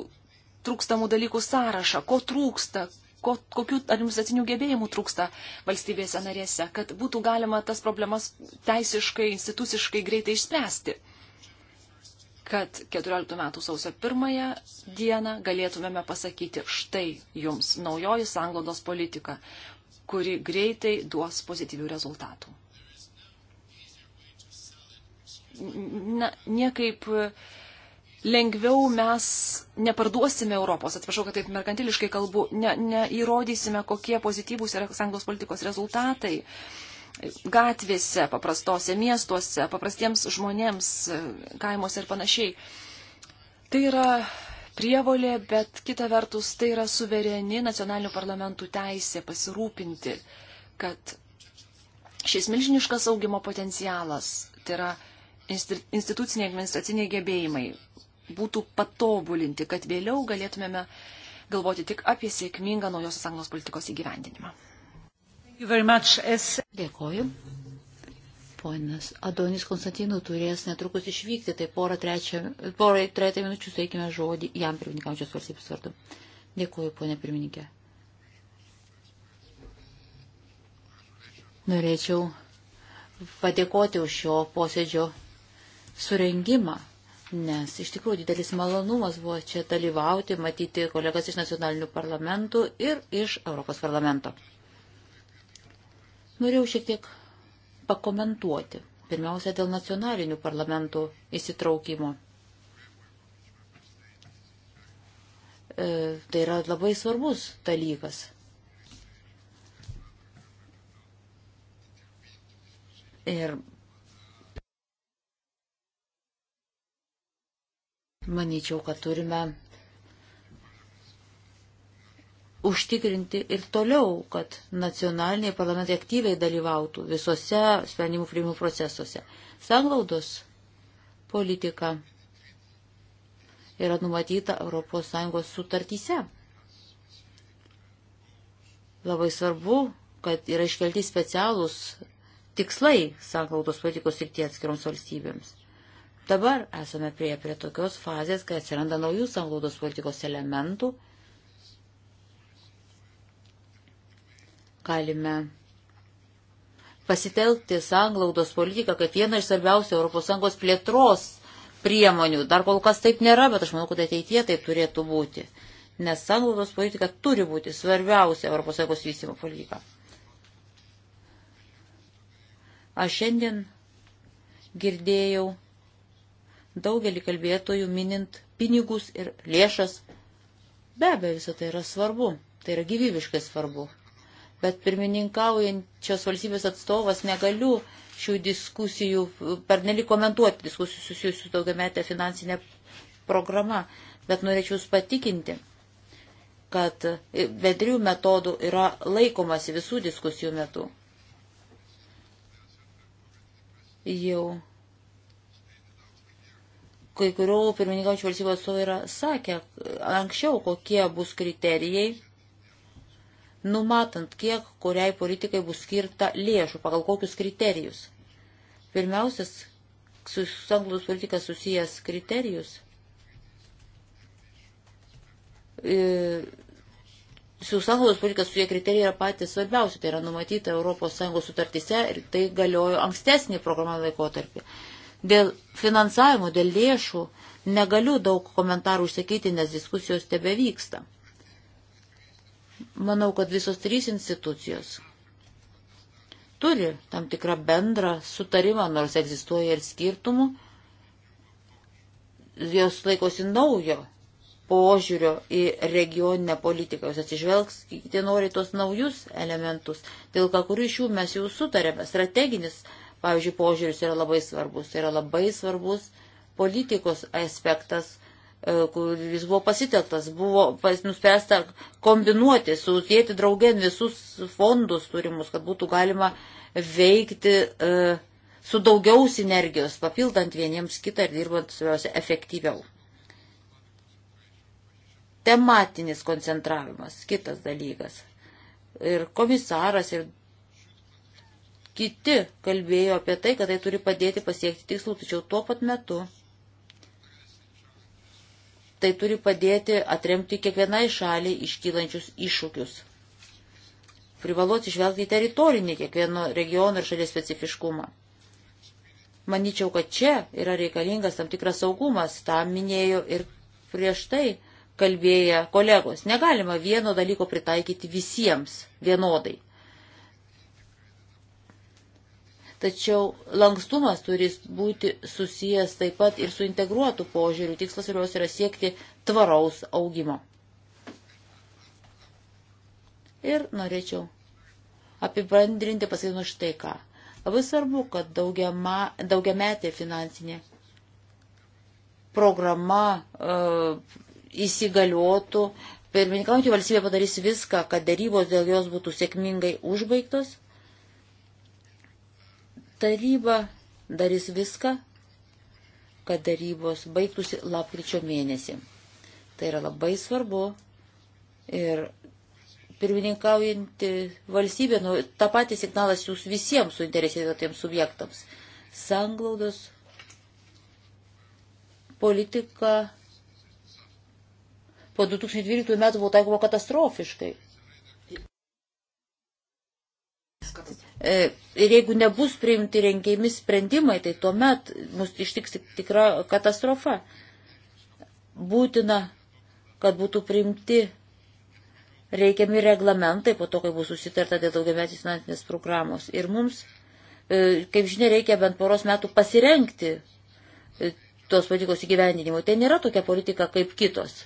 trūkstamų dalykų sąrašą, ko trūksta, ko, kokių administracinių gebėjimų trūksta valstybėse narėse, kad būtų galima tas problemas teisiškai, instituciškai greitai išspręsti kad 14 metų sausio 1 dieną galėtumėme pasakyti štai jums naujoji sanglodos politika, kuri greitai duos pozityvių rezultatų. Na, niekaip lengviau mes neparduosime Europos, atsiprašau, kad taip merkantiliškai kalbu, ne, neįrodysime, kokie pozityvūs yra sanglos politikos rezultatai. Uh, gatvėse, paprastose miestuose, paprastiems žmonėms, e, kaimuose ir panašiai. Tai yra prievolė, bet kita vertus tai yra suvereni nacionalinių parlamentų teisė pasirūpinti, kad šis milžiniškas augimo potencialas, tai yra instituciniai administraciniai gebėjimai, būtų patobulinti, kad vėliau galėtumėme galvoti tik apie sėkmingą naujosios anglos politikos įgyvendinimą. Dėkoju. Ponas Adonis Konstantinų turės netrukus išvykti, tai porą trejata minučių suteikime žodį jam pirmininkaujančios valstybės vardu. Dėkoju, ponė pirmininkė. Norėčiau padėkoti už šio posėdžio surengimą, nes iš tikrųjų didelis malonumas buvo čia dalyvauti, matyti kolegas iš nacionalinių parlamentų ir iš Europos parlamento. Norėjau šiek tiek pakomentuoti, pirmiausia, dėl nacionalinių parlamentų įsitraukimo. E, tai yra labai svarbus dalykas. Ir manyčiau, kad turime užtikrinti ir toliau, kad nacionaliniai parlamentai aktyviai dalyvautų visose sprendimų priimimų procesuose. Sanglaudos politika yra numatyta ES sutartyse. Labai svarbu, kad yra iškelti specialūs tikslai sanglaudos politikos ir tie atskiroms valstybėms. Dabar esame prie, prie tokios fazės, kai atsiranda naujų sanglaudos politikos elementų Galime pasitelkti sanglaudos politiką kaip vieną iš svarbiausių ES plėtros priemonių. Dar kol kas taip nėra, bet aš manau, kad ateitie taip turėtų būti. Nes sanglaudos politika turi būti svarbiausia ES vystimo politika. Aš šiandien girdėjau daugelį kalbėtojų minint pinigus ir lėšas. Be abejo, visą tai yra svarbu, tai yra gyvybiškai svarbu bet pirmininkaujančios valstybės atstovas negaliu šių diskusijų, per nelik komentuoti diskusijų susijusių daugiametę finansinę programą, bet norėčiau jūs patikinti, kad bendrių metodų yra laikomasi visų diskusijų metu. Jau kai kurių pirmininkaujančių valstybių atstovai yra sakę anksčiau, kokie bus kriterijai numatant, kiek kuriai politikai bus skirta lėšų, pagal kokius kriterijus. Pirmiausias su sanglus politika susijęs kriterijus e, su sąjungos politika su jie kriterijai yra patys svarbiausi, tai yra numatyta ES sutartise ir tai galiojo ankstesnį programą laikotarpį. Dėl finansavimo, dėl lėšų negaliu daug komentarų išsakyti, nes diskusijos tebe vyksta. Manau, kad visos trys institucijos turi tam tikrą bendrą sutarimą, nors egzistuoja ir skirtumų. Jos laikosi naujo požiūrio į regioninę politiką. Jūs atsižvelgsite nori tos naujus elementus, dėl kai kurių iš jų mes jau sutarėme. Strateginis, pavyzdžiui, požiūris yra labai svarbus. Tai yra labai svarbus politikos aspektas, E, kuris buvo pasitektas, buvo pas, nuspręsta kombinuoti, susijęti draugien visus fondus turimus, kad būtų galima veikti e, su daugiau sinergijos, papildant vieniems kitą ir dirbant, svarbiausia, efektyviau. Tematinis koncentravimas, kitas dalykas. Ir komisaras, ir kiti kalbėjo apie tai, kad tai turi padėti pasiekti tikslų, tačiau tuo pat metu tai turi padėti atremti kiekvienai šaliai iškylančius iššūkius. Privalu atsižvelgti į teritorinį kiekvieno regiono ir šalies specifiškumą. Manyčiau, kad čia yra reikalingas tam tikras saugumas, tą minėjo ir prieš tai kalbėję kolegos. Negalima vieno dalyko pritaikyti visiems vienodai. Tačiau lankstumas turi būti susijęs taip pat ir su integruotu požiūriu. Tikslas ir jos yra siekti tvaraus augimo. Ir norėčiau apibendrinti pasakyti štai ką. Labai svarbu, kad daugiama, daugiametė finansinė programa uh, įsigaliotų. Pirmininkaujantį valstybę padarys viską, kad darybos dėl jos būtų sėkmingai užbaigtos Taryba darys viską, kad darybos baigtųsi lapkričio mėnesį. Tai yra labai svarbu ir pirmininkaujanti valstybė, nu, tą patį signalą siūs visiems suinteresuotiems subjektams. Sanglaudos politika po 2012 metų buvo taikoma katastrofiškai. E, ir jeigu nebus priimti rengiami sprendimai, tai tuomet mus ištiks tikra katastrofa. Būtina, kad būtų priimti reikiami reglamentai po to, kai bus susitarta dėl daugiametės finansinės programos. Ir mums, e, kaip žinia, reikia bent poros metų pasirenkti e, tos politikos įgyvendinimui. Tai nėra tokia politika kaip kitos.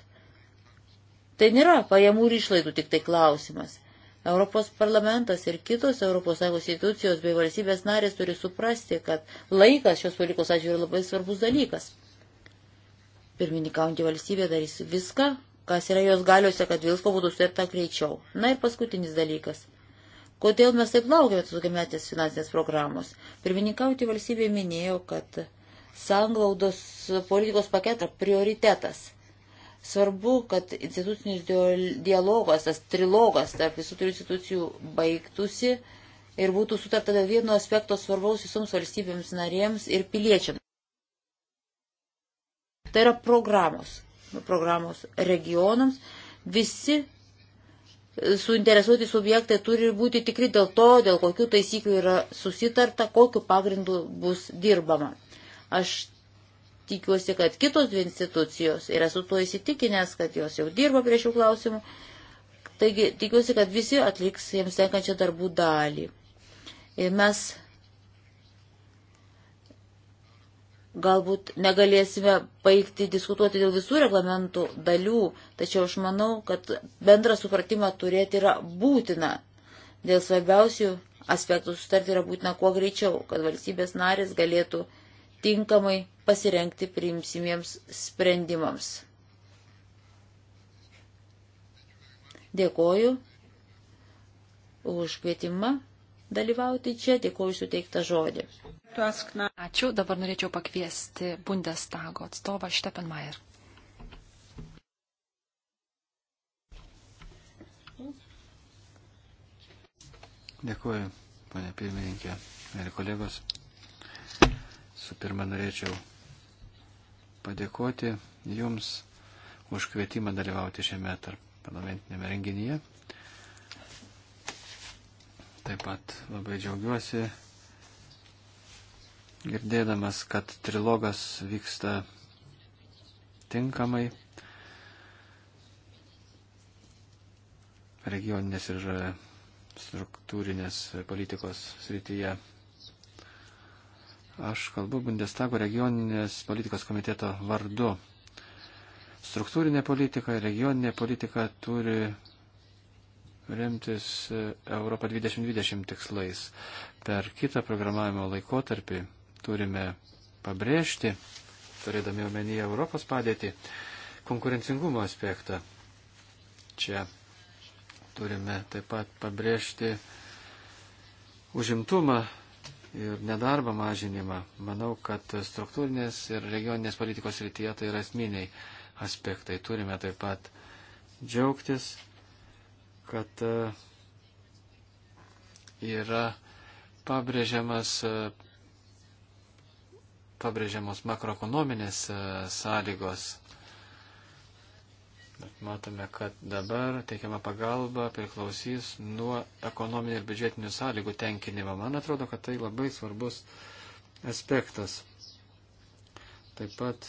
Tai nėra pajamų ir išlaidų tik tai klausimas. Europos parlamentas ir kitos ES institucijos bei valstybės narės turi suprasti, kad laikas šios politikos atžiūrė labai svarbus dalykas. Pirmininkaujantį valstybę darys viską, kas yra jos galiuose, kad visko būtų sutarta greičiau. Na ir paskutinis dalykas. Kodėl mes taip laukiame tokiametės finansinės programos? Pirmininkaujantį valstybė minėjo, kad sanglaudos politikos paketą prioritetas – Svarbu, kad institucinis dialogas, tas trilogas tarp visų trijų institucijų baigtųsi ir būtų sutarta dėl vieno aspekto svarbaus visoms valstybėms narėms ir piliečiams. Tai yra programos. Programos regionams. Visi suinteresuoti subjektai turi būti tikri dėl to, dėl kokių taisyklių yra susitarta, kokiu pagrindu bus dirbama. Aš tikiuosi, kad kitos dvi institucijos, ir esu tuo įsitikinęs, kad jos jau dirba prie šių klausimų, taigi tikiuosi, kad visi atliks jiems tenkančią darbų dalį. Ir mes galbūt negalėsime baigti diskutuoti dėl visų reglamentų dalių, tačiau aš manau, kad bendrą supratimą turėti yra būtina. Dėl svarbiausių aspektų sutarti yra būtina kuo greičiau, kad valstybės narės galėtų tinkamai pasirengti priimsimiems sprendimams. Dėkoju už kvietimą dalyvauti čia, dėkoju suteiktą žodį. Ačiū, dabar norėčiau pakviesti Bundestago atstovą Štepenmaier. Dėkuoju, ponė pirmininkė, mėly kolegos. Su pirma norėčiau padėkoti Jums už kvietimą dalyvauti šiame tarp parlamentinėme renginyje. Taip pat labai džiaugiuosi girdėdamas, kad trilogas vyksta tinkamai. Regioninės ir struktūrinės politikos srityje Aš kalbu Bundestago regioninės politikos komiteto vardu. Struktūrinė politika ir regioninė politika turi remtis e, Europą 2020 tikslais. Per kitą programavimo laikotarpį turime pabrėžti, turėdami omenyje Europos padėtį, konkurencingumo aspektą. Čia turime taip pat pabrėžti užimtumą ir nedarbo mažinimą. Manau, kad struktūrinės ir regioninės politikos rytyje tai yra esminiai aspektai. Turime taip pat džiaugtis, kad e, yra pabrėžiamas e, pabrėžiamos makroekonominės e, sąlygos Bet matome, kad dabar teikiama pagalba priklausys nuo ekonominių ir biudžetinių sąlygų tenkinimo. Man atrodo, kad tai labai svarbus aspektas. Taip pat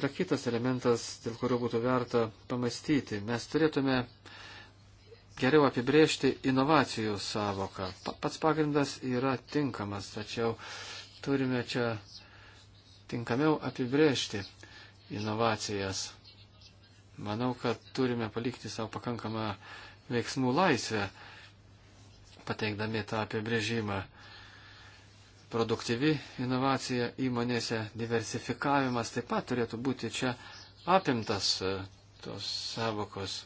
yra kitas elementas, dėl kurio būtų verta pamastyti. Mes turėtume geriau apibrėžti inovacijų savoką. Pats pagrindas yra tinkamas, tačiau turime čia tinkamiau apibrėžti inovacijas. Manau, kad turime palikti savo pakankamą veiksmų laisvę, pateikdami tą apibrėžimą. Produktyvi inovacija įmonėse, diversifikavimas taip pat turėtų būti čia apimtas e, tos savokos.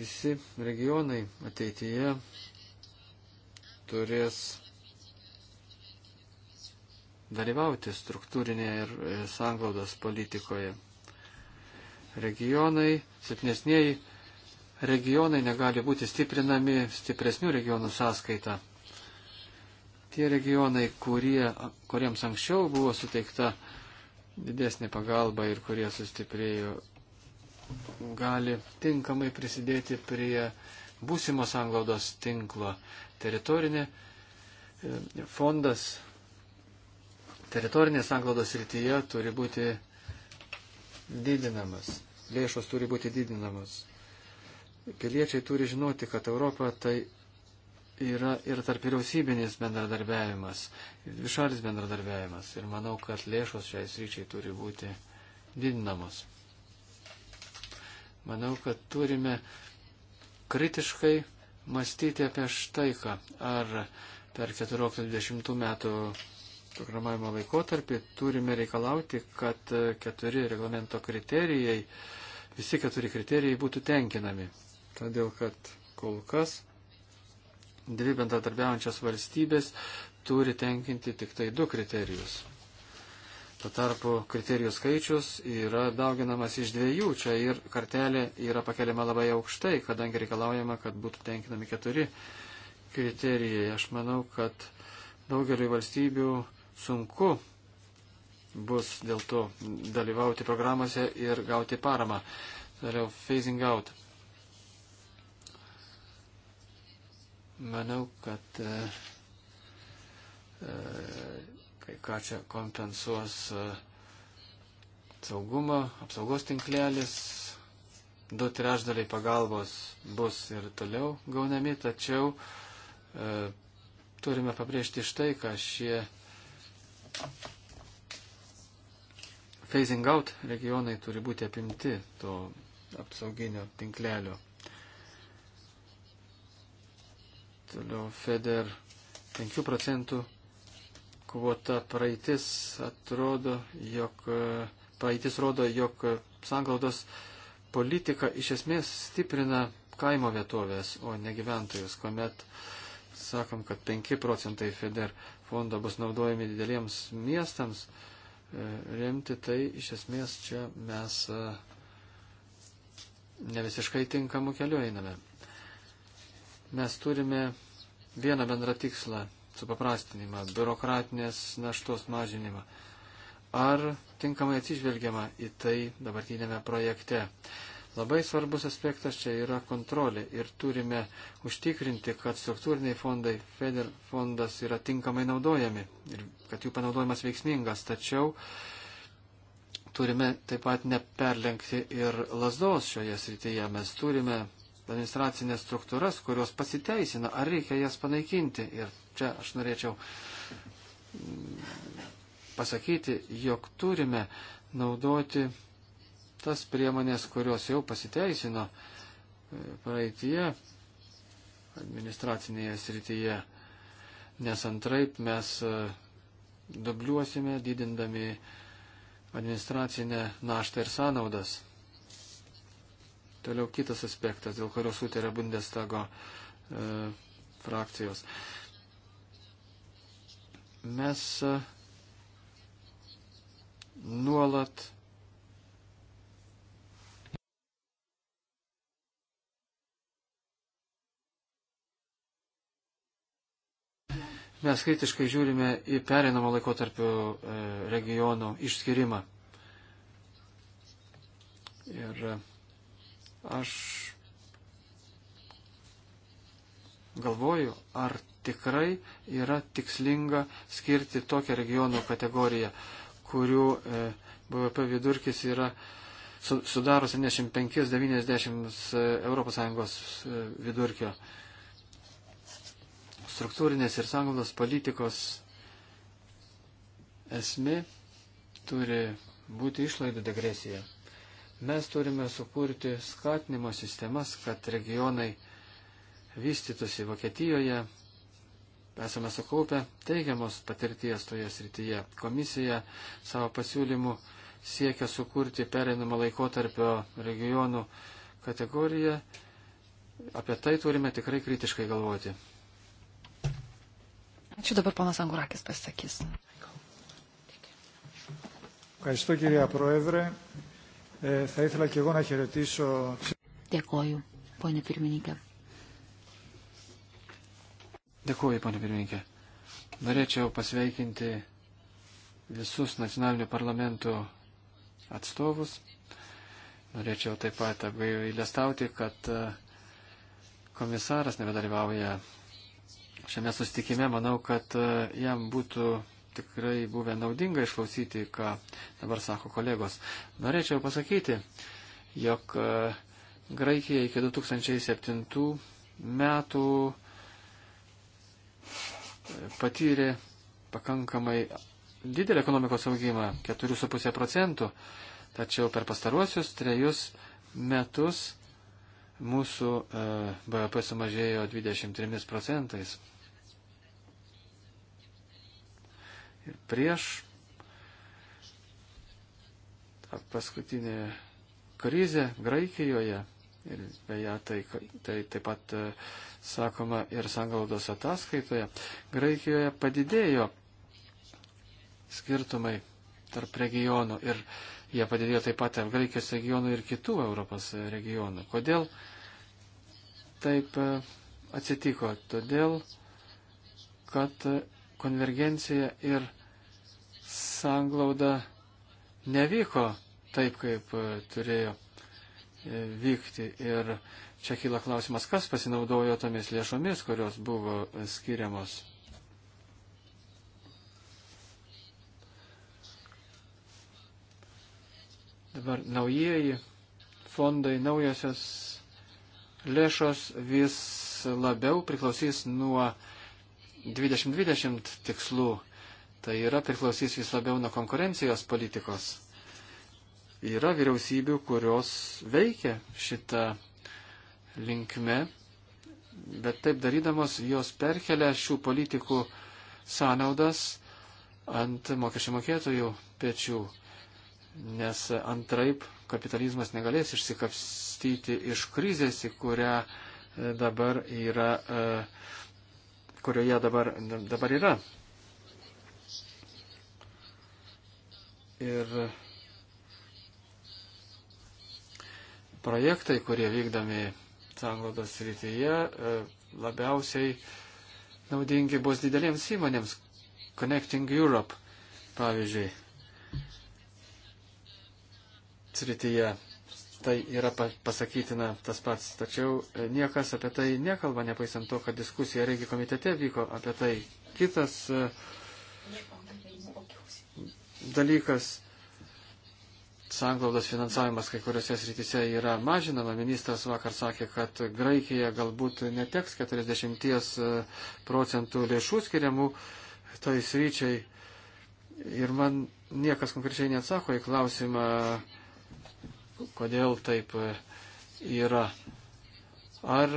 Visi regionai ateityje turės dalyvauti struktūrinėje ir e, sanglaudos politikoje regionai, silpnesnieji regionai negali būti stiprinami stipresnių regionų sąskaita. Tie regionai, kurie, kuriems anksčiau buvo suteikta didesnė pagalba ir kurie sustiprėjo, gali tinkamai prisidėti prie būsimo sanglaudos tinklo teritorinė e, fondas. Teritorinės sanglaudos rytyje turi būti didinamas lėšos turi būti didinamos. Piliečiai turi žinoti, kad Europa tai yra ir tarp vyriausybinis bendradarbiavimas, ir dvišalis bendradarbiavimas. Ir manau, kad lėšos šiai sryčiai turi būti didinamos. Manau, kad turime kritiškai mąstyti apie štai ką. Ar per 14-20 metų programavimo laikotarpį turime reikalauti, kad keturi reglamento kriterijai visi keturi kriterijai būtų tenkinami. Todėl, kad kol kas dvi bendradarbiaujančios valstybės turi tenkinti tik tai du kriterijus. Tuo tarpu kriterijų skaičius yra dauginamas iš dviejų, čia ir kartelė yra pakeliama labai aukštai, kadangi reikalaujama, kad būtų tenkinami keturi kriterijai. Aš manau, kad daugeliu valstybių sunku bus dėl to dalyvauti programuose ir gauti paramą. Toliau phasing out. Manau, kad e, e, kai ką čia kompensuos e, saugumo, apsaugos tinklelis, du trešdaliai pagalbos bus ir toliau gaunami, tačiau e, turime pabrėžti štai, ką šie phasing out regionai turi būti apimti to apsauginio tinklelio. Toliau FEDER 5 procentų kvota praeitis atrodo, jog praeitis rodo, jog sanglaudos politika iš esmės stiprina kaimo vietovės, o ne gyventojus, kuomet sakom, kad 5 procentai FEDER fondo bus naudojami dideliems miestams, uh, E, remti, tai iš esmės čia mes e, ne visiškai tinkamų kelių einame. Mes turime vieną bendrą tikslą - supaprastinimą, biurokratinės naštos mažinimą. Ar tinkamai atsižvelgiama į tai dabartinėme projekte? Labai svarbus aspektas čia yra kontrolė ir turime užtikrinti, kad struktūriniai fondai, FEDER fondas yra tinkamai naudojami ir kad jų panaudojimas veiksmingas. Tačiau turime taip pat neperlenkti ir lasdos šioje srityje. Mes turime administracinės struktūras, kurios pasiteisina, ar reikia jas panaikinti. Ir čia aš norėčiau mm, pasakyti, jog turime naudoti tas priemonės, kurios jau pasiteisino e, praeitie administracinėje srityje, nes antraip mes e, dubliuosime, didindami administracinę naštą ir sąnaudas. Toliau kitas aspektas, dėl kurio sutarė Bundestago e, frakcijos. Mes e, nuolat Mes kritiškai žiūrime į pereinamo laikotarpio e, regionų išskirimą. Ir e, aš galvoju, ar tikrai yra tikslinga skirti tokią regionų kategoriją, kurių e, BVP vidurkis yra sudaro 75-90 ES vidurkio struktūrinės ir sanglaudos politikos esmė turi būti išlaidų degresija. Mes turime sukurti skatinimo sistemas, kad regionai vystytųsi Vokietijoje. Esame sukaupę teigiamos patirties toje srityje. Komisija savo pasiūlymų siekia sukurti pereinamą laikotarpio regionų kategoriją. Apie tai turime tikrai kritiškai galvoti. Ačiū dabar ponas Angurakis pasakys. Ευχαριστώ κυρία Πρόεδρε. Ε, θα ήθελα και εγώ να χαιρετήσω... Dėkoju, ponė pirmininkė. Dėkoju, ponė pirmininkė. Norėčiau pasveikinti visus nacionalinių parlamentų atstovus. Norėčiau taip pat apgailestauti, kad e, komisaras nebedalyvauja šiame sustikime, manau, kad e, jam būtų tikrai buvę naudinga išklausyti, ką dabar sako kolegos. Norėčiau pasakyti, jog e, Graikija iki 2007 metų e, patyrė pakankamai didelį ekonomikos augimą - 4,5 procentų. Tačiau per pastaruosius trejus metus mūsų BVP sumažėjo 23 procentais. ir prieš. Ta paskutinė krizė Graikijoje ir beje tai, tai taip pat e, sakoma ir sangaldos ataskaitoje, Graikijoje padidėjo skirtumai tarp regionų ir jie padidėjo taip pat tarp Graikijos regionų ir kitų Europos regionų. Kodėl taip e, atsitiko? Todėl, kad konvergencija ir sanglauda nevyko taip, kaip e, turėjo e, vykti. Ir čia kyla klausimas, kas pasinaudojo tomis lėšomis, kurios buvo skiriamos. Dabar naujieji fondai, naujosios lėšos vis labiau priklausys nuo 2020 tikslų Tai yra priklausys vis labiau nuo konkurencijos politikos. Yra vyriausybių, kurios veikia šitą linkme, bet taip darydamos jos perkelia šių politikų sąnaudas ant mokesčių mokėtojų pečių, nes antraip kapitalizmas negalės išsikapstyti iš krizės, į kurią dabar yra, e, kurioje dabar, dabar yra. ir projektai, kurie vykdomi sanglodos rytyje, e, labiausiai naudingi bus didelėms įmonėms. Connecting Europe, pavyzdžiui, srityje. Tai yra pasakytina tas pats. Tačiau e, niekas apie tai nekalba, nepaisant to, kad diskusija Regi komitete vyko apie tai. Kitas uh, dalykas. Sanglaudos finansavimas kai kuriuose srityse yra mažinama. Ministras vakar sakė, kad Graikija galbūt neteks 40 e, procentų lėšų skiriamų tai sryčiai. Ir man niekas konkrečiai neatsako į klausimą, kodėl taip e, yra. Ar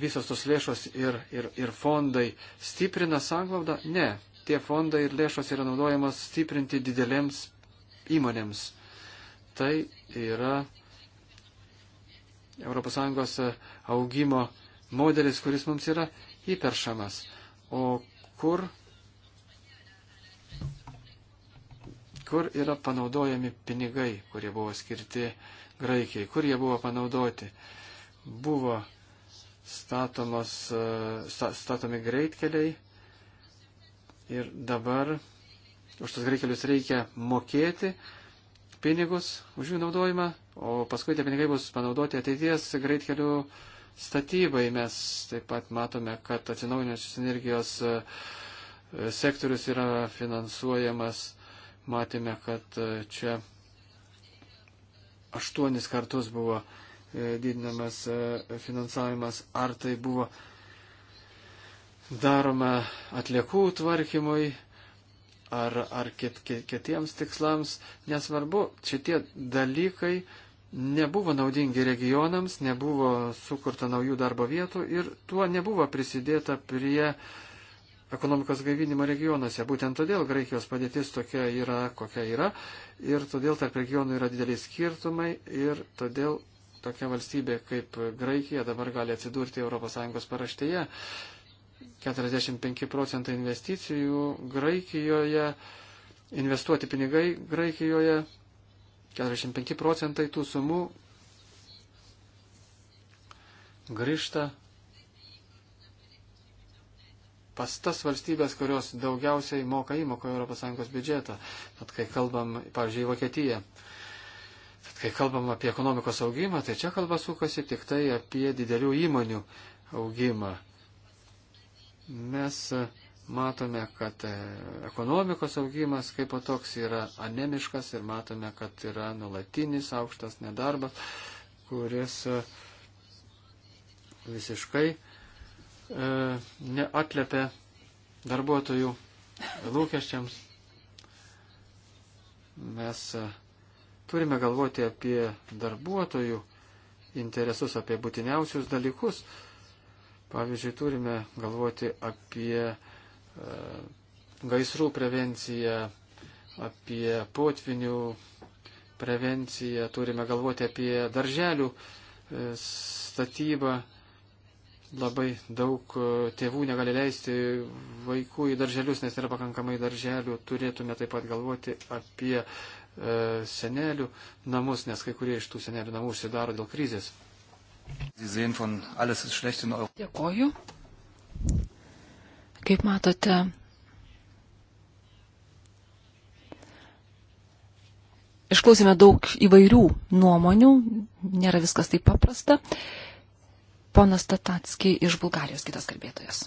visos tos lėšos ir, ir, ir fondai stiprina sanglaudą? Ne, tie fondai ir lėšos yra naudojamos stiprinti didelėms įmonėms. Tai yra ES e, augimo modelis, kuris mums yra įperšamas. O kur, kur yra panaudojami pinigai, kurie buvo skirti Graikijai, kur jie buvo panaudoti. Buvo statomos, e, sta, statomi greitkeliai, Ir dabar už tos greikelius reikia mokėti pinigus už jų naudojimą, o paskui tie pinigai bus panaudoti ateities greitkelių statybai. Mes taip pat matome, kad atsinaujinančios energijos e, sektorius yra finansuojamas. Matėme, kad e, čia aštuonis kartus buvo e, didinamas finansavimas, ar tai buvo daroma atliekų tvarkymui ar, ar kit, kit, kitiems tikslams, nesvarbu, šitie dalykai nebuvo naudingi regionams, nebuvo sukurta naujų darbo vietų ir tuo nebuvo prisidėta prie ekonomikos gaivinimo regionuose. Būtent todėl Graikijos padėtis tokia yra, kokia yra ir todėl tarp regionų yra dideliai skirtumai ir todėl tokia valstybė kaip Graikija dabar gali atsidurti ES paraštėje. 45 procentai investicijų Graikijoje, investuoti pinigai Graikijoje, 45 procentai tų sumų grįžta pas tas valstybės, kurios daugiausiai moka įmoko ES biudžetą. Tad kai kalbam, pavyzdžiui, Vokietiją, tad kai kalbam apie ekonomikos augimą, tai čia kalba sukasi tik tai apie didelių įmonių augimą mes e, matome, kad e, ekonomikos augimas kaip po toks yra anemiškas ir matome, kad yra nulatinis aukštas nedarbas, kuris e, visiškai e, neatlepia darbuotojų lūkesčiams. Mes turime galvoti apie darbuotojų interesus, apie būtiniausius dalykus, Pavyzdžiui, turime galvoti apie e, gaisrų prevenciją, apie potvinių prevenciją, turime galvoti apie darželių e, statybą. Labai daug e, tėvų negali leisti vaikų į darželius, nes yra pakankamai darželių. Turėtume taip pat galvoti apie senelių namus, nes kai kurie iš tų senelių namų užsidaro dėl krizės. Dėkoju. Kaip matote, išklausėme daug įvairių nuomonių, nėra viskas taip paprasta. Ponas Tatatski iš Bulgarijos kitas kalbėtojas.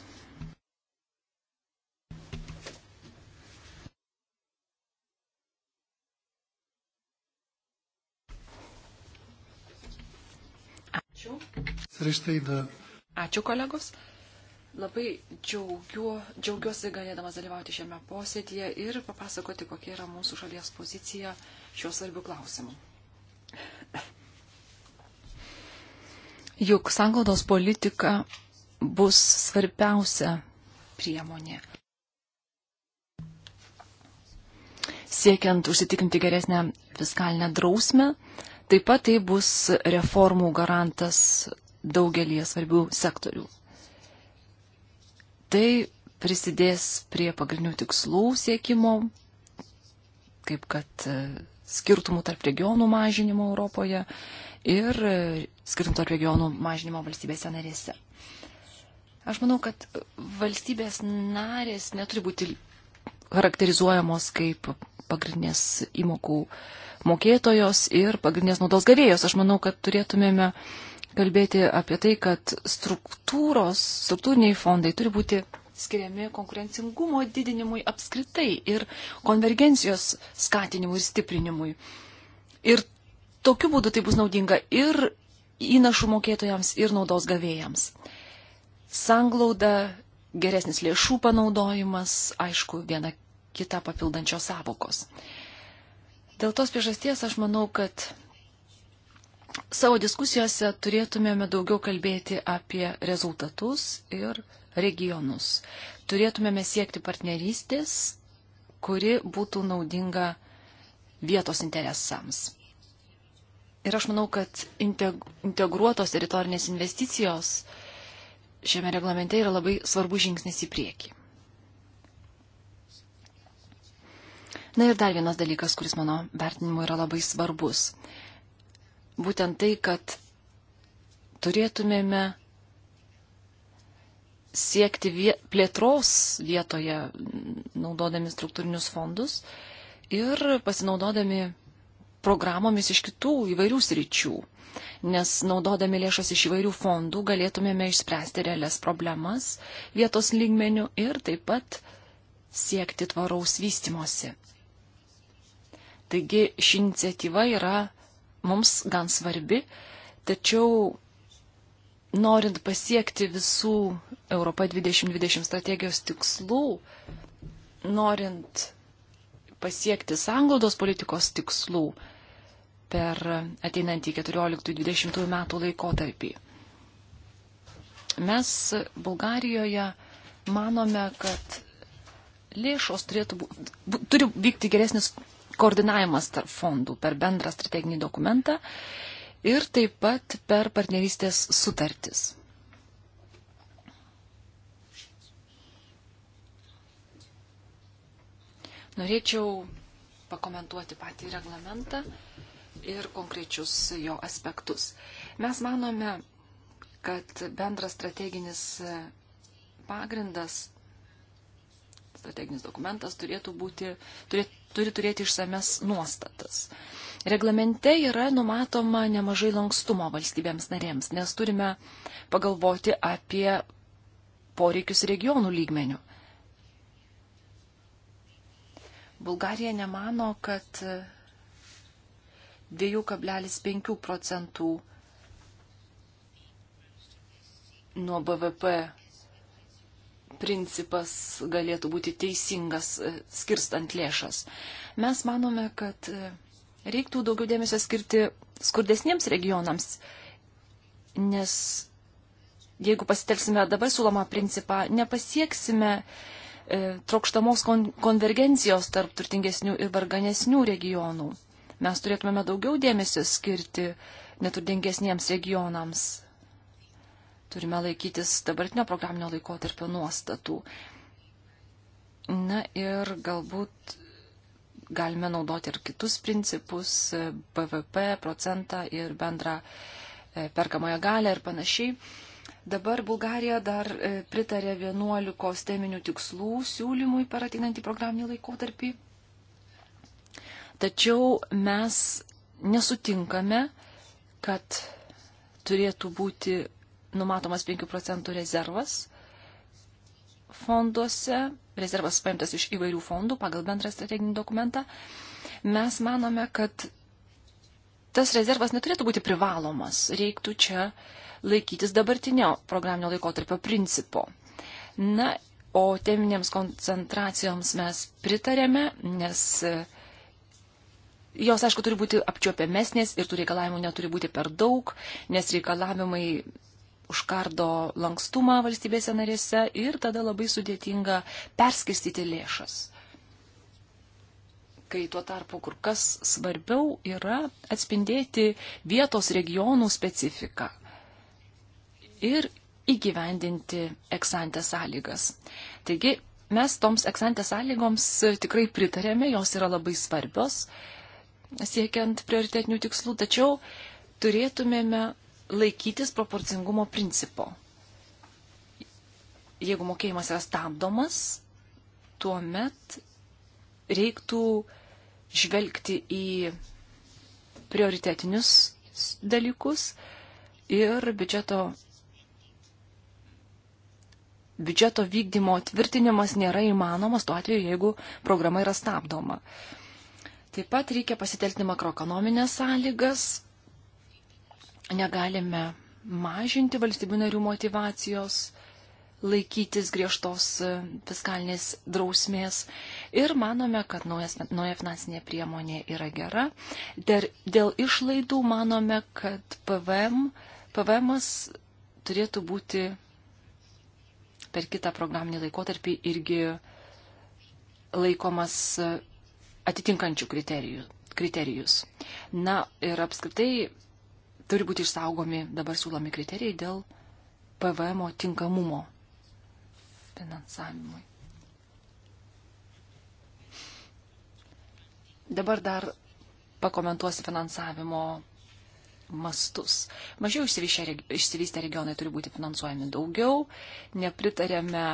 Tai Ačiū kolegos. Labai džiaugiu, džiaugiuosi galėdamas dalyvauti šiame posėdėje ir papasakoti, kokia yra mūsų šalies pozicija šiuo svarbiu klausimu. Juk sanglaudos politika bus svarbiausia priemonė. Siekiant užsitikrinti geresnę fiskalinę drausmę, taip pat tai bus reformų garantas daugelį svarbių sektorių. Tai prisidės prie pagrindinių tikslų siekimo, kaip kad e, skirtumų tarp regionų mažinimo Europoje ir e, skirtumų tarp regionų mažinimo valstybėse narėse. Aš manau, kad valstybės narės neturi būti charakterizuojamos kaip pagrindinės įmokų mokėtojos ir pagrindinės naudos gavėjos. Aš manau, kad turėtumėme kalbėti apie tai, kad struktūros, struktūriniai fondai turi būti skiriami konkurencingumo didinimui apskritai ir konvergencijos skatinimui ir stiprinimui. Ir tokiu būdu tai bus naudinga ir įnašų mokėtojams, ir naudos gavėjams. Sanglauda, geresnis lėšų panaudojimas, aišku, viena kita papildančios savokos. Dėl tos priežasties aš manau, kad savo diskusijose turėtumėme daugiau kalbėti apie rezultatus ir regionus. Turėtumėme siekti partnerystės, kuri būtų naudinga vietos interesams. Ir aš manau, kad integruotos teritorinės investicijos šiame reglamente yra labai svarbus žingsnis į priekį. Na ir dar vienas dalykas, kuris mano vertinimu yra labai svarbus būtent tai, kad turėtumėme siekti viet, plėtros vietoje, naudodami struktūrinius fondus ir pasinaudodami programomis iš kitų įvairių sričių. Nes naudodami lėšas iš įvairių fondų galėtumėme išspręsti realias problemas vietos lygmenių ir taip pat siekti tvaraus vystimosi. Taigi ši iniciatyva yra mums gan svarbi, tačiau norint pasiekti visų Europa 2020 strategijos tikslų, norint pasiekti sanglaudos politikos tikslų per ateinantį 14-20 metų laikotarpį. Mes Bulgarijoje manome, kad lėšos turėtų, bū, turi vykti geresnis koordinavimas tarp fondų per bendrą strateginį dokumentą ir taip pat per partnerystės sutartis. Norėčiau pakomentuoti patį reglamentą ir konkrečius jo aspektus. Mes manome, kad bendras strateginis pagrindas, strateginis dokumentas turėtų būti, turėtų turi turėti išsames nuostatas. Reglamente yra numatoma nemažai lankstumo valstybėms narėms, nes turime pagalvoti apie poreikius regionų lygmenių. Bulgarija nemano, kad 2,5 procentų nuo BVP principas galėtų būti teisingas e, skirstant lėšas. Mes manome, kad e, reiktų daugiau dėmesio skirti skurdesniems regionams, nes jeigu pasitelksime dabar siūlomą principą, nepasieksime e, trokštamos kon konvergencijos tarp turtingesnių ir varganesnių regionų. Mes turėtumėme daugiau dėmesio skirti neturtingesniems regionams turime laikytis dabartinio programinio laikotarpio nuostatų. Na ir galbūt galime naudoti ir kitus principus, BVP procentą ir bendrą e, perkamąją galę ir panašiai. Dabar Bulgarija dar e, pritarė 11 teminių tikslų siūlymui per ateinantį programinį laikotarpį. Tačiau mes nesutinkame, kad turėtų būti numatomas 5 procentų rezervas fonduose, rezervas paimtas iš įvairių fondų pagal bendrą strateginį dokumentą, mes manome, kad tas rezervas neturėtų būti privalomas, reiktų čia laikytis dabartinio programinio laikotarpio principo. Na, o teminėms koncentracijoms mes pritarėme, nes jos, aišku, turi būti apčiopiamesnės ir tų reikalavimų neturi būti per daug, nes reikalavimai užkardo lankstumą valstybėse narėse ir tada labai sudėtinga perskirstyti lėšas. Kai tuo tarpu kur kas svarbiau yra atspindėti vietos regionų specifiką ir įgyvendinti eksantę sąlygas. Taigi mes toms eksantę sąlygoms tikrai pritarėme, jos yra labai svarbios siekiant prioritetinių tikslų, tačiau turėtumėme laikytis proporcingumo principo. Jeigu mokėjimas yra stabdomas, tuomet reiktų žvelgti į prioritetinius dalykus ir biudžeto, biudžeto vykdymo tvirtinimas nėra įmanomas tuo atveju, jeigu programa yra stabdoma. Taip pat reikia pasitelkti makroekonominės sąlygas, negalime mažinti valstybių narių motivacijos laikytis griežtos e, fiskalinės drausmės ir manome, kad naujas, nauja finansinė priemonė yra gera. Der, dėl išlaidų manome, kad PVM, PVM turėtų būti per kitą programinį laikotarpį irgi laikomas e, atitinkančių kriterijų, kriterijus. Na ir apskritai turi būti išsaugomi dabar siūlomi kriterijai dėl PVM tinkamumo finansavimui. Dabar dar pakomentuosiu finansavimo mastus. Mažiau išsivystę regionai turi būti finansuojami daugiau. Nepritarėme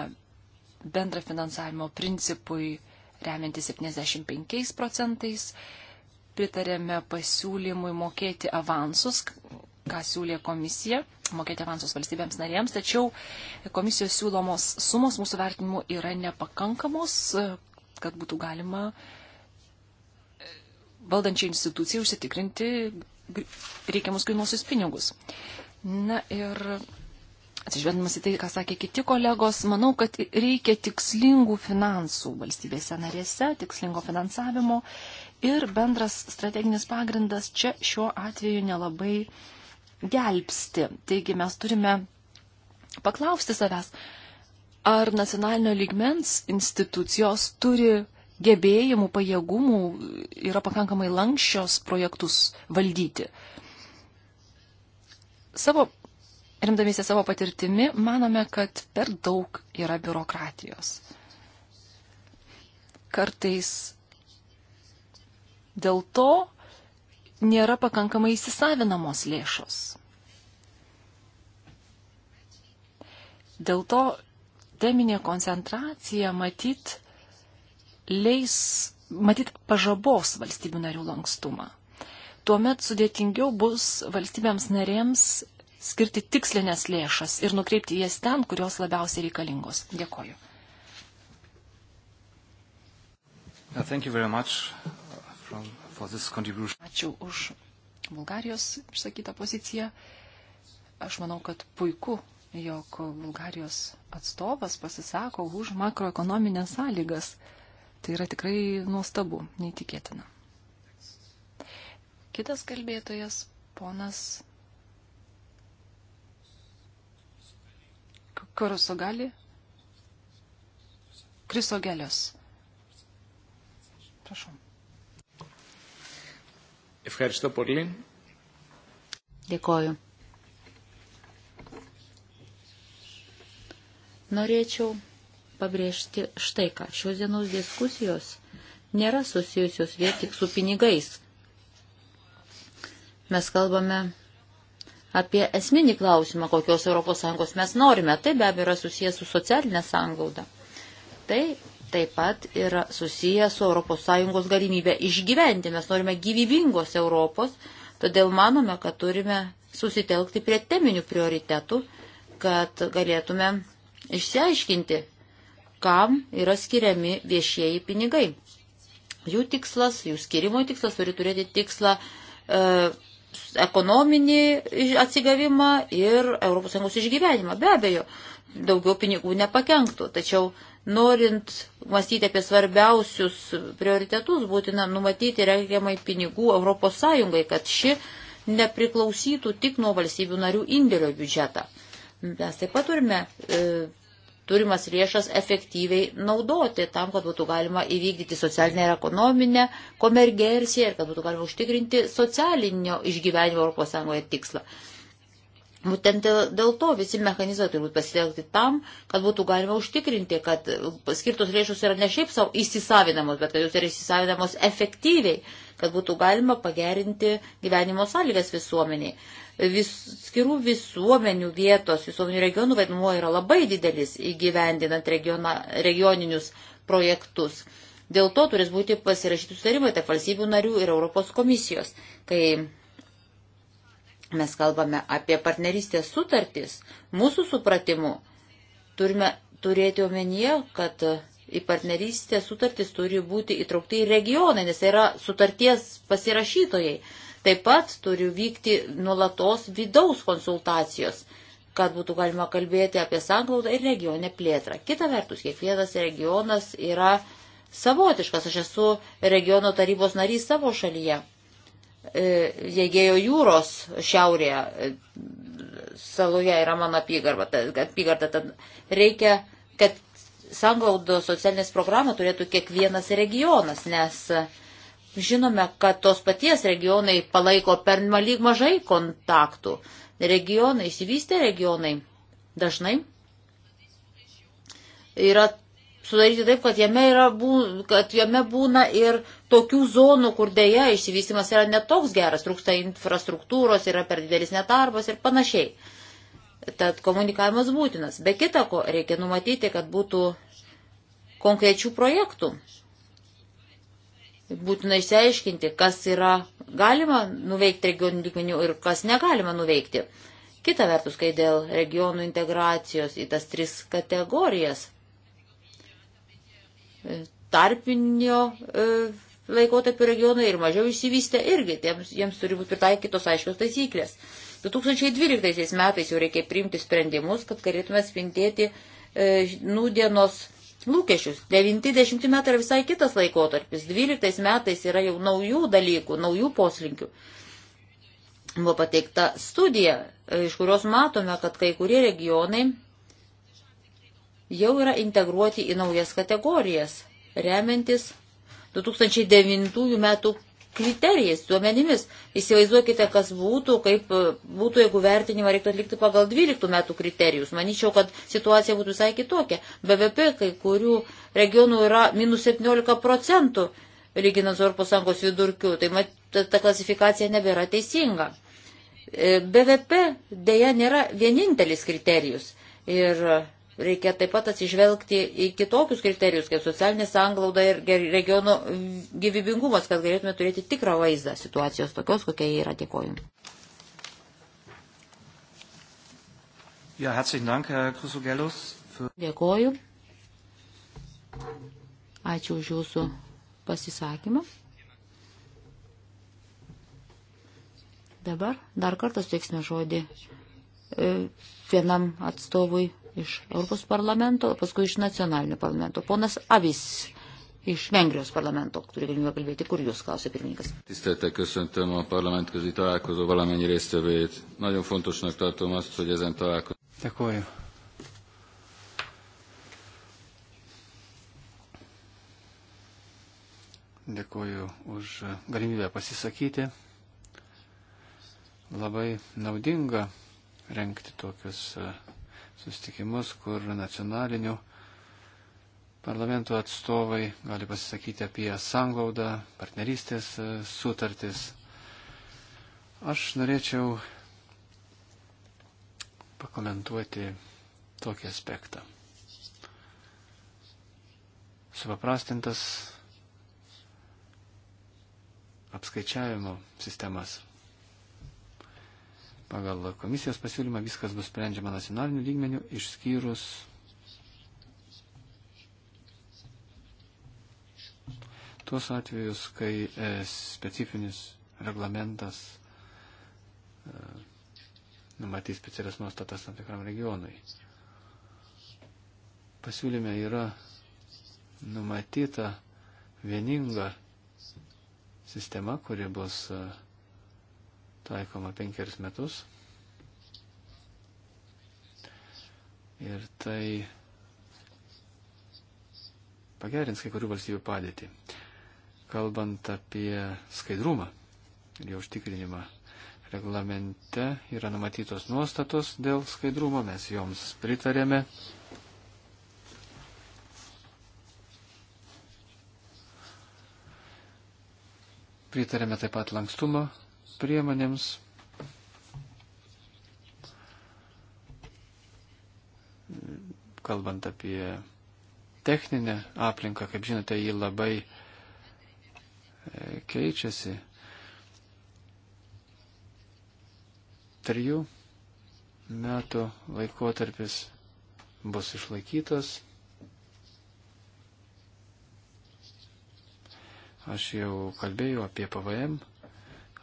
bendra finansavimo principui remianti 75 procentais pritarėme pasiūlymui mokėti avansus, ką siūlė komisija, mokėti avansus valstybėms narėms, tačiau komisijos siūlomos sumos mūsų vertinimu yra nepakankamos, kad būtų galima valdančiai institucijai užsitikrinti reikiamus grinuosius pinigus. Na ir atsižvelgdamas į tai, ką sakė kiti kolegos, manau, kad reikia tikslingų finansų valstybėse narėse, tikslingo finansavimo. Uh, ir bendras strateginis pagrindas čia šiuo atveju nelabai gelbsti. Taigi mes turime paklausti savęs, ar nacionalinio lygmens institucijos turi gebėjimų, pajėgumų, yra pakankamai lankščios projektus valdyti. Savo, remdamiesi savo patirtimi, manome, kad per daug yra biurokratijos. Kartais Dėl to nėra pakankamai įsisavinamos lėšos. Dėl to teminė koncentracija matyt leis, matyt pažabos valstybių narių lankstumą. Tuomet sudėtingiau bus valstybėms narėms skirti tikslinės lėšas ir nukreipti jas ten, kurios labiausiai reikalingos. Dėkoju. Uh, thank you very much from, Ačiū už Bulgarijos išsakytą poziciją. Aš manau, kad puiku, jog Bulgarijos atstovas pasisako už makroekonominės sąlygas. Tai yra tikrai nuostabu, neįtikėtina. Kitas kalbėtojas, ponas Karusogali Krisogelios. Prašom. Ευχαριστώ πολύ. Dėkoju. Norėčiau pabrėžti štai ką. Šios dienos diskusijos nėra susijusios vien tik su pinigais. Mes kalbame apie esminį klausimą, kokios ES mes norime. Tai be abejo yra susijęs su socialinė sanglauda. Tai taip pat yra susijęs su ES galimybė išgyventi. Mes norime gyvybingos Europos, todėl manome, kad turime susitelkti prie teminių prioritetų, kad galėtume išsiaiškinti, kam yra skiriami viešieji pinigai. Jų tikslas, jų skirimo tikslas turi turėti tikslą e, ekonominį atsigavimą ir ES išgyvenimą. Be abejo, daugiau pinigų nepakenktų, tačiau Norint mąstyti apie svarbiausius prioritetus, būtina numatyti reikiamai pinigų ES, kad ši nepriklausytų tik nuo valstybių narių indėlio biudžetą. Mes taip pat turime e, turimas lėšas efektyviai naudoti tam, kad būtų galima įvykdyti socialinę ir ekonominę konvergenciją ir kad būtų galima užtikrinti socialinio išgyvenimo ES tikslą. Būtent dėl to visi mechanizmai turi būti pasitelkti tam, kad būtų galima užtikrinti, kad skirtos lėšos yra ne šiaip savo įsisavinamos, bet kad jos yra įsisavinamos efektyviai, kad būtų galima pagerinti gyvenimo sąlygas visuomeniai. Vis, skirų visuomenių vietos, visuomenių regionų vaidmuo yra labai didelis įgyvendinant regiona, regioninius projektus. Dėl to turės būti pasirašyti sutarimai tarp valstybių narių ir Europos komisijos, kai mes kalbame apie partnerystės sutartis, mūsų supratimu turime turėti omenyje, kad į partnerystę sutartis turi būti įtraukti ir regionai, nes tai yra sutarties pasirašytojai. Taip pat turi vykti nulatos vidaus konsultacijos, kad būtų galima kalbėti apie sanglaudą ir regionę plėtrą. Kita vertus, kiekvienas regionas yra savotiškas. Aš esu regiono tarybos narys savo šalyje. E, Jėgėjo jūros šiaurėje e, saloje yra mano apygarba, apygarda, tad reikia, kad sanglaudo socialinės programą turėtų kiekvienas regionas, nes e, žinome, kad tos paties regionai palaiko per malyg mažai kontaktų. Regionai, įsivystę regionai dažnai yra sudaryti taip, kad jame, yra, būna, kad jame būna ir tokių zonų, kur dėja išsivystimas yra netoks geras, trūksta infrastruktūros, yra per didelis netarbas ir panašiai. Tad komunikavimas būtinas. Be kita ko, reikia numatyti, kad būtų konkrečių projektų. Būtina išsiaiškinti, kas yra galima nuveikti regionų lygmenių ir kas negalima nuveikti. Kita vertus, kai dėl regionų integracijos į tas tris kategorijas tarpinio e, laikotarpio regionai ir mažiau išsivystę irgi, tiems, jiems turi būti pritaikytos aiškios taisyklės. 2012 metais jau reikia priimti sprendimus, kad galėtume spindėti e, nūdienos lūkesčius. 90 metai yra visai kitas laikotarpis. 12 metais yra jau naujų dalykų, naujų poslinkių. Buvo pateikta studija, iš kurios matome, kad kai kurie regionai jau yra integruoti į naujas kategorijas, remiantis 2009 metų kriterijais, duomenimis. Įsivaizduokite, kas būtų, kaip e, būtų, jeigu vertinimą reiktų atlikti pagal 12 metų kriterijus. Manyčiau, kad situacija būtų visai kitokia. BVP kai kurių regionų yra minus 17 procentų lyginant su Europos Sąjungos vidurkiu. Tai mat, ta, ta klasifikacija nebėra teisinga. E, BVP dėja nėra vienintelis kriterijus. Ir Reikia taip pat atsižvelgti į kitokius kriterijus, kaip socialinė sanglauda ir regiono gyvybingumas, kad galėtume turėti tikrą vaizdą situacijos tokios, kokia jie yra. Dėkoju. Ja, dank, für... Dėkoju. Ačiū už jūsų pasisakymą. Dabar dar kartą suteiksime žodį e, vienam atstovui iš Europos parlamento, paskui iš nacionalinio parlamento. Ponas Avis iš Vengrijos parlamento, turi galimybę kalbėti, kur jūs klausė pirmininkas. Tisztelte köszöntöm a parlamentközi találkozó valamennyi résztvevőjét. Nagyon fontosnak tartom azt, hogy ezen találkozó. Dėkuoju. Dėkuoju už galimybę pasisakyti. Labai naudinga renkti tokius uh, sustikimus, kur nacionalinių parlamentų atstovai gali pasisakyti apie sanglaudą, partnerystės e, sutartis. Aš norėčiau pakomentuoti tokį aspektą. Supaprastintas apskaičiavimo sistemas Pagal komisijos pasiūlymą viskas bus sprendžiama nacionaliniu lygmeniu, išskyrus tuos atvejus, kai e, specifinis reglamentas e, numatys specialias nuostatas tam tikram regionui. Pasiūlyme yra numatyta vieninga sistema, kuri bus uh, taikoma penkerius metus. Ir tai pagerins kai kurių valstybių padėtį. Kalbant apie skaidrumą ir jo užtikrinimą, reglamente yra numatytos nuostatos dėl skaidrumo, mes joms pritarėme. Pritarėme taip pat lankstumo priemonėms kalbant apie techninę aplinką, kaip žinote, ji labai e, keičiasi. Trijų metų laikotarpis bus išlaikytas. Aš jau kalbėjau apie PVM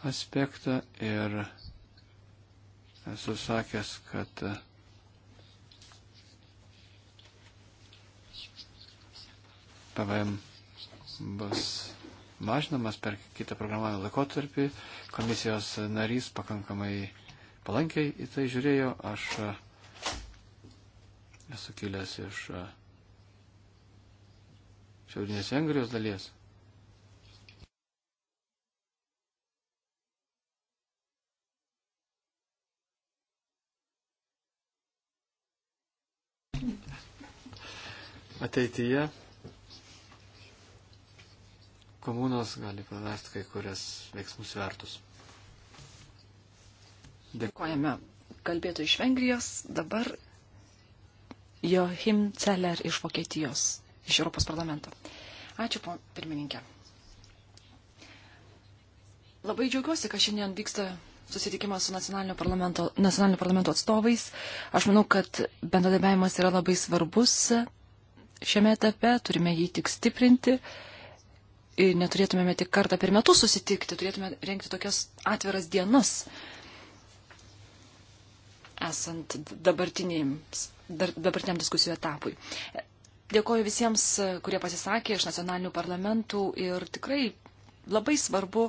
aspektą ir esu sakęs, kad PVM bus mažinamas per kitą programavimo laikotarpį. Komisijos narys pakankamai palankiai į tai žiūrėjo. Aš esu kilęs iš šiaurinės Vengrijos dalies. ateityje komunos gali prarasti kai kurias veiksmus vertus. Dėkojame kalbėtų iš Vengrijos, dabar Johim Celler iš Vokietijos, iš Europos parlamento. Ačiū, po pirmininkė. Labai džiaugiuosi, kad šiandien vyksta susitikimas su nacionalinio parlamento, nacionalinio parlamento atstovais. Aš manau, kad bendradarbiavimas yra labai svarbus šiame etape, turime jį tik stiprinti. Ir neturėtumėme tik kartą per metus susitikti, turėtume renkti tokias atviras dienas, esant dabartiniam diskusijų etapui. Dėkoju visiems, kurie pasisakė iš nacionalinių parlamentų ir tikrai labai svarbu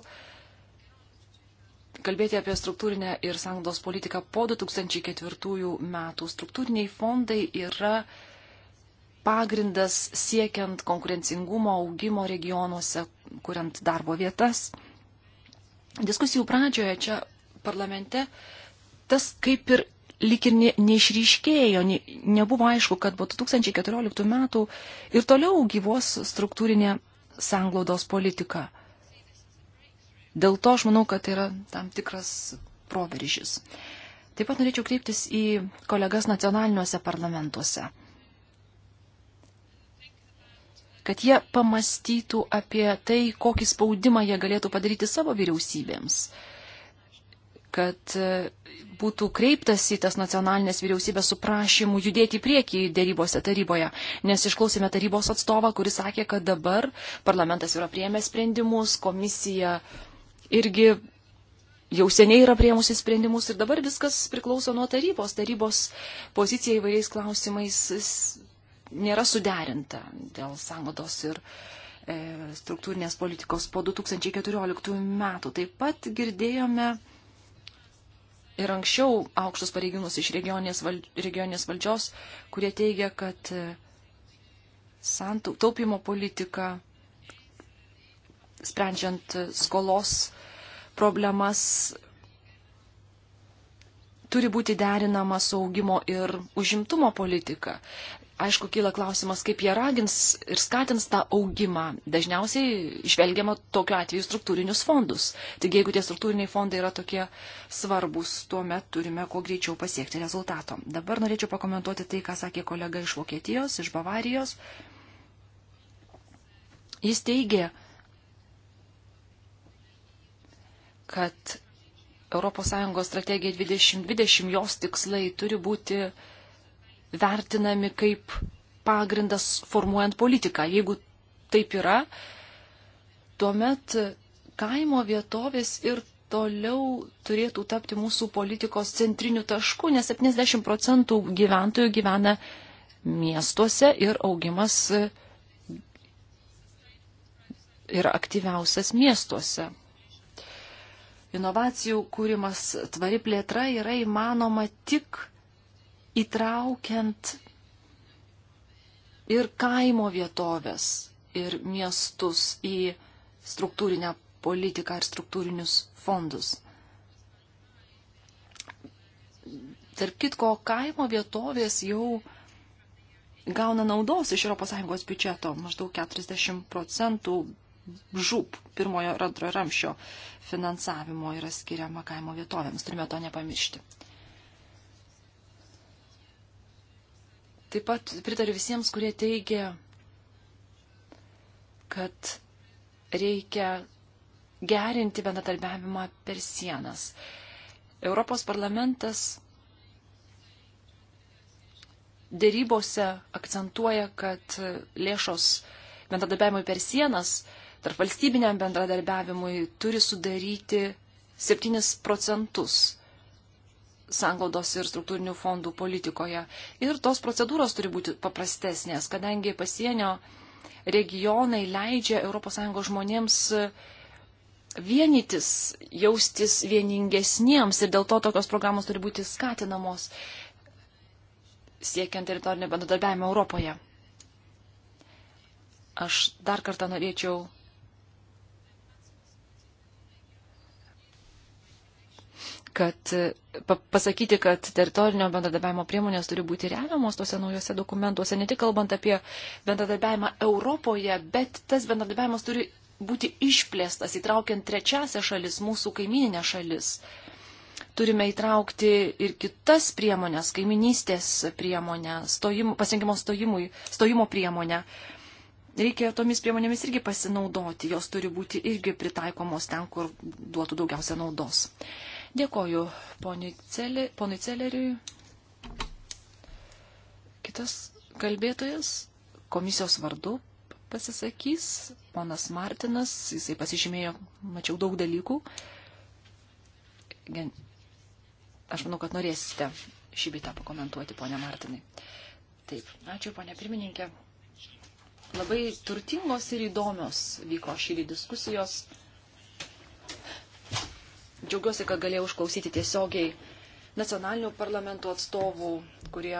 kalbėti apie struktūrinę ir sąnaudos politiką po 2004 metų. Struktūriniai fondai yra pagrindas siekiant konkurencingumo augimo regionuose, kuriant darbo vietas. Diskusijų pradžioje čia parlamente tas kaip ir lik ir ne, neišryškėjo, ne, nebuvo aišku, kad po 2014 metų ir toliau gyvos struktūrinė sanglaudos politika. Dėl to aš manau, kad tai yra tam tikras proveržys. Taip pat norėčiau kreiptis į kolegas nacionaliniuose parlamentuose kad jie pamastytų apie tai, kokį spaudimą jie galėtų padaryti savo vyriausybėms, kad e, būtų kreiptas į tas nacionalinės vyriausybės su prašymu judėti į priekį dėrybose taryboje, nes išklausėme tarybos atstovą, kuris sakė, kad dabar parlamentas yra prieėmę sprendimus, komisija irgi jau seniai yra priemusi sprendimus ir dabar viskas priklauso nuo tarybos. Tarybos pozicija įvairiais klausimais nėra suderinta dėl sanglados ir e, struktūrinės politikos po 2014 metų. Taip pat girdėjome ir anksčiau aukštus pareigūnus iš regioninės, val, regioninės valdžios, kurie teigia, kad e, santu, taupimo politika, sprendžiant skolos problemas, turi būti derinama su augimo ir užimtumo politika aišku, kyla klausimas, kaip jie ragins ir skatins tą augimą. Dažniausiai išvelgiama tokiu atveju struktūrinius fondus. Taigi, jeigu tie struktūriniai fondai yra tokie svarbus, tuomet turime kuo greičiau pasiekti rezultato. Dabar norėčiau pakomentuoti tai, ką sakė kolega iš Vokietijos, iš Bavarijos. Jis teigė, kad ES strategija 2020 jos tikslai turi būti vertinami kaip pagrindas formuojant politiką. Jeigu taip yra, tuomet kaimo vietovės ir toliau turėtų tapti mūsų politikos centriniu tašku, nes 70 procentų gyventojų gyvena miestuose ir augimas yra aktyviausias miestuose. Inovacijų kūrimas tvari plėtra yra įmanoma tik įtraukiant ir kaimo vietovės, ir miestus į struktūrinę politiką ir struktūrinius fondus. Tark kitko, kaimo vietovės jau gauna naudos iš ES biudžeto maždaug 40 procentų žūp pirmojo ir antrojo ramšio finansavimo yra skiriama kaimo vietovėms. Turime to nepamiršti. Taip pat pritariu visiems, kurie teigia, kad reikia gerinti bendradarbiavimą per sienas. Europos parlamentas dėrybose akcentuoja, kad lėšos bendradarbiavimui per sienas, tarp valstybiniam bendradarbiavimui turi sudaryti 7 procentus sanglaudos ir struktūrinių fondų politikoje. Ir tos procedūros turi būti paprastesnės, kadangi pasienio regionai leidžia ES žmonėms e, vienytis, jaustis vieningesniems ir dėl to tokios programos turi būti skatinamos siekiant teritorinio bendradarbiavimo Europoje. Aš dar kartą norėčiau kad pasakyti, kad teritorinio bendradarbiavimo priemonės turi būti remiamos tose naujose dokumentuose, ne tik kalbant apie bendradarbiavimą Europoje, bet tas bendradarbiavimas turi būti išplėstas, įtraukiant trečiasią šalis, mūsų kaimininę šalis. Turime įtraukti ir kitas priemonės, kaiminystės priemonę, stojim, pasirinkimo stojimui, stojimo priemonę. Reikia tomis priemonėmis irgi pasinaudoti, jos turi būti irgi pritaikomos ten, kur duotų daugiausia naudos. Dėkoju ponui, Celi, ponui Celeriui. Kitas kalbėtojas komisijos vardu pasisakys ponas Martinas. Jisai pasižymėjo, mačiau daug dalykų. Aš manau, kad norėsite šį bitą pakomentuoti, ponė Martinai. Taip, ačiū, ponė pirmininkė. Labai turtingos ir įdomios vyko šį diskusijos. Džiaugiuosi, kad galėjau užklausyti tiesiogiai nacionalinių parlamentų atstovų, kurie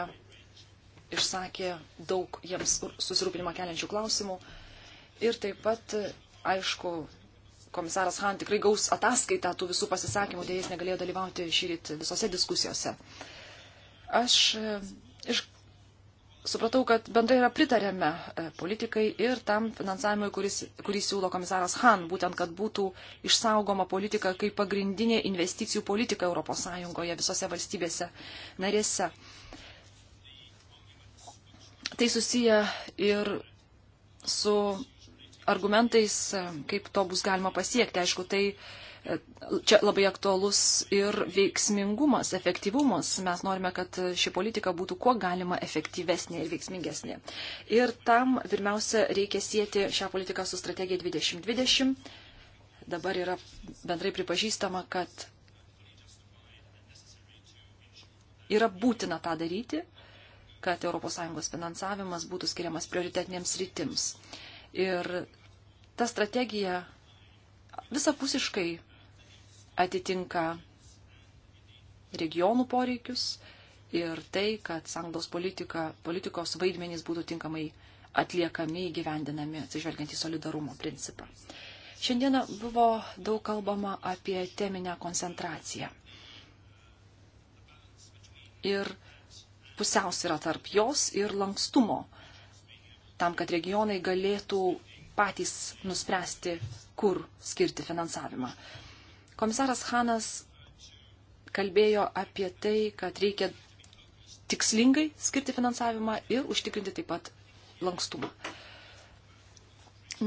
išsakė daug jiems susirūpinimą keliančių klausimų. Ir taip pat, aišku, komisaras Han tikrai gaus ataskaitą tų visų pasisakymų, dėja jis negalėjo dalyvauti šį rytą visose diskusijose. Aš e, iš supratau, kad bendrai yra pritarėme e, politikai ir tam finansavimui, kuris, kurį siūlo komisaras Han, būtent, kad būtų išsaugoma politika kaip pagrindinė investicijų politika ES visose valstybėse narėse. Tai susiję ir su argumentais, e, kaip to bus galima pasiekti. Aišku, tai Čia labai aktualus ir veiksmingumas, efektyvumas. Mes norime, kad ši politika būtų kuo galima efektyvesnė ir veiksmingesnė. Ir tam pirmiausia reikia sieti šią politiką su strategija 2020. Dabar yra bendrai pripažįstama, kad yra būtina tą daryti, kad ES finansavimas būtų skiriamas prioritetinėms rytims. Ir ta strategija visapusiškai atitinka regionų poreikius ir tai, kad sanglaus politika, politikos vaidmenys būtų tinkamai atliekami, gyvendinami, atsižvelgiant į solidarumo principą. Šiandieną buvo daug kalbama apie teminę koncentraciją. Ir pusiausvyrą tarp jos ir lankstumo, tam, kad regionai galėtų patys nuspręsti, kur skirti finansavimą. Komisaras Hanas kalbėjo apie tai, kad reikia tikslingai skirti finansavimą ir užtikrinti taip pat lankstumą.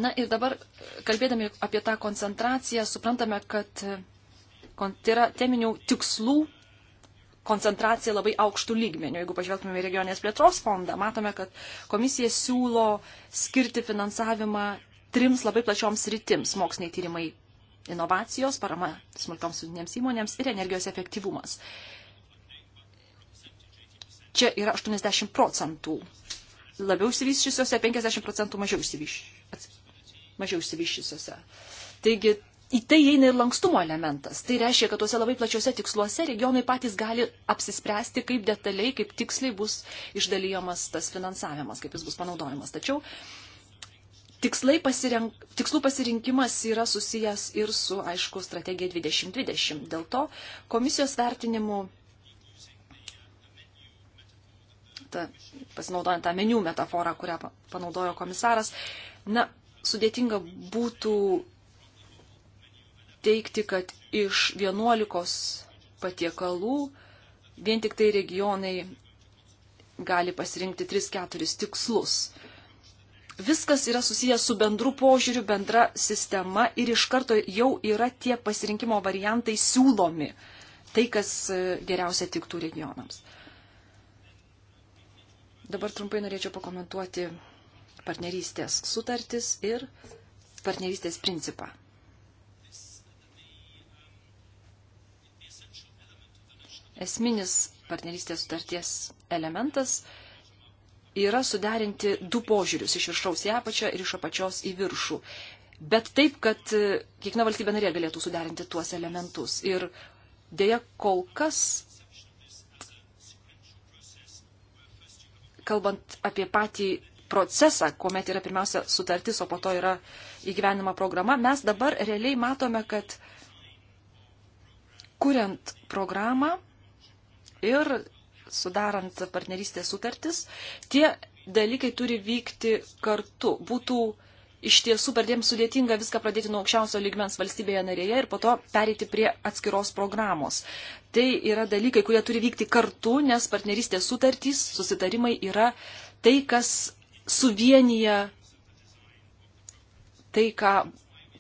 Na ir dabar, kalbėdami apie tą koncentraciją, suprantame, kad tai yra teminių tikslų koncentracija labai aukštų lygmenių. Jeigu pažvelgtume į regionės plėtros fondą, matome, kad komisija siūlo skirti finansavimą trims labai plačioms rytims - moksliniai tyrimai, inovacijos, parama smulkioms vidinėms įmonėms ir energijos efektyvumas. Čia yra 80 procentų labiau išsivyščiusiuose, 50 procentų mažiau, išsivyš... mažiau išsivyščiusiuose. Taigi į tai eina ir lankstumo elementas. Tai reiškia, kad tuose labai plačiuose tiksluose regionai patys gali apsispręsti, kaip detaliai, kaip tiksliai bus išdalyjamas tas finansavimas, kaip jis bus panaudojamas. Tačiau tikslai pasirink, tikslų pasirinkimas yra susijęs ir su, aišku, strategija 2020. Dėl to komisijos vertinimu, ta, pasinaudojant tą menių metaforą, kurią panaudojo komisaras, na, sudėtinga būtų teikti, kad iš 11 patiekalų vien tik tai regionai gali pasirinkti 3-4 tikslus viskas yra susijęs su bendru požiūriu, bendra sistema ir iš karto jau yra tie pasirinkimo variantai siūlomi. Tai, kas e, geriausia tiktų regionams. Dabar trumpai norėčiau pakomentuoti partnerystės sutartis ir partnerystės principą. Esminis partnerystės sutarties elementas yra suderinti du požiūrius iš viršaus į apačią ir iš apačios į viršų. Bet taip, kad e, kiekviena valstybė narė galėtų suderinti tuos elementus. Ir dėja kol kas, kalbant apie patį procesą, kuomet yra pirmiausia sutartis, o po to yra įgyvenima programa, mes dabar realiai matome, kad kuriant programą ir sudarant partnerystės sutartis, tie dalykai turi vykti kartu. Būtų iš tiesų perdėm sudėtinga viską pradėti nuo aukščiausio lygmens valstybėje narėje ir po to pereiti prie atskiros programos. Tai yra dalykai, kurie turi vykti kartu, nes partnerystės sutartys, susitarimai yra tai, kas suvienyje tai, ką,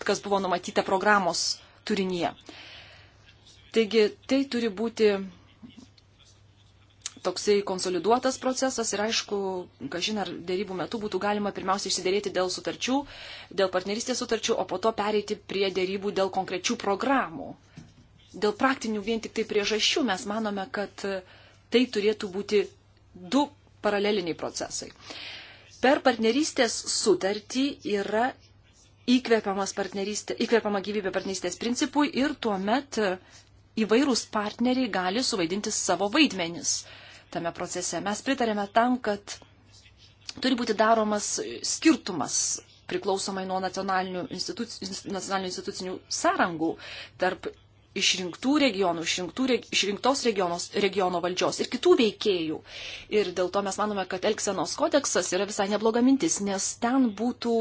kas buvo numatyta programos turinyje. Taigi tai turi būti toksai konsoliduotas procesas ir aišku, kažin ar dėrybų metu būtų galima pirmiausia išsiderėti dėl sutarčių, dėl partnerystės sutarčių, o po to pereiti prie dėrybų dėl konkrečių programų. Dėl praktinių vien tik tai priežasčių mes manome, kad tai turėtų būti du paraleliniai procesai. Per partnerystės sutartį yra įkvepiama gyvybė partnerystės principui ir tuomet įvairūs partneriai gali suvaidinti savo vaidmenis tame procese. Mes pritarėme tam, kad turi būti daromas skirtumas priklausomai nuo nacionalinių, instituc... nacionalinių institucinių sąrangų tarp išrinktų regionų, išrinktų, re... išrinktos regionos, regiono valdžios ir kitų veikėjų. Ir dėl to mes manome, kad Elksenos kodeksas yra visai nebloga mintis, nes ten būtų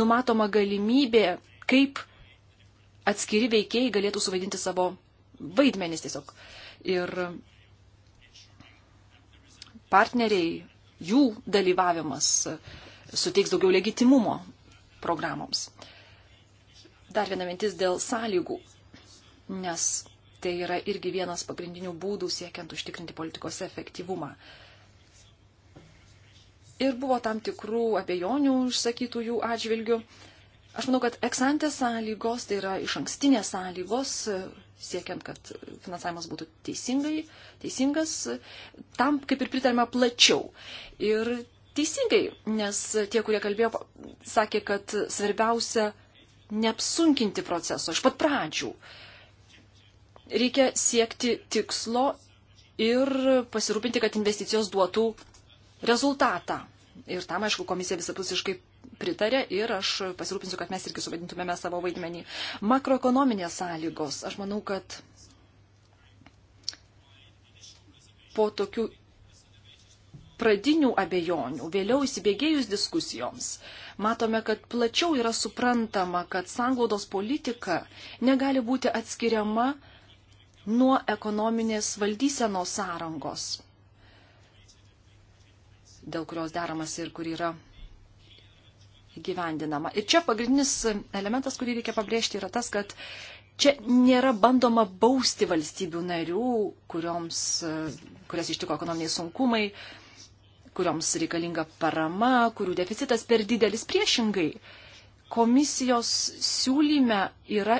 numatoma galimybė, kaip atskiri veikėjai galėtų suvaidinti savo vaidmenis tiesiog. Ir partneriai, jų dalyvavimas suteiks daugiau legitimumo programoms. Dar viena mintis dėl sąlygų, nes tai yra irgi vienas pagrindinių būdų siekiant užtikrinti politikos efektyvumą. Ir buvo tam tikrų abejonių išsakytų jų atžvilgių. Aš manau, kad eksantės sąlygos, tai yra iš ankstinės sąlygos, siekiant, kad finansavimas būtų teisingai, teisingas, tam kaip ir pritarėme plačiau. Ir teisingai, nes tie, kurie kalbėjo, sakė, kad svarbiausia neapsunkinti proceso iš pat pradžių. Reikia siekti tikslo ir pasirūpinti, kad investicijos duotų rezultatą. Ir tam, aišku, komisija visapusiškai pritarė ir aš pasirūpinsiu, kad mes irgi suvadintumėme savo vaidmenį. Makroekonominės sąlygos. Aš manau, kad po tokių pradinių abejonių, vėliau įsibėgėjus diskusijoms, matome, kad plačiau yra suprantama, kad sanglaudos politika negali būti atskiriama nuo ekonominės valdysenos sąrangos, dėl kurios deramas ir kur yra įgyvendinama. Ir čia pagrindinis elementas, kurį reikia pabrėžti, yra tas, kad čia nėra bandoma bausti valstybių narių, kurioms, kurias ištiko ekonominiai sunkumai, kurioms reikalinga parama, kurių deficitas per didelis priešingai. Komisijos siūlyme yra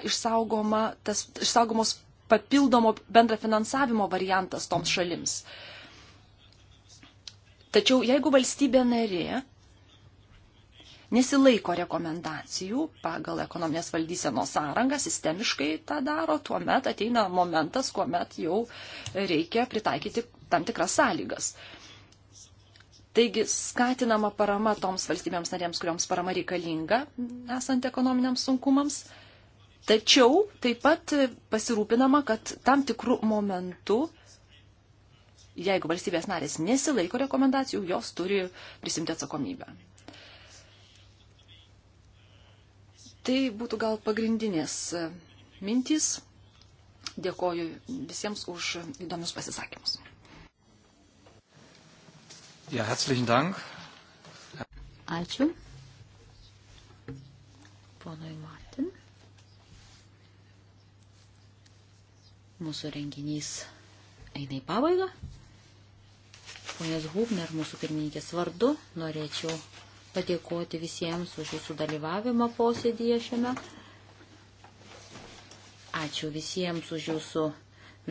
tas, išsaugomos papildomo bendrafinansavimo variantas toms šalims. Tačiau jeigu valstybė narė nesilaiko rekomendacijų pagal ekonominės valdysenos sąrangą, sistemiškai tą daro, tuomet ateina momentas, kuomet jau reikia pritaikyti tam tikras sąlygas. Taigi skatinama parama toms valstybėms narėms, kuriuoms parama reikalinga esant ekonominiams sunkumams. Tačiau taip pat pasirūpinama, kad tam tikrų momentų jeigu valstybės narės nesilaiko rekomendacijų, jos turi prisimti atsakomybę. Tai būtų gal pagrindinės e, mintys. Dėkoju visiems už įdomius pasisakymus. Ja, herzlichen Dank. Ačiū. Ponui Martin. Mūsų renginys eina į pabaigą. Ponės Hubner, mūsų pirmininkės vardu, norėčiau padėkoti visiems už jūsų dalyvavimą posėdėje šiame. Ačiū visiems už jūsų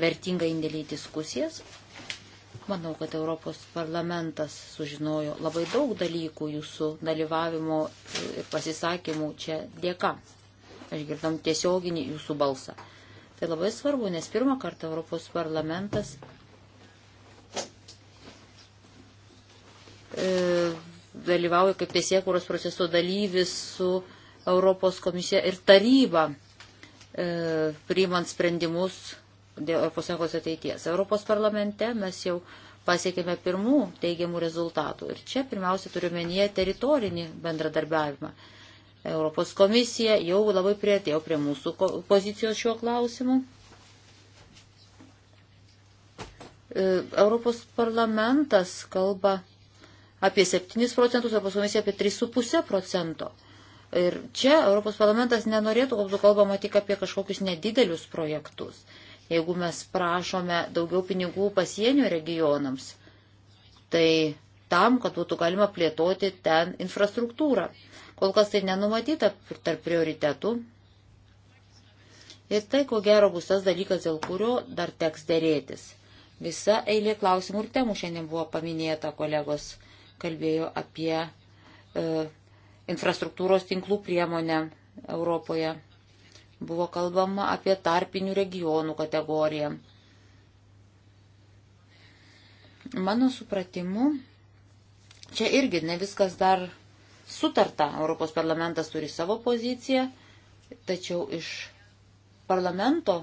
vertingą indėlį į diskusijas. Manau, kad Europos parlamentas sužinojo labai daug dalykų jūsų dalyvavimo ir pasisakymų čia dėka. Aš girdam tiesioginį jūsų balsą. Tai labai svarbu, nes pirmą kartą Europos parlamentas e, dalyvauja kaip teisėkūros proceso dalyvis su Europos komisija ir taryba, e, priimant sprendimus dėl ES ateities. Europos parlamente mes jau pasiekėme pirmų teigiamų rezultatų. Ir čia pirmiausia turiu menyje teritorinį bendradarbiavimą. Europos komisija jau labai prieatėjo prie mūsų pozicijos šiuo klausimu. E, Europos parlamentas kalba apie 7 procentus, Europos komisija apie 3,5 procento. Ir čia Europos parlamentas nenorėtų, kad būtų kalbama tik apie kažkokius nedidelius projektus. Jeigu mes prašome daugiau pinigų pasienio regionams, tai tam, kad būtų galima plėtoti ten infrastruktūrą. Kol kas tai nenumatyta tarp prioritetų. Ir tai, ko gero, bus tas dalykas, dėl kurio dar teks dėrėtis. Visa eilė klausimų ir temų šiandien buvo paminėta, kolegos kalbėjo apie e, infrastruktūros tinklų priemonę Europoje. Buvo kalbama apie tarpinių regionų kategoriją. Mano supratimu, čia irgi ne viskas dar sutarta. Europos parlamentas turi savo poziciją, tačiau iš parlamento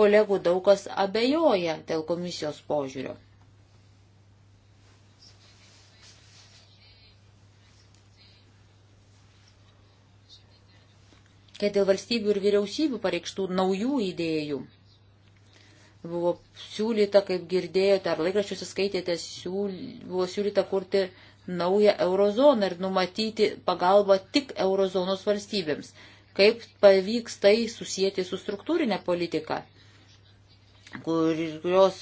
kolegų daug kas abejoja dėl komisijos požiūrio. tiek dėl valstybių ir vyriausybių pareikštų naujų idėjų. Buvo siūlyta, kaip girdėjote, ar laikraščius skaitėte, siūl... buvo siūlyta kurti naują eurozoną ir numatyti pagalbą tik eurozonos valstybėms. Kaip pavyks tai susijęti su struktūrinė politika, kurios,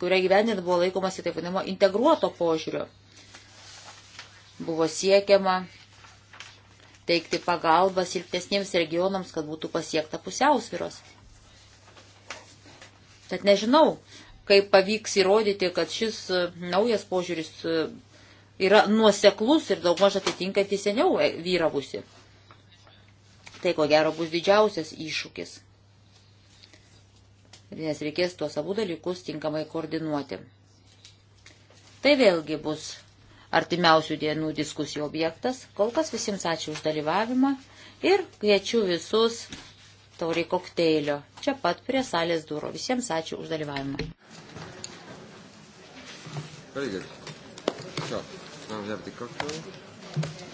kuria gyvenint buvo laikomasi taip vadinamo integruoto požiūrio. Buvo siekiama teikti pagalbą silpnesniems regionams, kad būtų pasiekta pusiausviros. Tad nežinau, kaip pavyks įrodyti, kad šis e, naujas požiūris e, yra nuoseklus ir daugmaž atitinkantį seniau e, vyravusi. Tai ko gero bus didžiausias iššūkis, nes reikės tuos abu dalykus tinkamai koordinuoti. Tai vėlgi bus artimiausių dienų diskusijų objektas. Kol kas visiems ačiū už dalyvavimą ir kviečiu visus tauriai kokteilio čia pat prie salės durų. Visiems ačiū už dalyvavimą. Very good. So, now we have the cocktail.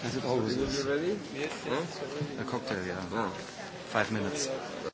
Is it always? Is it already? Yes, yes. Huh? A cocktail, yeah. Wow. Ah. Five minutes.